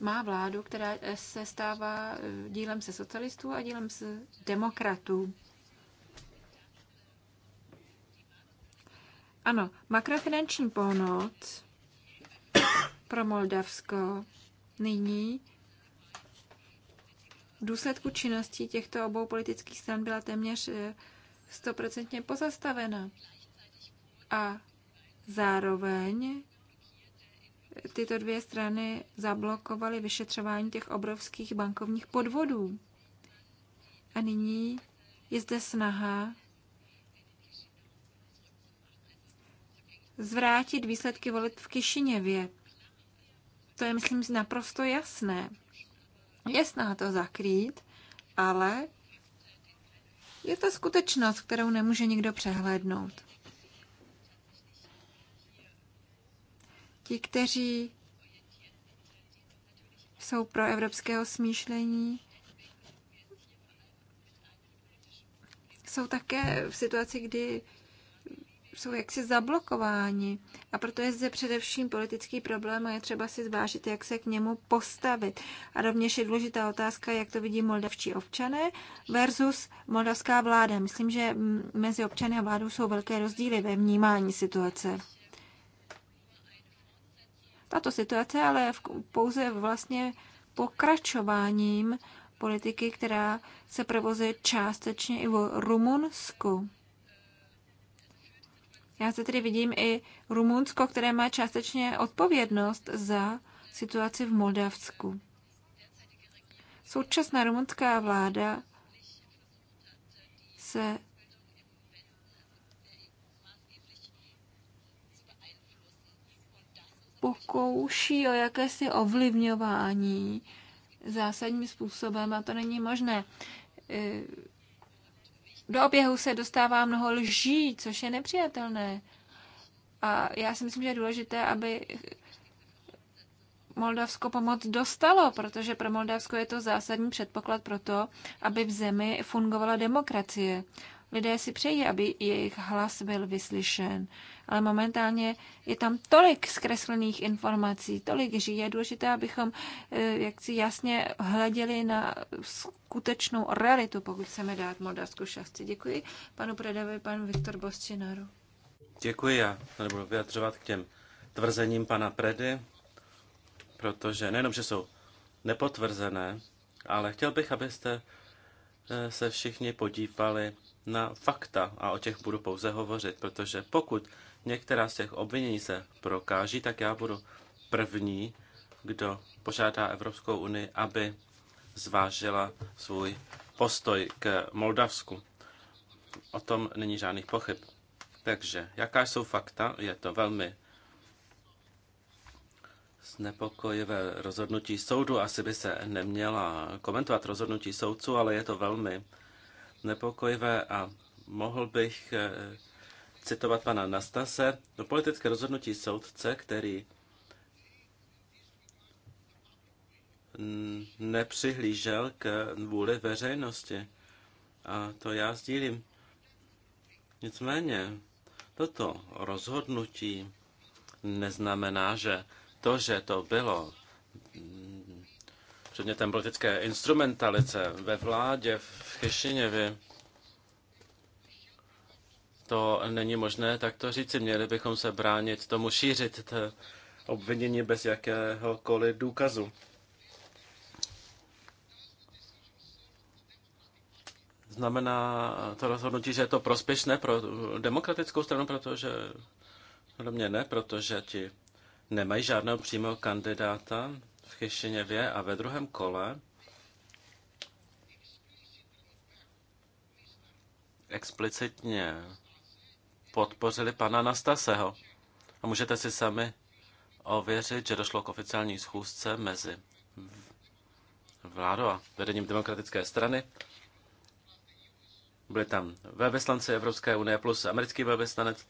má vládu, která se stává eh, dílem se socialistů a dílem se demokratů. Ano, makrofinanční pomoc pro Moldavsko nyní v důsledku činnosti těchto obou politických stran byla téměř eh, stoprocentně pozastavena. A zároveň tyto dvě strany zablokovaly vyšetřování těch obrovských bankovních podvodů. A nyní je zde snaha zvrátit výsledky voleb v Kišiněvě. To je, myslím, naprosto jasné. Je snaha to zakrýt, ale je to skutečnost, kterou nemůže nikdo přehlédnout. Ti, kteří jsou pro evropského smýšlení, jsou také v situaci, kdy jsou jaksi zablokováni. A proto je zde především politický problém a je třeba si zvážit, jak se k němu postavit. A rovněž je důležitá otázka, jak to vidí moldavští občané versus moldavská vláda. Myslím, že mezi občany a vládou jsou velké rozdíly ve vnímání situace. Tato situace ale v, pouze vlastně pokračováním politiky, která se provozuje částečně i v Rumunsku. Já se tedy vidím i Rumunsko, které má částečně odpovědnost za situaci v Moldavsku. Současná rumunská vláda se pokouší o jakési ovlivňování zásadním způsobem a to není možné. E, do oběhu se dostává mnoho lží, což je nepřijatelné. A já si myslím, že je důležité, aby Moldavsko pomoc dostalo, protože pro Moldavsko je to zásadní předpoklad pro to, aby v zemi fungovala demokracie. Lidé si přejí, aby jejich hlas byl vyslyšen, ale momentálně je tam tolik zkreslených informací, tolik, že je důležité, abychom eh, jak si jasně hleděli na skutečnou realitu, pokud chceme dát moldavskou šachci. Děkuji panu Predavi, panu Viktor Bostinaru. Děkuji, já nebudu vyjadřovat k těm tvrzením pana Predy, protože nejenom, že jsou nepotvrzené, ale chtěl bych, abyste eh, se všichni podívali na fakta a o těch budu pouze hovořit, protože pokud některá z těch obvinění se prokáží, tak já budu první, kdo požádá Evropskou unii, aby zvážila svůj postoj k Moldavsku. O tom není žádných pochyb. Takže, jaká jsou fakta? Je to velmi znepokojivé rozhodnutí soudu. Asi by se neměla komentovat rozhodnutí soudců, ale je to velmi nepokojivé a mohl bych eh, citovat pana Nastase, to no, politické rozhodnutí soudce, který nepřihlížel k vůli veřejnosti. A to já sdílím. Nicméně, toto rozhodnutí neznamená, že to, že to bylo předmětem politické instrumentalice ve vládě v Chešinjevě, to není možné takto říci. Měli bychom se bránit tomu šířit t- obvinění bez jakéhokoliv důkazu. Znamená to rozhodnutí, že je to prospěšné pro demokratickou stranu, protože podle mě ne, protože ti nemají žádného přímého kandidáta v Chešeněvě a ve druhém kole explicitně podpořili pana Nastaseho. A můžete si sami ověřit, že došlo k oficiální schůzce mezi vládou a vedením demokratické strany. Byli tam velvyslanci Evropské unie plus americký velvyslanec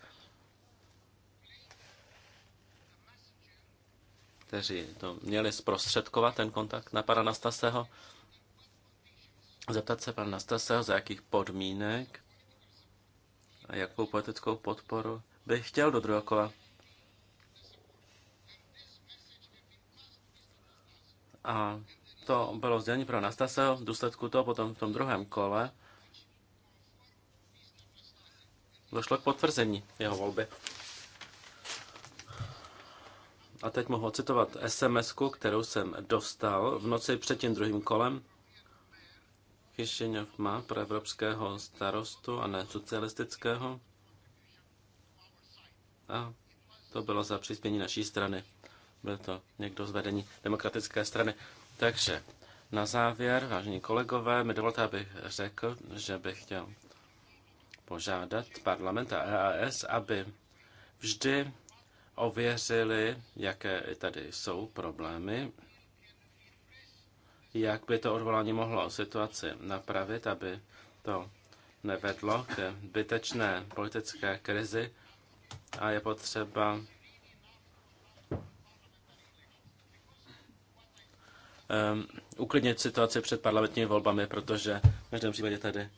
kteří to měli zprostředkovat, ten kontakt na pana Nastaseho, zeptat se pana Nastaseho, za jakých podmínek a jakou politickou podporu by chtěl do druhého kola. A to bylo sdělení pro Nastaseho, v důsledku toho potom v tom druhém kole došlo k potvrzení jeho volby. A teď mohu citovat sms kterou jsem dostal v noci před tím druhým kolem. Kišiněv má pro evropského starostu a ne socialistického. A to bylo za přispění naší strany. Byl to někdo z vedení demokratické strany. Takže na závěr, vážení kolegové, mi dovolte, abych řekl, že bych chtěl požádat parlament a EAS, aby vždy ověřili, jaké tady jsou problémy, jak by to odvolání mohlo situaci napravit, aby to nevedlo k bytečné politické krizi a je potřeba um, uklidnit situaci před parlamentními volbami, protože v každém případě tady uh,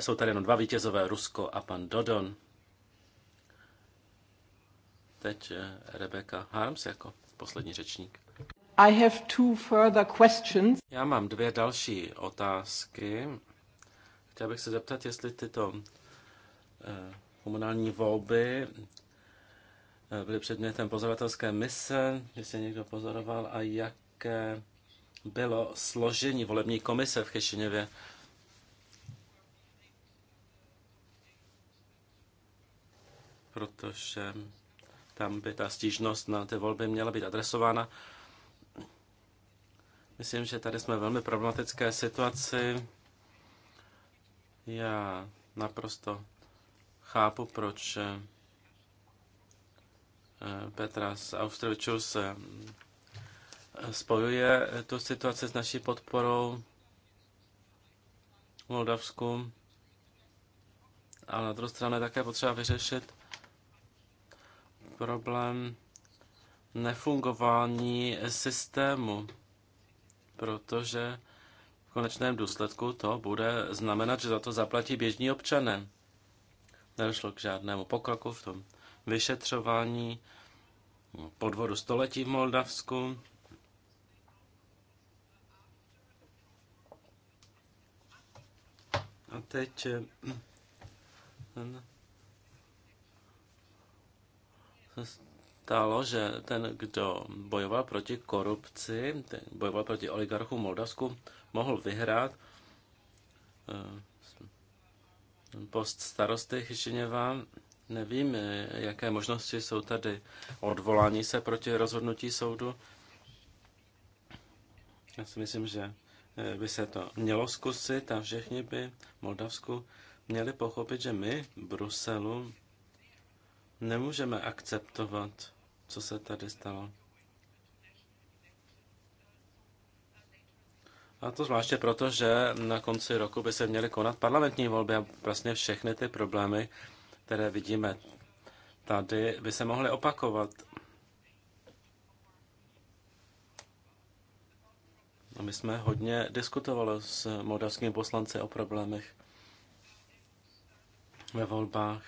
jsou tady jenom dva vítězové, Rusko a pan Dodon. Teď eh, Rebecca Harms jako poslední řečník. I have two further questions. Já mám dvě další otázky. Chtěl bych se zeptat, jestli tyto eh, komunální volby eh, byly předmětem pozorovatelské mise, jestli někdo pozoroval a jaké bylo složení volební komise v Chešiněvě. Protože tam by ta stížnost na ty volby měla být adresována. Myslím, že tady jsme v velmi problematické situaci. Já naprosto chápu, proč eh, Petra z Austrovičů se eh, spojuje eh, tu situaci s naší podporou v Moldavsku. A na druhou stranu je také potřeba vyřešit problém nefungování systému, protože v konečném důsledku to bude znamenat, že za to zaplatí běžní občané. Nedošlo k žádnému pokroku v tom vyšetřování podvodu století v Moldavsku. A teď eh, ten stalo, že ten, kdo bojoval proti korupci, ten bojoval proti oligarchu Moldavsku, mohl vyhrát eh, post starosty Chyšiněva. Nevím, eh, jaké možnosti jsou tady odvolání se proti rozhodnutí soudu. Já si myslím, že eh, by se to mělo zkusit a všichni by Moldavsku měli pochopit, že my v Bruselu Nemůžeme akceptovat, co se tady stalo. A to zvláště proto, že na konci roku by se měly konat parlamentní volby a vlastně všechny ty problémy, které vidíme tady, by se mohly opakovat. A my jsme hodně diskutovali s moldavskými poslanci o problémech ve volbách.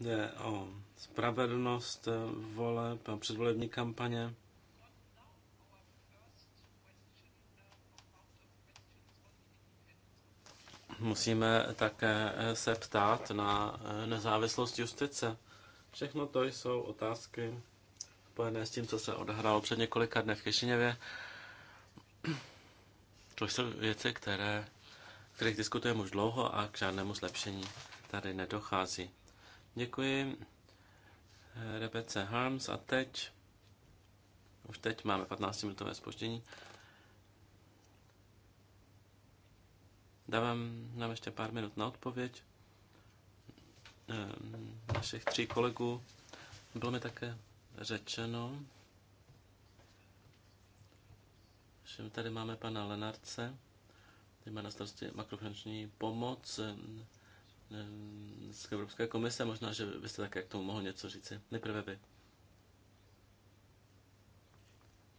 Jde o spravedlnost eh, voleb a eh, předvolební kampaně. Musíme také eh, se ptát na nezávislost justice. Všechno to jsou otázky spojené s tím, co se odehrálo před několika dny v Kišiněvě. To jsou věci, které, kterých diskutujeme už dlouho a k žádnému zlepšení tady nedochází. Děkuji eh, Rebece Harms a teď, už teď máme 15-minutové spoždění. Dávám nám ještě pár minut na odpověď eh, našich tří kolegů. Bylo mi také řečeno, že tady máme pana Lenarce, který má na starosti makrofinanční pomoc eh, Ehm, z Evropské komise. Možná, že byste také k tomu mohl něco říci. Nejprve vy.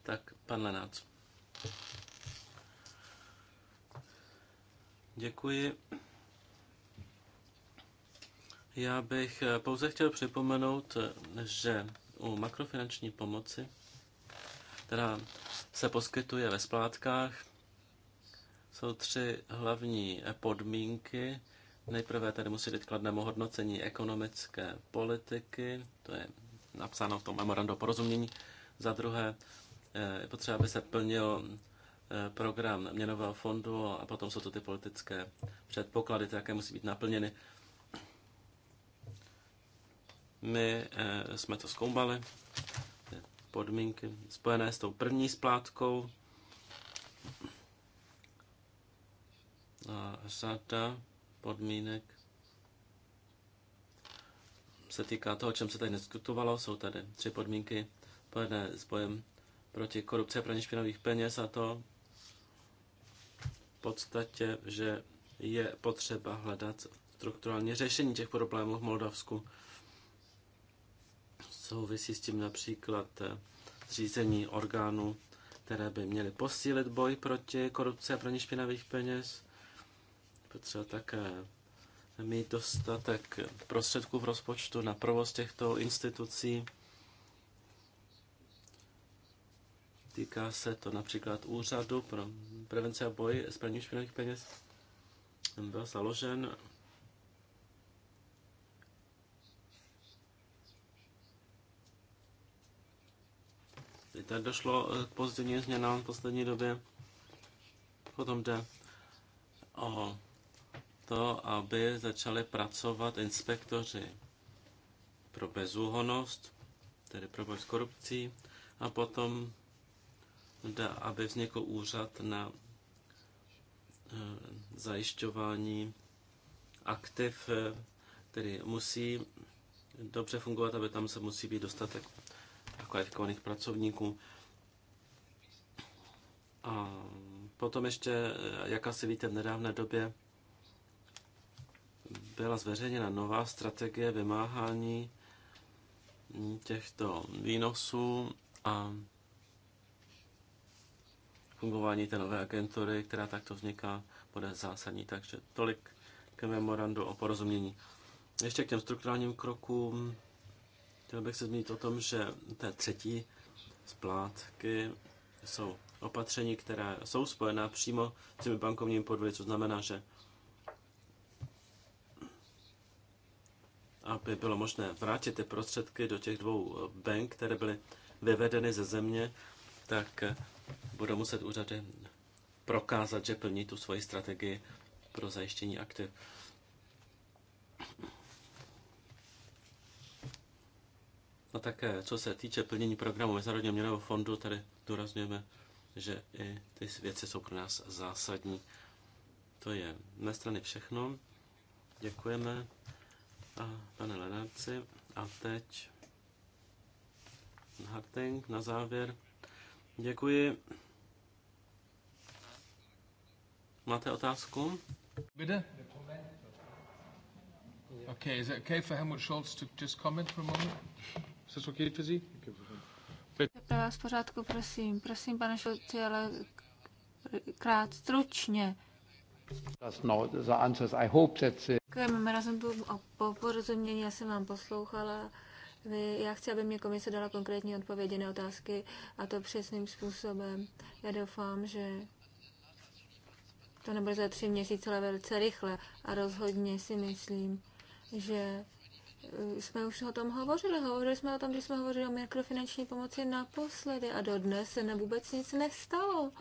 Tak, pan Lenác. Děkuji. Já bych eh, pouze chtěl připomenout, že u makrofinanční pomoci, která se poskytuje ve splátkách, jsou tři hlavní podmínky, Nejprve tady musí být kladnému hodnocení ekonomické politiky, to je napsáno v tom memorandu porozumění. Za druhé, eh, je potřeba, aby se plnil eh, program měnového fondu a potom jsou to ty politické předpoklady, jaké musí být naplněny. My eh, jsme to zkoumali, podmínky spojené s tou první splátkou. A řada podmínek se týká toho, o čem se tady diskutovalo. Jsou tady tři podmínky spojené s bojem proti korupci a praní špinavých peněz a to v podstatě, že je potřeba hledat strukturální řešení těch problémů v Moldavsku. Souvisí s tím například zřízení eh, orgánů, které by měly posílit boj proti korupci a praní špinavých peněz potřeba také eh, mít dostatek prostředků v rozpočtu na provoz těchto institucí. Týká se to například úřadu pro prevenci a boj s praním špinavých peněz. Ten byl založen I tady došlo eh, k pozdění změnám v poslední době. Potom jde o to, aby začali pracovat inspektoři pro bezúhonost, tedy pro boj s korupcí, a potom, aby vznikl úřad na eh, zajišťování aktiv, eh, který musí dobře fungovat, aby tam se musí být dostatek kvalifikovaných pracovníků. A potom ještě, eh, jak asi víte, v nedávné době byla zveřejněna nová strategie vymáhání těchto výnosů a fungování té nové agentury, která takto vzniká, bude zásadní. Takže tolik k memorandu o porozumění. Ještě k těm strukturálním krokům. Chtěl bych se zmínit o tom, že té třetí splátky jsou opatření, která jsou spojená přímo s těmi bankovními podvody, co znamená, že aby bylo možné vrátit ty prostředky do těch dvou bank, které byly vyvedeny ze země, tak eh, budou muset úřady prokázat, že plní tu svoji strategii pro zajištění aktiv. A no také, eh, co se týče plnění programu Mezinárodního měnového fondu, tady důrazňujeme, že i ty věci jsou pro nás zásadní. To je na strany všechno. Děkujeme a pane Lenarci. A teď Harting na závěr. Děkuji. Máte otázku? Bitte? Okay, is it okay for Helmut Scholz to just comment for a moment? Is this okay for you? Pro vás v pořádku, prosím. Prosím, pane Scholz, ale krát stručně. No, the is I hope that uh, Memorandum po porozumění, já jsem vám poslouchala. Vy, já chci, aby mě komise dala konkrétní odpovědi na otázky a to přesným způsobem. Já doufám, že to nebude za tři měsíce, ale velice rychle. A rozhodně si myslím, že eh, jsme už o tom hovořili. Hovořili jsme o tom, když jsme hovořili o mikrofinanční pomoci naposledy a dodnes se vůbec nic nestalo.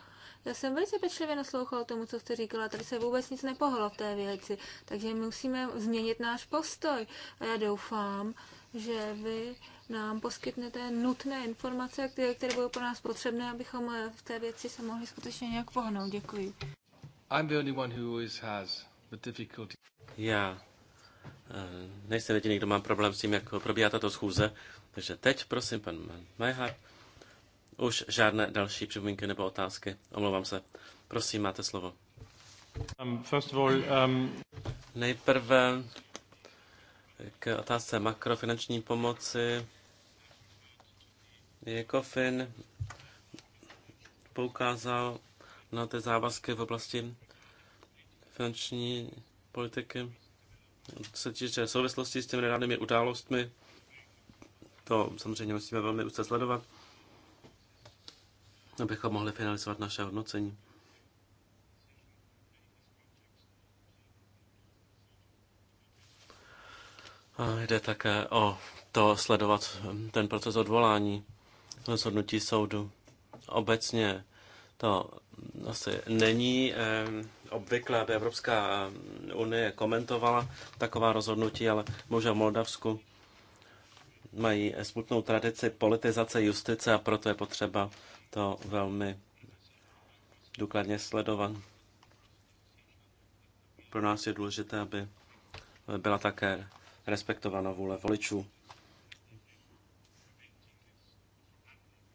Já jsem velice pečlivě naslouchal tomu, co jste říkala, tady se vůbec nic nepohlo v té věci, takže musíme změnit náš postoj. A já doufám, že vy nám poskytnete nutné informace, které, které budou pro nás potřebné, abychom v té věci se mohli skutečně nějak pohnout. Děkuji. I'm the only one who always has the difficulty. Já eh, nejsem jediný, kdo má problém s tím, jak probíhá tato schůze. Takže teď, prosím, pan Majhart. Už žádné další připomínky nebo otázky. Omlouvám se. Prosím, máte slovo. Um, first of all, um... Nejprve k otázce makrofinanční pomoci. Jekofin poukázal na ty závazky v oblasti finanční politiky. se týče souvislosti s těmi nedávnými událostmi, to samozřejmě musíme velmi úzce sledovat abychom mohli finalizovat naše hodnocení. A jde také o to sledovat hm, ten proces odvolání rozhodnutí soudu. Obecně to hm, asi není hm, obvyklé, aby Evropská unie komentovala taková rozhodnutí, ale možná v Moldavsku mají smutnou tradici politizace justice a proto je potřeba to velmi důkladně sledovat. Pro nás je důležité, aby byla také respektována vůle voličů,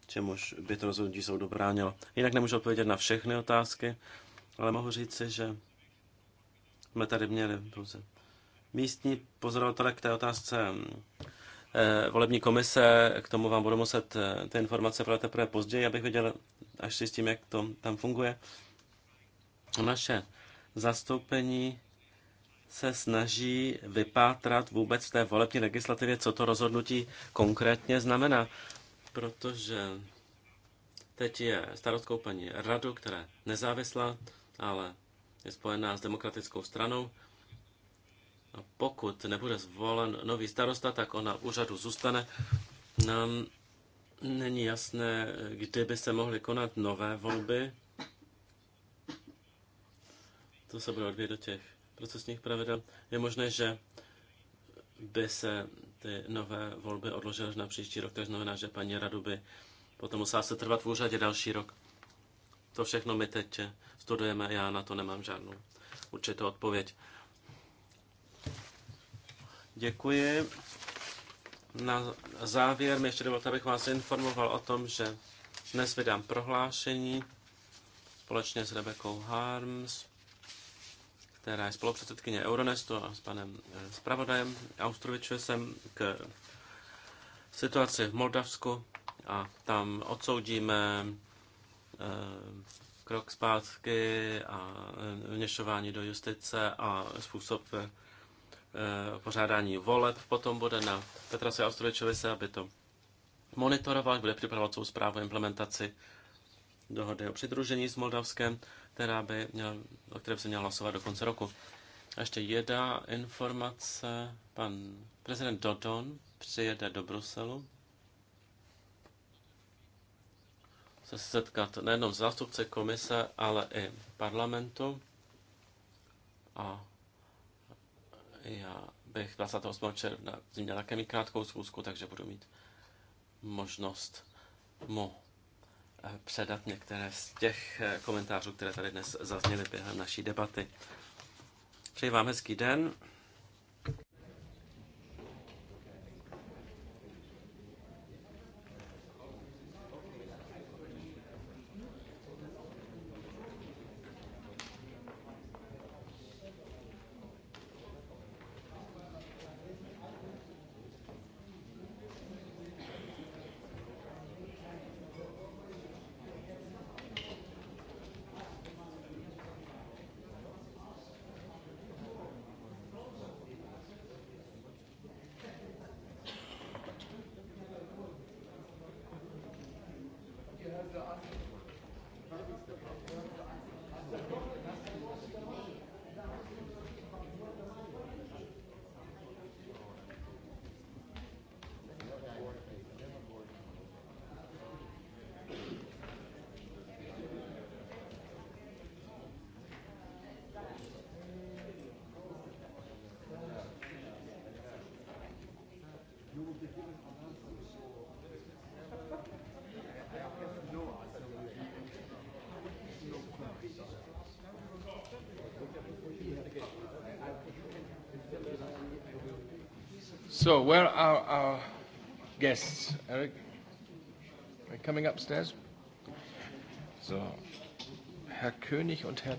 čemuž by to rozhodnutí soudu bránilo. Jinak nemůžu odpovědět na všechny otázky, ale mohu říci, že jsme tady měli pouze místní pozorovatele k té otázce Eh, volební komise, k tomu vám budu muset eh, ty informace podat teprve později, abych věděl, až si s tím, jak to tam funguje. Naše zastoupení se snaží vypátrat vůbec v té volební legislativě, co to rozhodnutí konkrétně znamená, protože teď je starostkou paní Radu, která je nezávislá, ale je spojená s demokratickou stranou pokud nebude zvolen nový starosta, tak ona v úřadu zůstane. Nám není jasné, kdy by se mohly konat nové volby. To se bude odvědět do těch procesních pravidel. Je možné, že by se ty nové volby odložily na příští rok, to znamená, že paní radu by potom musela se trvat v úřadě další rok. To všechno my teď studujeme, já na to nemám žádnou určitou odpověď. Děkuji. Na závěr mi ještě dovolte, abych vás informoval o tom, že dnes vydám prohlášení společně s Rebekou Harms, která je spolupředsedkyně Euronestu a s panem eh, zpravodajem Austrovičem k situaci v Moldavsku a tam odsoudíme eh, krok zpátky a eh, vněšování do justice a způsob Eh, pořádání voleb, potom bude na Petra Se aby to monitoroval, bude připravovat svou zprávu implementaci dohody o přidružení s Moldavskem, která by měl, o které by se měl hlasovat do konce roku. A ještě jedna informace. Pan prezident Dodon přijede do Bruselu. Chce se setkat nejenom zástupce komise, ale i parlamentu. A já bych 28. června měl také mít krátkou schůzku, takže budu mít možnost mu eh, předat některé z těch eh, komentářů, které tady dnes zazněly během naší debaty. Přeji vám hezký den. So, where are our guests? Eric, are they coming upstairs? So, Herr König und Herr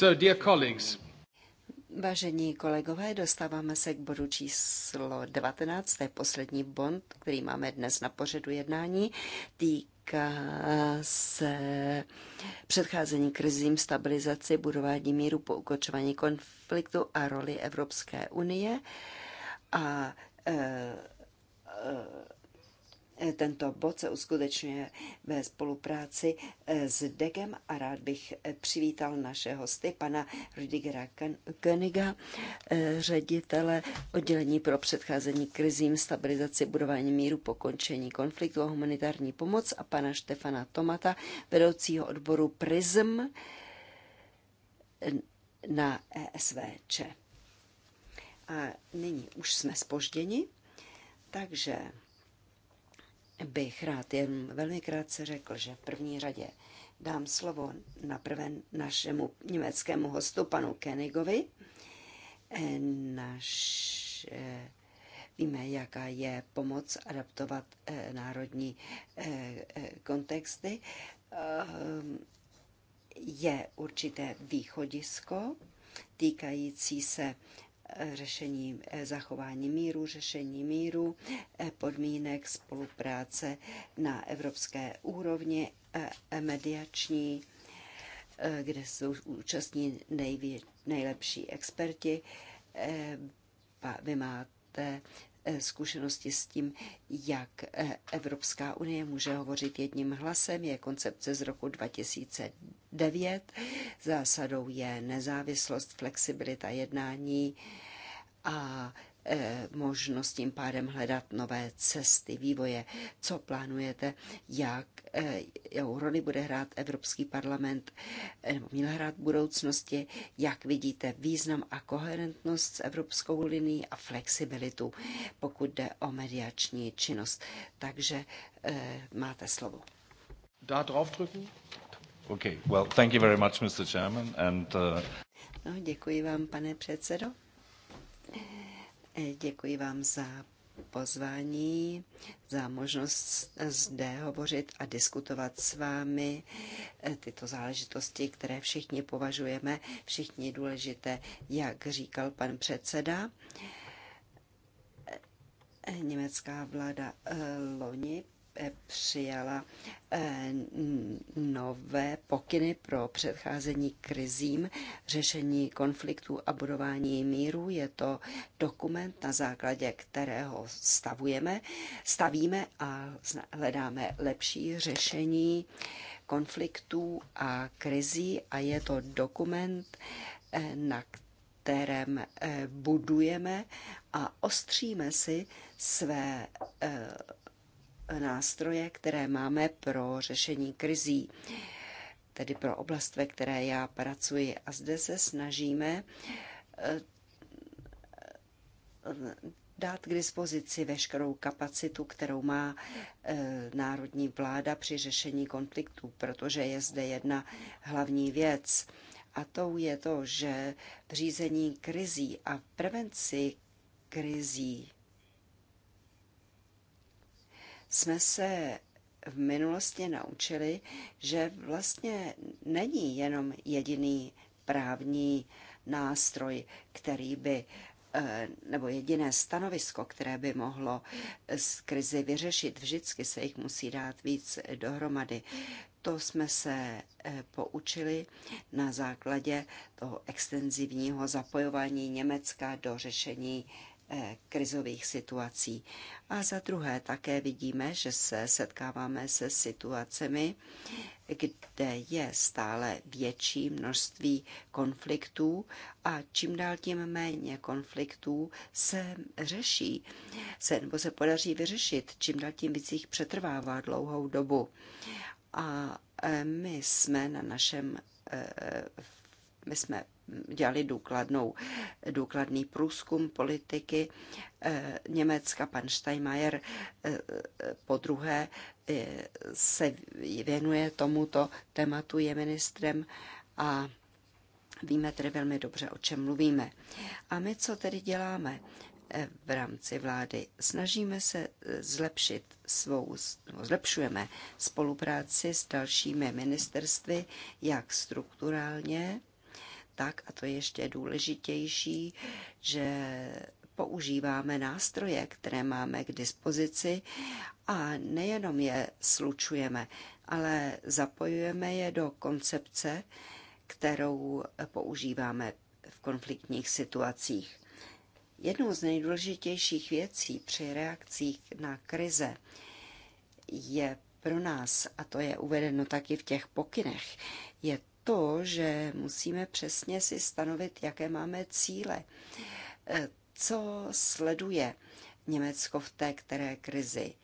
So, dear colleagues. Vážení kolegové, dostáváme se k bodu číslo 19, to je poslední bond, který máme dnes na pořadu jednání. Týká se předcházení krizím, stabilizaci, budování míru po ukočování konfliktu a roli Evropské unie. A e, e, tento bod se uskutečňuje ve spolupráci eh, s DEGem a rád bych eh, přivítal našeho hosty, pana Rudigera Königa, eh, ředitele oddělení pro předcházení krizím, stabilizaci, budování míru, pokončení konfliktu a humanitární pomoc a pana Štefana Tomata, vedoucího odboru PRISM na ESVČ. A nyní už jsme spožděni, takže bych rád jen velmi krátce řekl, že v první řadě dám slovo naprvé našemu německému hostu, panu Kenigovi. E, naš, e, víme, jaká je pomoc adaptovat e, národní kontexty. Je určité východisko týkající se řešení eh, zachování míru, řešení míru, eh, podmínek spolupráce na evropské úrovni, eh, mediační, kde jsou účastní nejlepší experti. Vy máte Eh, zkušenosti s tím, jak eh, Evropská unie může hovořit jedním hlasem, je koncepce z roku 2009. Zásadou je nezávislost, flexibilita jednání a Eh, možnost tím pádem hledat nové cesty vývoje. Co plánujete, jak eh, roli bude hrát Evropský parlament, eh, nebo měl hrát v budoucnosti, jak vidíte význam a koherentnost s Evropskou linií a flexibilitu, pokud jde o mediační činnost. Takže máte slovo. Da drauf drücken. Okay, well, thank you very much, Mr. Chairman, and, uh... no, děkuji vám, pane předsedo. Děkuji vám za pozvání, za možnost zde hovořit a diskutovat s vámi tyto záležitosti, které všichni považujeme, všichni důležité, jak říkal pan předseda. Německá vláda eh, loni Eh, přijala eh, nové pokyny pro předcházení krizím, řešení konfliktů a budování míru. Je to dokument, na základě kterého stavujeme, stavíme a hledáme lepší řešení konfliktů a krizí a je to dokument, eh, na kterém budujeme a ostříme si své nástroje, které máme pro řešení krizí, tedy pro oblast, ve které já pracuji. A zde se snažíme eh, dát k dispozici veškerou kapacitu, kterou má eh, národní vláda při řešení konfliktů, protože je zde jedna hlavní věc. A tou je to, že v řízení krizí a v prevenci krizí jsme se v minulosti naučili, že vlastně není jenom jediný právní nástroj, který by eh, nebo jediné stanovisko, které by mohlo z krizi vyřešit. Vždycky se jich musí dát víc dohromady. To jsme se eh, poučili na základě toho extenzivního zapojování Německa do řešení Eh, krizových situací. A za druhé také vidíme, že se setkáváme se situacemi, kde je stále větší množství konfliktů a čím dál tím méně konfliktů se řeší, se, nebo se podaří vyřešit, čím dál tím víc jich přetrvává dlouhou dobu. A eh, my jsme na našem eh, my jsme dělali důkladnou, důkladný průzkum politiky eh, Německa. Pan Steinmeier eh, po druhé eh, se věnuje tomuto tématu, je ministrem a víme tedy velmi dobře, o čem mluvíme. A my co tedy děláme? v rámci vlády. Snažíme se zlepšit svou, no, zlepšujeme spolupráci s dalšími ministerstvy, jak strukturálně, tak, a to je ještě důležitější, že používáme nástroje, které máme k dispozici a nejenom je slučujeme, ale zapojujeme je do koncepce, kterou používáme v konfliktních situacích. Jednou z nejdůležitějších věcí při reakcích na krize je pro nás, a to je uvedeno taky v těch pokynech, je to, že musíme přesně si stanovit, jaké máme cíle, e, co sleduje Německo v té které krizi.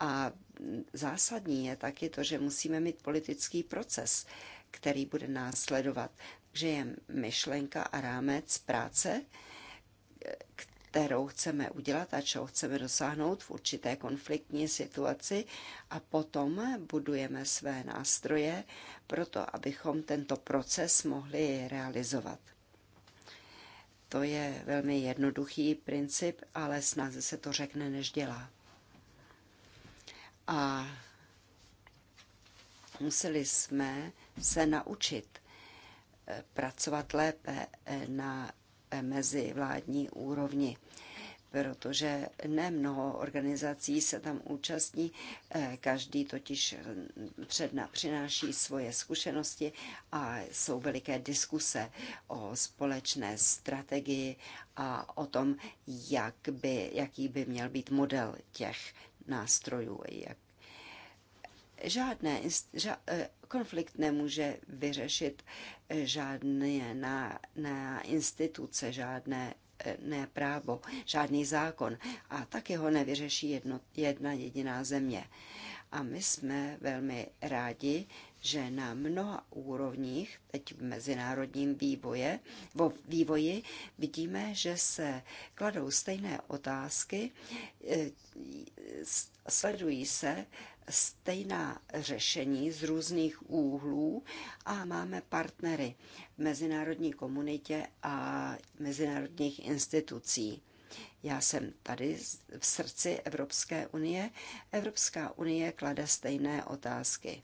A zásadní je taky to, že musíme mít politický proces, který bude následovat. že je myšlenka a rámec práce, e, kterou chceme udělat a čeho chceme dosáhnout v určité konfliktní situaci a potom budujeme své nástroje pro to, abychom tento proces mohli realizovat. To je velmi jednoduchý princip, ale snáze se to řekne, než dělá. A museli jsme se naučit eh, pracovat lépe eh, na eh, mezi vládní úrovni protože mnoho organizací se tam účastní, eh, každý totiž eh, předna přináší svoje zkušenosti a jsou veliké diskuse o společné strategii a o tom, jak by, jaký by měl být model těch nástrojů. Jak. Žádné, ža, eh, konflikt nemůže vyřešit žádné na, na instituce, žádné žádné právo, žádný zákon a taky ho nevyřeší jedno, jedna jediná země. A my jsme velmi rádi, že na mnoha úrovních, teď v mezinárodním vývoje, vo vývoji, vidíme, že se kladou stejné otázky, eh, sledují se stejná řešení z různých úhlů a máme partnery v mezinárodní komunitě a mezinárodních institucí. Já jsem tady v srdci Evropské unie. Evropská unie klade stejné otázky.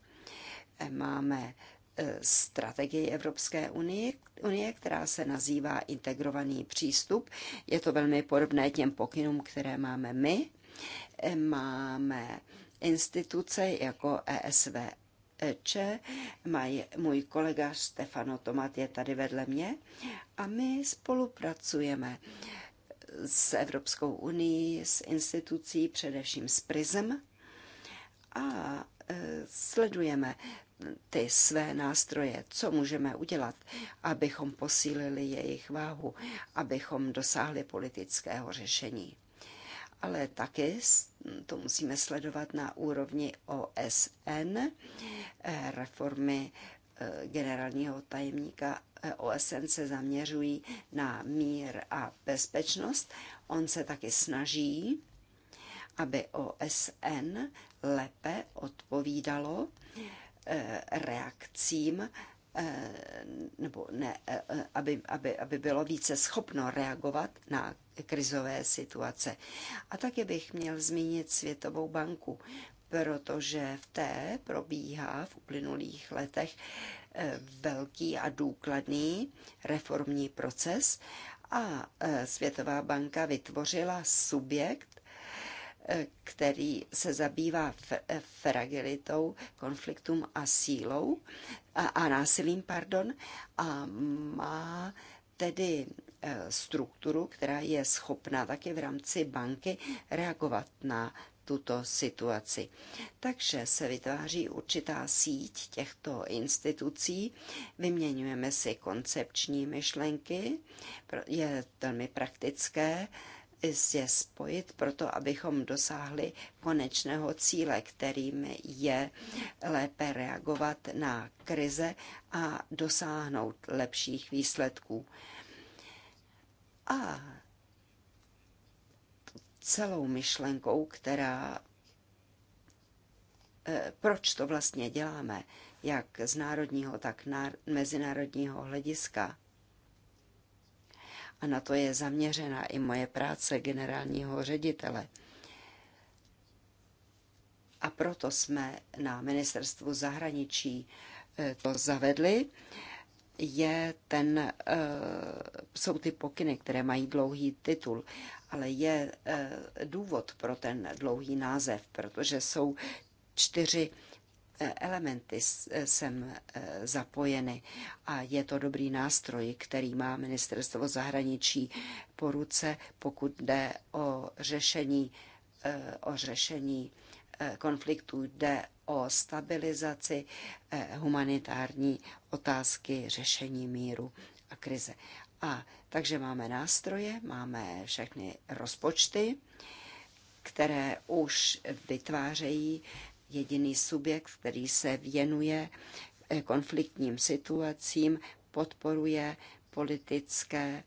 Eh, máme eh, strategii Evropské unie, unie, která se nazývá integrovaný přístup. Je to velmi podobné těm pokynům, které máme my. Eh, máme instituce jako ESVČ. Maj, můj kolega Stefano Tomat je tady vedle mě a my spolupracujeme s Evropskou unii, s institucí, především s PRISM a e, sledujeme ty své nástroje, co můžeme udělat, abychom posílili jejich váhu, abychom dosáhli politického řešení ale taky to musíme sledovat na úrovni OSN, eh, reformy eh, generálního tajemníka eh, OSN se zaměřují na mír a bezpečnost. On se taky snaží, aby OSN lépe odpovídalo reakcím Eh, nebo ne, eh, eh, aby, aby, aby bylo více schopno reagovat na krizové situace. A také bych měl zmínit Světovou banku, protože v té probíhá v uplynulých letech velký a důkladný reformní proces a Světová banka vytvořila subjekt, Eh, který se zabývá eh, fragilitou, konfliktům a sílou a, a násilím, pardon, a má tedy eh, strukturu, která je schopná taky v rámci banky reagovat na tuto situaci. Takže se vytváří určitá síť těchto institucí, vyměňujeme si koncepční myšlenky, je velmi praktické je spojit proto, abychom dosáhli konečného cíle, kterým je lépe reagovat na krize a dosáhnout lepších výsledků. A celou myšlenkou, která e, proč to vlastně děláme, jak z národního, tak na mezinárodního hlediska, a na to je zaměřená i moje práce generálního ředitele. A proto jsme na ministerstvu zahraničí eh, to zavedli. Je ten, eh, jsou ty pokyny, které mají dlouhý titul, ale je eh, důvod pro ten dlouhý název, protože jsou čtyři E, elementy e, sem e, zapojeny a je to dobrý nástroj, který má ministerstvo zahraničí po ruce, pokud jde o řešení, o řešení konfliktů, jde o stabilizaci humanitární otázky řešení míru a krize. A takže máme nástroje, máme všechny rozpočty, které už vytvářejí jediný subjekt, který se věnuje eh, konfliktním situacím, podporuje politické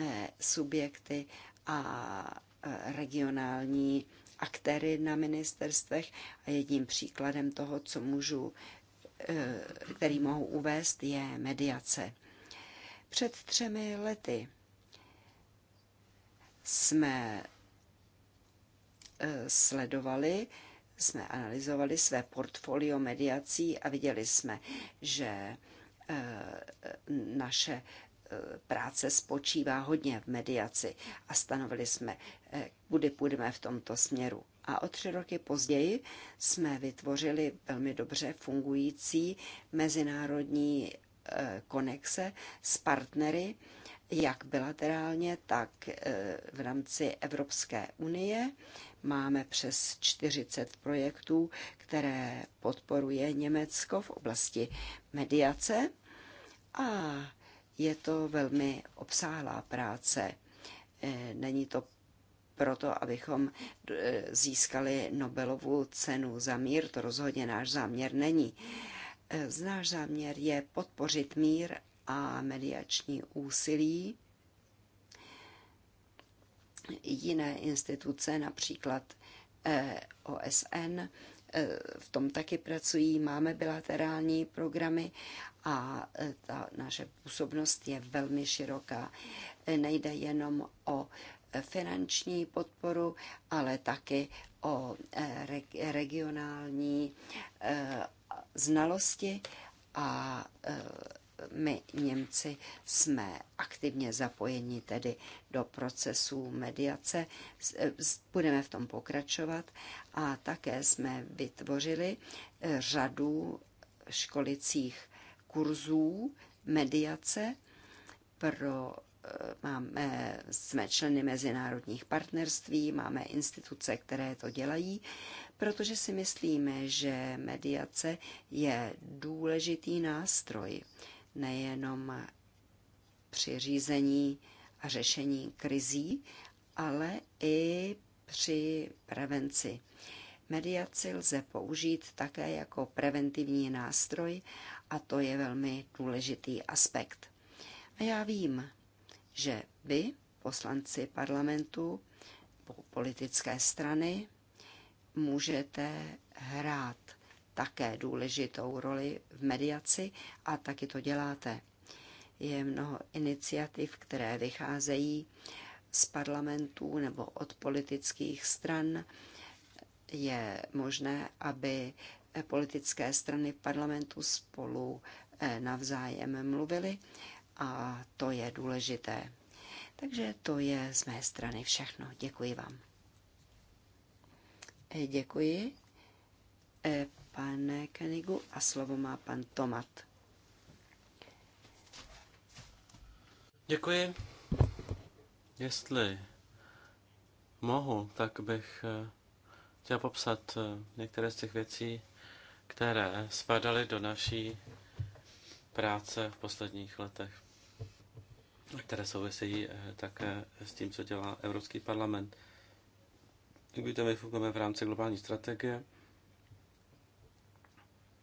eh, subjekty a eh, regionální aktéry na ministerstvech a jedním příkladem toho, co můžu, který mohu uvést, je mediace. Před třemi lety jsme sledovali jsme analyzovali své portfolio mediací a viděli jsme, že eh, naše eh, práce spočívá hodně v mediaci a stanovili jsme, eh, kudy půjdeme v tomto směru. A o tři roky později jsme vytvořili velmi dobře fungující mezinárodní konexe s partnery, jak bilaterálně, tak v rámci Evropské unie. Máme přes 40 projektů, které podporuje Německo v oblasti mediace a je to velmi obsáhlá práce. Eh, není to proto, abychom eh, získali Nobelovu cenu za mír, to rozhodně náš záměr není. Eh, náš záměr je podpořit mír a mediační úsilí jiné instituce, například eh, OSN, eh, v tom taky pracují, máme bilaterální programy a eh, ta naše působnost je velmi široká. Nejde jenom o finanční podporu, ale taky o regionální znalosti a my Němci jsme aktivně zapojeni tedy do procesu mediace. Budeme v tom pokračovat a také jsme vytvořili eh, řadu školicích kurzů mediace pro eh, máme, jsme členy mezinárodních partnerství, máme instituce, které to dělají, protože si myslíme, že mediace je důležitý nástroj nejenom při řízení a řešení krizí, ale i při prevenci. Mediaci lze použít také jako preventivní nástroj a to je velmi důležitý aspekt. A já vím, že vy, poslanci parlamentu, politické strany, můžete hrát také důležitou roli v mediaci a taky to děláte. Je mnoho iniciativ, které vycházejí z parlamentů nebo od politických stran. Je možné, aby politické strany v parlamentu spolu eh, navzájem mluvily a to je důležité. Takže to je z mé strany všechno. Děkuji vám. Eh, děkuji. Eh, pane Kenigu a slovo má pan Tomat. Děkuji. Jestli mohu, tak bych eh, chtěl popsat eh, některé z těch věcí, které spadaly do naší práce v posledních letech, které souvisejí eh, také s tím, co dělá Evropský parlament. Víte, my fungujeme v rámci globální strategie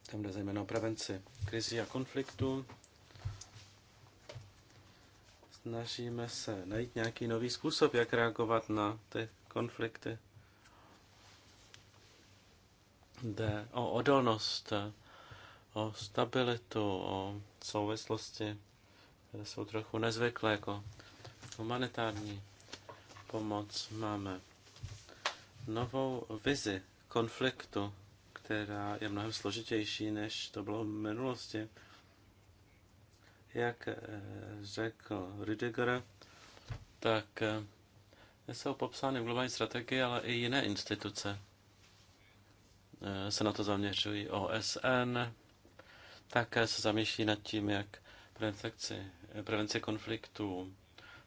tam jde zejména o prevenci krizí a konfliktu. Snažíme se najít nějaký nový způsob, jak reagovat na ty konflikty. Jde o odolnost, o stabilitu, o souvislosti, které jsou trochu nezvyklé, jako humanitární pomoc. Máme novou vizi konfliktu která je mnohem složitější, než to bylo v minulosti. Jak eh, řekl Rüdiger, tak eh, jsou popsány v globální strategii, ale i jiné instituce eh, se na to zaměřují. OSN také se zaměří nad tím, jak prevenci konfliktů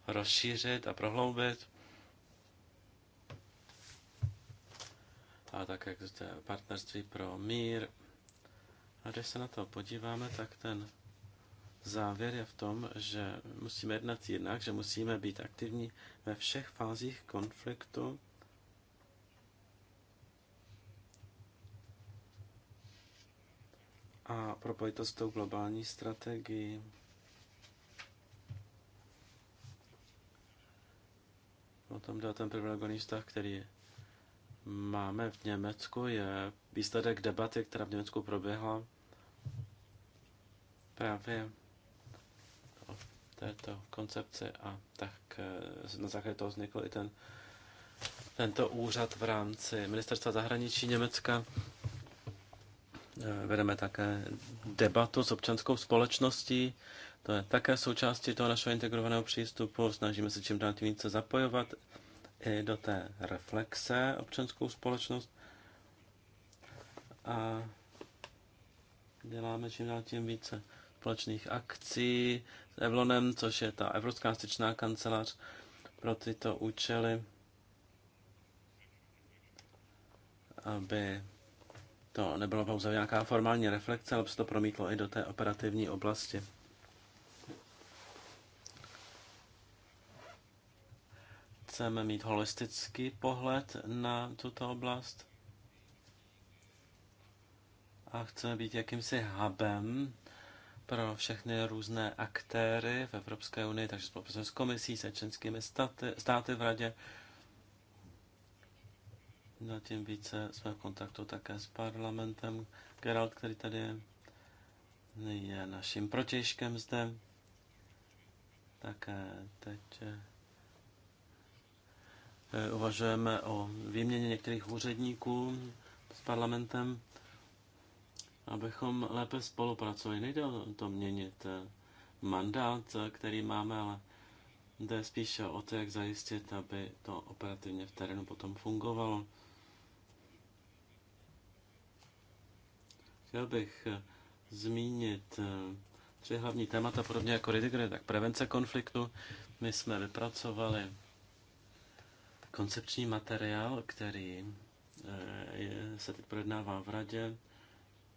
rozšířit a prohloubit. a tak jak zde partnerství pro mír. A když se na to podíváme, tak ten závěr je v tom, že musíme jednat jinak, že musíme být aktivní ve všech fázích konfliktu. A propojit to s tou globální strategií. Potom dá ten privilegovaný vztah, který máme v Německu, je výsledek debaty, která v Německu proběhla právě o této koncepci a tak eh, na základě toho vznikl i ten, tento úřad v rámci Ministerstva zahraničí Německa. Eh, vedeme také debatu s občanskou společností, to je také součástí toho našeho integrovaného přístupu. Snažíme se čím dál tím více zapojovat i do té reflexe občanskou společnost a děláme čím dál tím více společných akcí s Evlonem, což je ta Evropská styčná kancelář pro tyto účely, aby to nebylo pouze nějaká formální reflexe, ale se to promítlo i do té operativní oblasti. Chceme mít holistický pohled na tuto oblast a chceme být jakýmsi hubem pro všechny různé aktéry v Evropské unii, takže spolupracujeme s komisí, se členskými státy, státy v radě. Zatím tím více jsme v kontaktu také s parlamentem. Gerald, který tady je, je naším protěžkem zde. Také teď Eh, uvažujeme o výměně některých úředníků s parlamentem, abychom lépe spolupracovali. Nejde o to měnit eh, mandát, eh, který máme, ale jde spíše o to, jak zajistit, aby to operativně v terénu potom fungovalo. Chtěl bych zmínit tři hlavní témata, podobně jako Ridigre, tak prevence konfliktu. My jsme vypracovali koncepční materiál, který eh, se teď projednává v radě.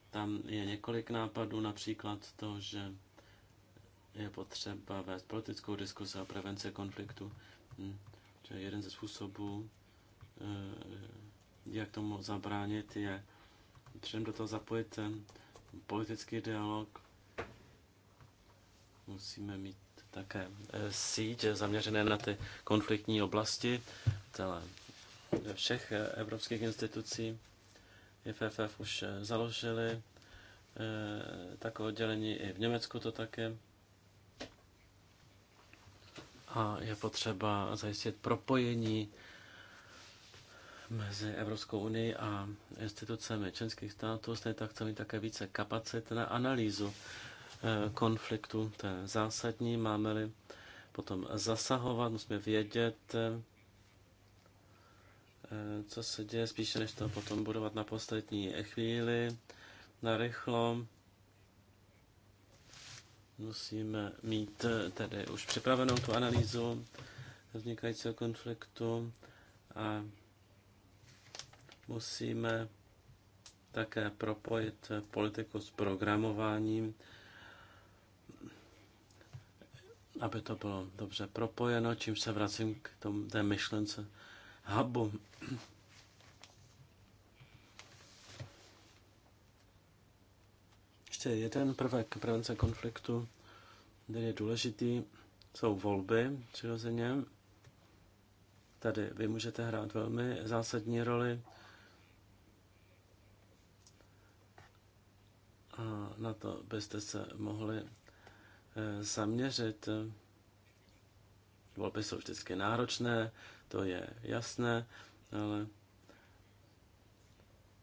Tam je několik nápadů, například to, že je potřeba vést politickou diskusi o prevence konfliktu. Hm, že jeden ze způsobů, eh, jak tomu zabránit, je předem do toho zapojit ten politický dialog. Musíme mít také eh, síť zaměřené na ty konfliktní oblasti podnikatele ve všech eh, evropských institucí FFF už eh, založili eh, takové oddělení i v Německu to také. A je potřeba zajistit propojení mezi Evropskou unii a institucemi členských států. Stejně tak chceme také více kapacit na analýzu konfliktu. To je zásadní. Máme-li potom zasahovat, musíme vědět, Eh, co se děje, spíše než to potom budovat na poslední chvíli, na rychlo. Musíme mít eh, tedy už připravenou tu analýzu vznikajícího konfliktu a musíme také propojit eh, politiku s programováním, aby to bylo dobře propojeno, čím se vracím k tomu té myšlence hubu. Ještě jeden prvek prevence konfliktu, který je důležitý, jsou volby přirozeně. Tady vy můžete hrát velmi zásadní roli. A na to byste se mohli eh, zaměřit. Volby jsou vždycky náročné, to je jasné, ale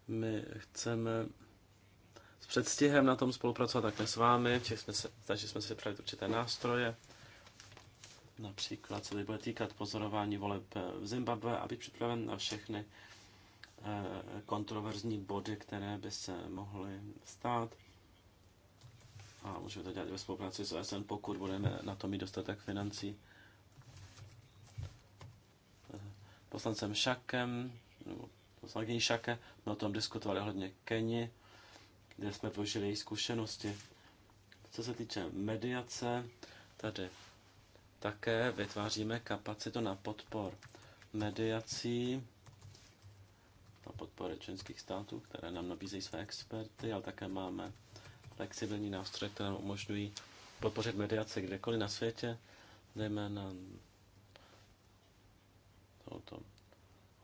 my chceme s předstihem na tom spolupracovat také s vámi, jsme se, takže jsme si připravili určité nástroje, například se tady bude týkat pozorování voleb eh, v Zimbabwe a být připraven na všechny eh, kontroverzní body, které by se mohly stát. A můžeme to dělat i ve spolupráci s OSN, pokud budeme na to mít dostatek financí. poslancem Šakem, nebo poslankyní Šake, jsme o tom diskutovali hodně Keni, kde jsme využili její zkušenosti. Co se týče mediace, tady také vytváříme kapacitu na podpor mediací, na podpory členských států, které nám nabízejí své experty, ale také máme flexibilní nástroje, které nám umožňují podpořit mediace, kdekoliv na světě, zejména jsou to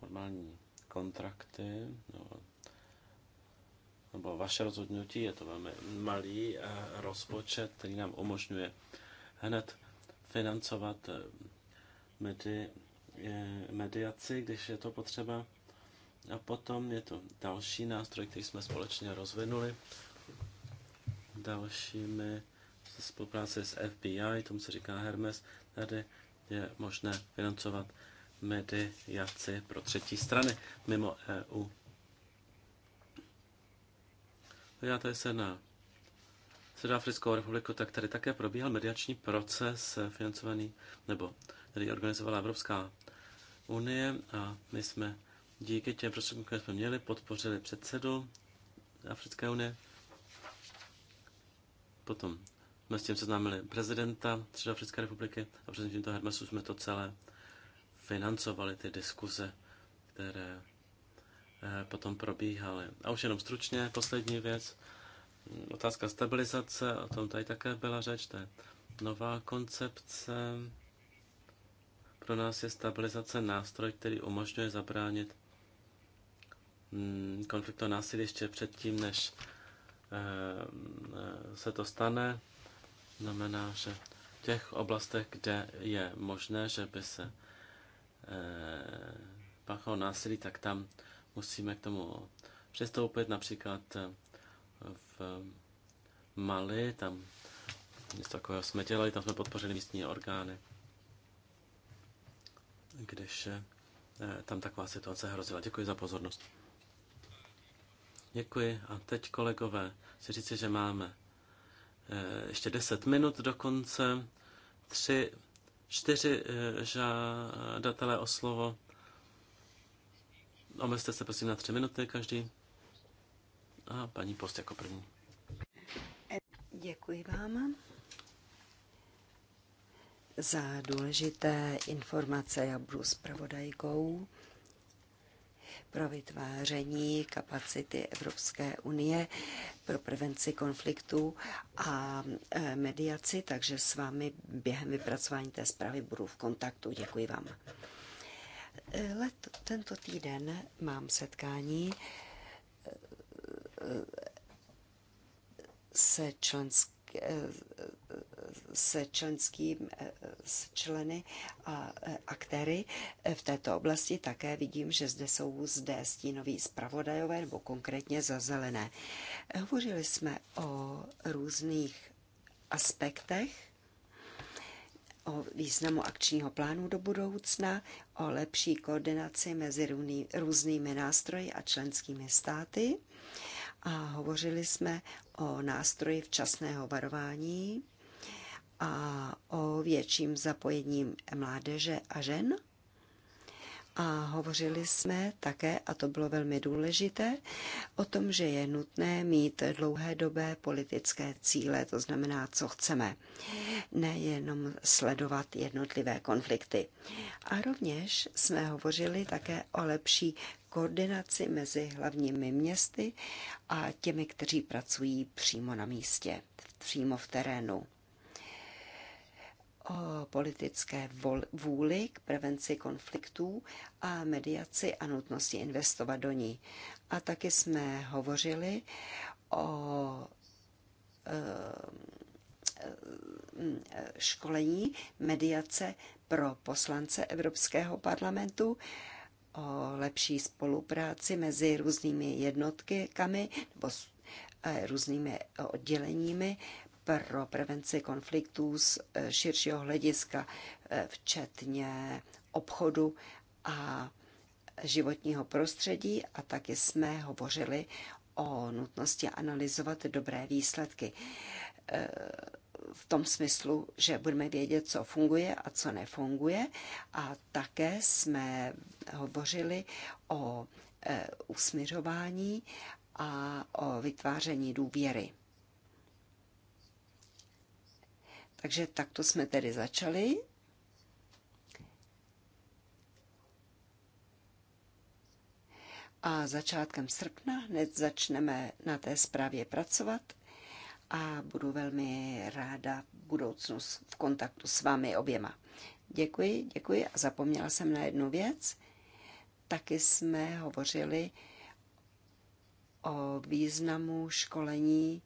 normální kontrakty, nebo, nebo vaše rozhodnutí, je to velmi malý eh, rozpočet, který nám umožňuje hned financovat eh, medi, eh, mediaci, když je to potřeba. A potom je to další nástroj, který jsme společně rozvinuli. Dalšími spolupráce s FBI, tomu se říká Hermes, tady je možné financovat mediaci pro třetí strany mimo EU. Podíváte se na Severoafrickou republiku, tak tady také probíhal mediační proces financovaný, nebo který organizovala Evropská unie a my jsme díky těm prostředkům, které jsme měli, podpořili předsedu Africké unie. Potom jsme s tím seznámili prezidenta Středoafrické republiky a prezidentem toho Hermesu jsme to celé financovali ty diskuze, které eh, potom probíhaly. A už jenom stručně, poslední věc. Otázka stabilizace, o tom tady také byla řeč, to je nová koncepce. Pro nás je stabilizace nástroj, který umožňuje zabránit mm, konfliktu násilí ještě předtím, než eh, se to stane. Znamená, že v těch oblastech, kde je možné, že by se Eh, páchalo násilí, tak tam musíme k tomu přestoupit. Například eh, v Mali, tam něco takového jsme dělali, tam jsme podpořili místní orgány, když eh, tam taková situace hrozila. Děkuji za pozornost. Děkuji. A teď, kolegové, si říci, že máme ještě 10 minut do konce. Tři čtyři eh, žádatelé o slovo. Omezte se prosím na tři minuty každý. A paní Post jako první. Děkuji vám za důležité informace. Já budu zpravodajkou pro vytváření kapacity Evropské unie pro prevenci konfliktů a e, mediaci, takže s vámi během vypracování té zprávy budu v kontaktu. Děkuji vám. Let, tento týden mám setkání e, e, se členským se členským, s členy a aktéry v této oblasti. Také vidím, že zde jsou zde stínoví zpravodajové nebo konkrétně za zelené. Hovořili jsme o různých aspektech o významu akčního plánu do budoucna, o lepší koordinaci mezi různými nástroji a členskými státy a hovořili jsme o nástroji včasného varování a o větším zapojení mládeže a žen. A hovořili jsme také, a to bylo velmi důležité, o tom, že je nutné mít dlouhé dobé politické cíle, to znamená, co chceme, nejenom sledovat jednotlivé konflikty. A rovněž jsme hovořili také o lepší koordinaci mezi hlavními městy a těmi, kteří pracují přímo na místě, přímo v terénu o politické vůli k prevenci konfliktů a mediaci a nutnosti investovat do ní. A taky jsme hovořili o eh, školení mediace pro poslance Evropského parlamentu, o lepší spolupráci mezi různými jednotkami nebo eh, různými odděleními pro prevenci konfliktů z eh, širšího hlediska, eh, včetně obchodu a životního prostředí a taky jsme hovořili o nutnosti analyzovat dobré výsledky eh, v tom smyslu, že budeme vědět, co funguje a co nefunguje. A také jsme hovořili o usměřování a o vytváření důvěry. Takže takto jsme tedy začali. A začátkem srpna hned začneme na té zprávě pracovat a budu velmi ráda v budoucnu v kontaktu s vámi oběma. Děkuji, děkuji a zapomněla jsem na jednu věc. Taky jsme hovořili o významu školení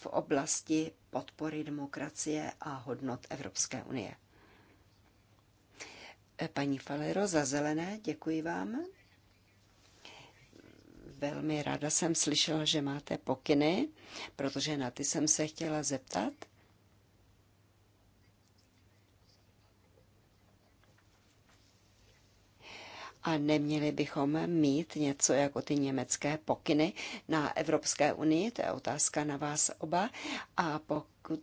v oblasti podpory demokracie a hodnot Evropské unie. E, paní Falero za zelené, děkuji vám. Velmi ráda jsem slyšela, že máte pokyny, protože na ty jsem se chtěla zeptat. a neměli bychom mít něco jako ty německé pokyny na Evropské unii, to je otázka na vás oba, a pokud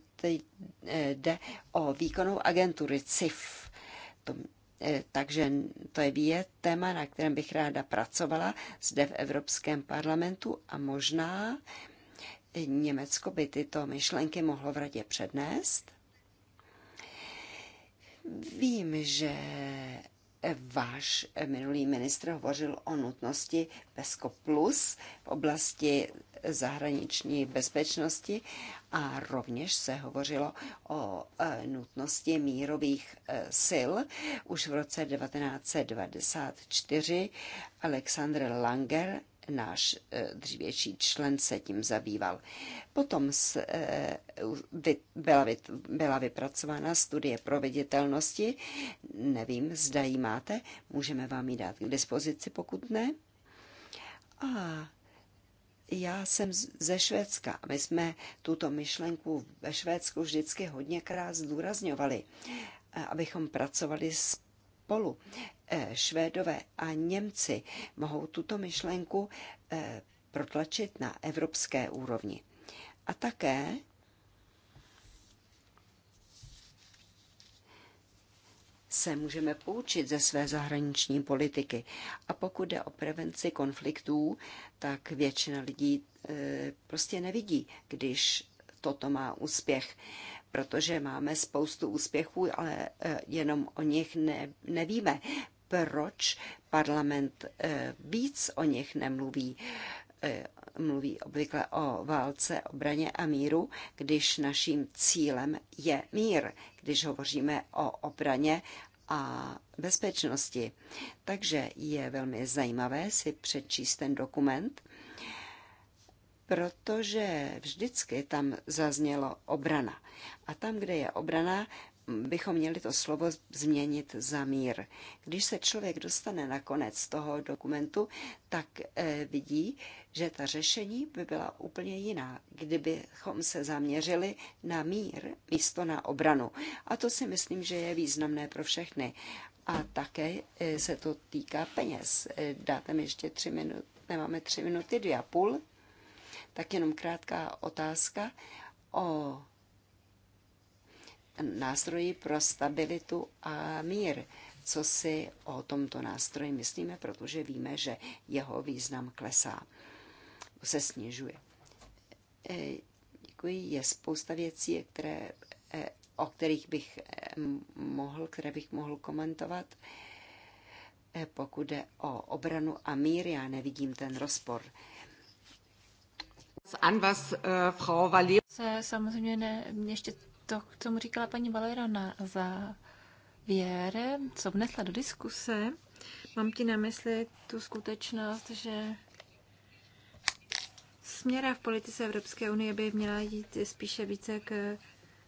jde o výkonnou agenturu CIF, to eh, takže to je téma, na kterém bych ráda pracovala zde v Evropském parlamentu a možná Německo by tyto myšlenky mohlo v radě přednést. Vím, že váš minulý ministr hovořil o nutnosti PESCO Plus v oblasti zahraniční bezpečnosti a rovněž se hovořilo o e, nutnosti mírových e, sil. Už v roce 1994 Alexander Langer náš eh, dřívější člen se tím zabýval. Potom eh, byla vypracována studie proveditelnosti. Nevím, zda ji máte. Můžeme vám ji dát k dispozici, pokud ne. A já jsem ze Švédska. My jsme tuto myšlenku ve Švédsku vždycky hodněkrát zdůrazňovali, eh, abychom pracovali s spolu. Eh, Švédové a Němci mohou tuto myšlenku eh, protlačit na evropské úrovni. A také se můžeme poučit ze své zahraniční politiky. A pokud jde o prevenci konfliktů, tak většina lidí eh, prostě nevidí, když toto má úspěch protože máme spoustu úspěchů, ale eh, jenom o nich ne, nevíme. Proč parlament eh, víc o nich nemluví? Eh, mluví obvykle o válce, obraně a míru, když naším cílem je mír, když hovoříme o obraně a bezpečnosti. Takže je velmi zajímavé si přečíst ten dokument protože vždycky tam zaznělo obrana. A tam, kde je obrana, bychom měli to slovo změnit za mír. Když se člověk dostane na konec toho dokumentu, tak eh, vidí, že ta řešení by byla úplně jiná, kdybychom se zaměřili na mír místo na obranu. A to si myslím, že je významné pro všechny. A také eh, se to týká peněz. Eh, dáte mi ještě tři minuty, nemáme tři minuty, dvě a půl. Tak jenom krátká otázka o nástroji pro stabilitu a mír. Co si o tomto nástroji myslíme, protože víme, že jeho význam klesá, se snižuje. E, děkuji. Je spousta věcí, které, e, o kterých bych e, mohl, které bych mohl komentovat. Pokud jde o obranu a mír, já nevidím ten rozpor. An, was, äh, Frau Se samozřejmě ne, mě ještě to, co mu říkala paní Valera na, za co vnesla do diskuse. Mám ti na mysli tu skutečnost, že směra v politice Evropské unie by měla jít spíše více k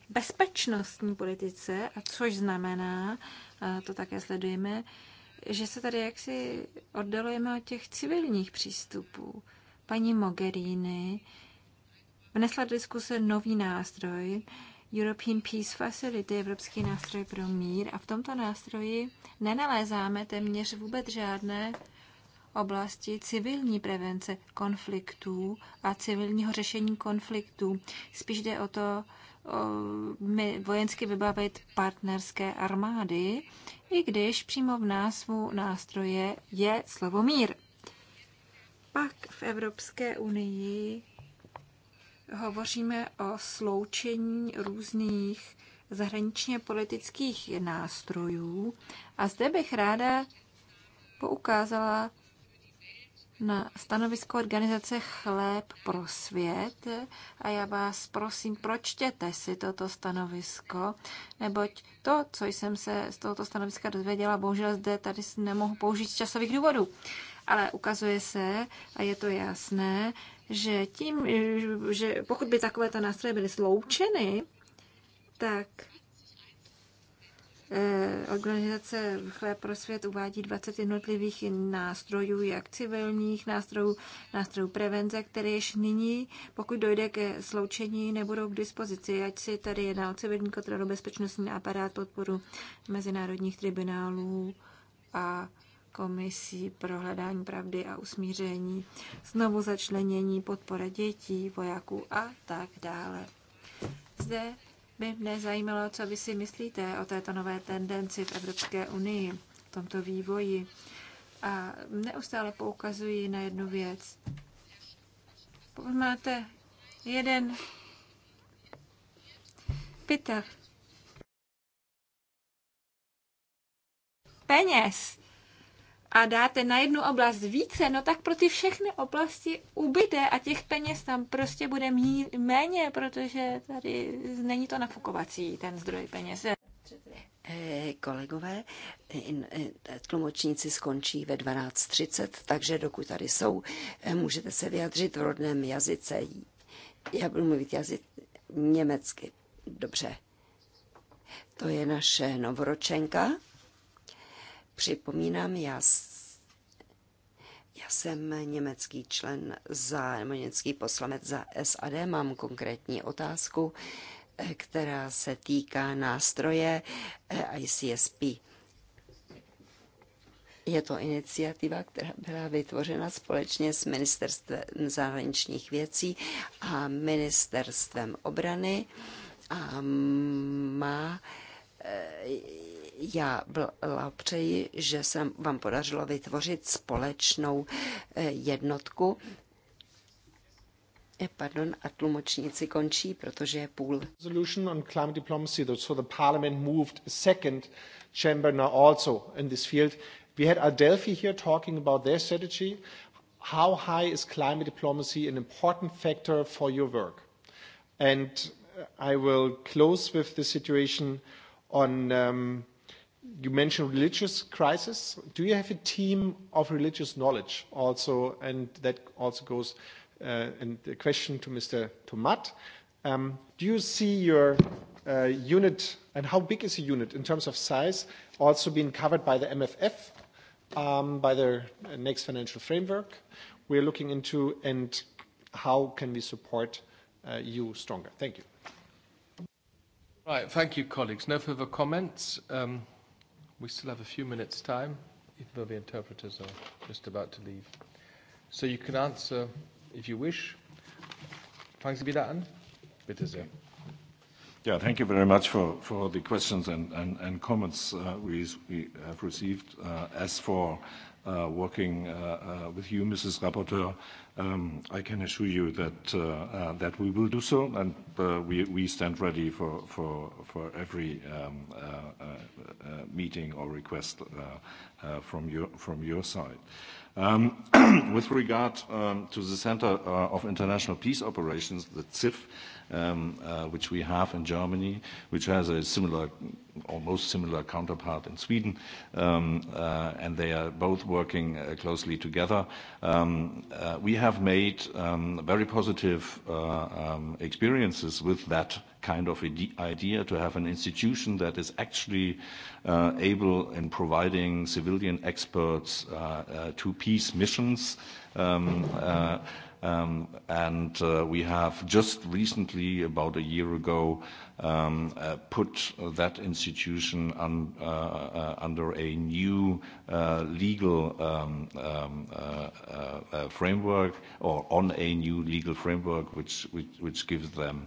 bezpečnostní politice, a což znamená, a to také sledujeme, že se tady jaksi oddalujeme od těch civilních přístupů paní Mogherini vnesla do diskuse nový nástroj, European Peace Facility, Evropský nástroj pro mír, a v tomto nástroji nenalézáme téměř vůbec žádné oblasti civilní prevence konfliktů a civilního řešení konfliktů. Spíš jde o to o, my vojensky vybavit partnerské armády, i když přímo v názvu nástroje je slovo mír. Pak v Evropské unii hovoříme o sloučení různých zahraničně politických nástrojů. A zde bych ráda poukázala na stanovisko organizace Chléb pro svět a já vás prosím, pročtěte si toto stanovisko, neboť to, co jsem se z tohoto stanoviska dozvěděla, bohužel zde tady nemohu použít z časových důvodů ale ukazuje se, a je to jasné, že tím, že pokud by takovéto nástroje byly sloučeny, tak eh, Organizace Chléb pro svět uvádí 20 jednotlivých nástrojů, jak civilních nástrojů, nástrojů prevence, které již nyní, pokud dojde ke sloučení, nebudou k dispozici. Ať si tady jedná o civilní kontrolu, bezpečnostní aparát, podporu mezinárodních tribunálů a komisí pro hledání pravdy a usmíření, znovu začlenění, podpora dětí, vojáků a tak dále. Zde by mne zajímalo, co vy si myslíte o této nové tendenci v Evropské unii, v tomto vývoji. A neustále poukazuji na jednu věc. Pokud máte jeden pytel peněz, a dáte na jednu oblast více, no tak pro ty všechny oblasti ubyde a těch peněz tam prostě bude méně, protože tady není to nafukovací ten zdroj peněz. Eh, kolegové, eh, tlumočníci skončí ve 12.30, takže dokud tady jsou, eh, můžete se vyjadřit v rodném jazyce. Já budu mluvit jazyk německy. Dobře. To je naše novoročenka. Připomínám, já, já jsem německý člen za, nebo německý poslanec za SAD, mám konkrétní otázku, eh, která se týká nástroje eh, ICSP. Je to iniciativa, která byla vytvořena společně s Ministerstvem zahraničních věcí a Ministerstvem obrany a má eh, já blahopřeji, že se vám podařilo vytvořit společnou eh, jednotku. Eh, pardon, a tlumočníci končí, protože je půl. Resolution on climate diplomacy, so the parliament moved a second chamber now also in this field. We had Adelphi here talking about their strategy. How high is climate diplomacy an important factor for your work? And uh, I will close with the situation on um, you mentioned religious crisis. Do you have a team of religious knowledge also? And that also goes, uh, and the question to Mr. Tomat. Um, do you see your uh, unit, and how big is the unit in terms of size, also being covered by the MFF, um, by the next financial framework we're looking into, and how can we support uh, you stronger? Thank you. Right, thank you, colleagues. No further comments. Um, We still have a few minutes' time, even though the interpreters are just about to leave. So you can answer if you wish. Fangen Sie wieder an. Bitte sehr. Yeah, thank you very much for, for the questions and, and, and comments uh, we, we have received. Uh, as for uh, working uh, uh, with you, Mrs. Rapporteur, Um, I can assure you that, uh, uh, that we will do so, and uh, we, stand ready for, for, every um, meeting or request from your, from your side. Um, with regard to the Center of International Peace Operations, the CIF, Um, uh, which we have in Germany, which has a similar, almost similar counterpart in Sweden, um, uh, and they are both working uh, closely together. Um, uh, we have made um, very positive uh, um, experiences with that kind of idea to have an institution that is actually uh, able in providing civilian experts uh, uh, to peace missions. Um, uh, Um, and uh, we have just recently, about a year ago, um, uh, put that institution un, uh, under a new legal um, framework or on a new legal framework which, which, gives them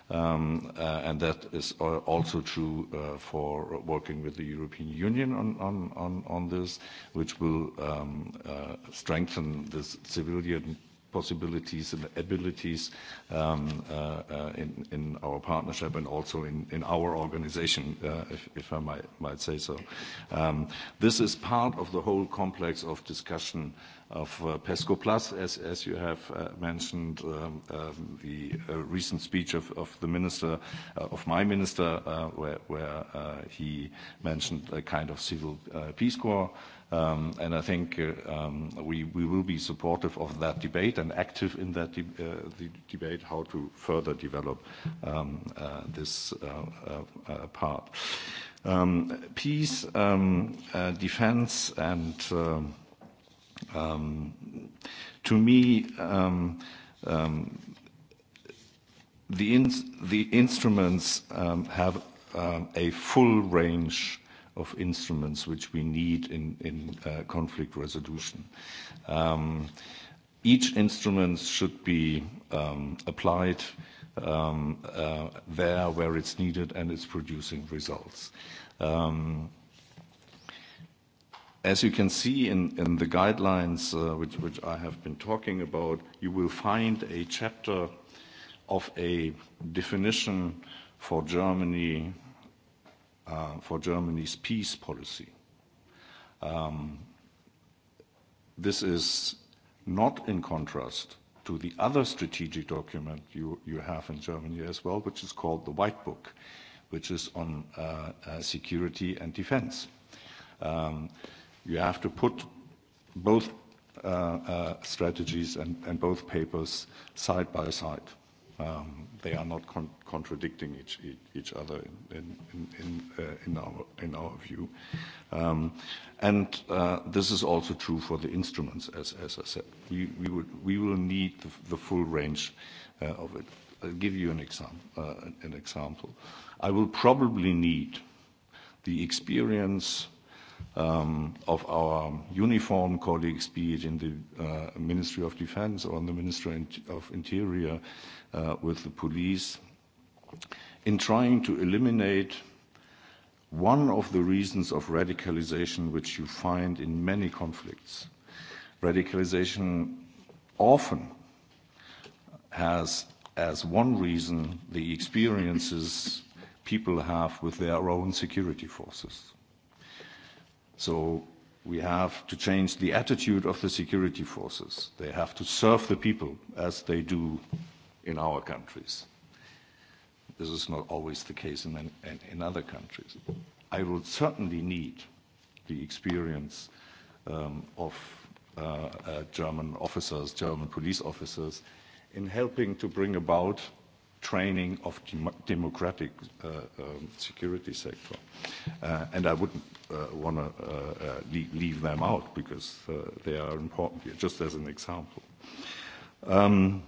Um, uh, and that is uh, also true uh, for working with the European Union on, on, on, on this, which will um, uh, strengthen this civilian possibilities and abilities um, uh, uh, in, in our partnership and also in, in our organization, uh, if, if I might, might say so. Um, this is part of the whole complex of discussion of uh, PESCO Plus, as, as you have uh, mentioned, um, um the uh, recent speech of, of the minister, of my minister, where, where he mentioned a kind of civil peace corps Um, and I think uh, um, we, we will be supportive of that debate and active in that de uh, the debate how to further develop um, uh, this uh, uh, uh, part. Um, peace, um, defense, and to me, the, in the instruments have a full range of instruments which we need in, in uh, conflict resolution. Um, each instrument should be um, applied um, uh, there where it's needed and it's producing results. Um, as you can see in, in the guidelines uh, which, which I have been talking about, you will find a chapter of a definition for Germany Uh, for Germany's peace policy. Um, this is not in contrast to the other strategic document you, you have in Germany as well, which is called the White Book, which is on uh, uh, security and defense. Um, you have to put both uh, uh, strategies and, and both papers side by side um, they are not con contradicting each, each other in, in, in, uh, in, our, in our view. Um, and uh, this is also true for the instruments, as, as I said. We, we, would, we will need the, the full range uh, of it. I'll give you an, exam uh, an example. I will probably need the experience um, of our uniform colleagues, be it in the uh, Ministry of Defense or in the Ministry of Interior, Uh, with the police in trying to eliminate one of the reasons of radicalization which you find in many conflicts. Radicalization often has as one reason the experiences people have with their own security forces. So we have to change the attitude of the security forces. They have to serve the people as they do in our countries. This is not always the case in, in, in other countries. I would certainly need the experience um, of uh, uh, German officers, German police officers, in helping to bring about training of dem democratic uh, um, security sector. Uh, and I wouldn't uh, want to uh, uh, leave, leave them out because uh, they are important here, just as an example. Um,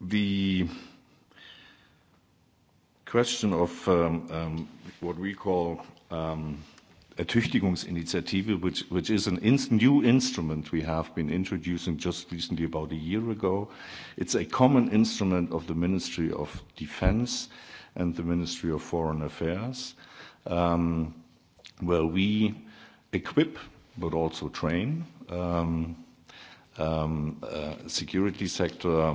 the question of um, um, what we call um, Ertüchtigungsinitiative, which, which is an ins new instrument we have been introducing just recently, about a year ago. It's a common instrument of the Ministry of Defense and the Ministry of Foreign Affairs, um, where we equip but also train um, um, uh, security sector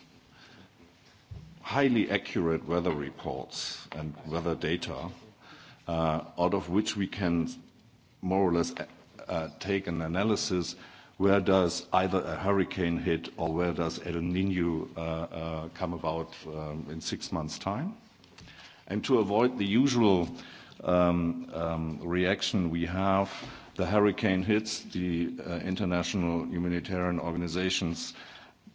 highly accurate weather reports and weather data, uh, out of which we can more or less uh, uh, take an analysis where does either a hurricane hit or where does El Niño come about um, in six months' time. And to avoid the usual um, um, reaction we have, the hurricane hits, the international humanitarian organizations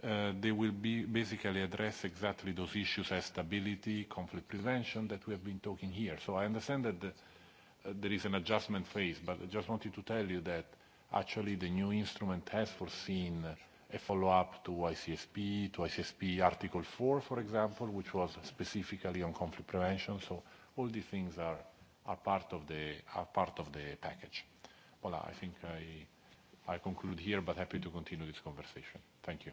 Uh, they will be basically address exactly those issues as stability, conflict prevention that we have been talking here. So I understand that the, uh, there is an adjustment phase, but I just wanted to tell you that actually the new instrument has foreseen a follow-up to ICSP, to ICSP Article 4, for example, which was specifically on conflict prevention. So all these things are, are, part, of the, are part of the package. Voilà, I think I, I conclude here, but happy to continue this conversation. Thank you.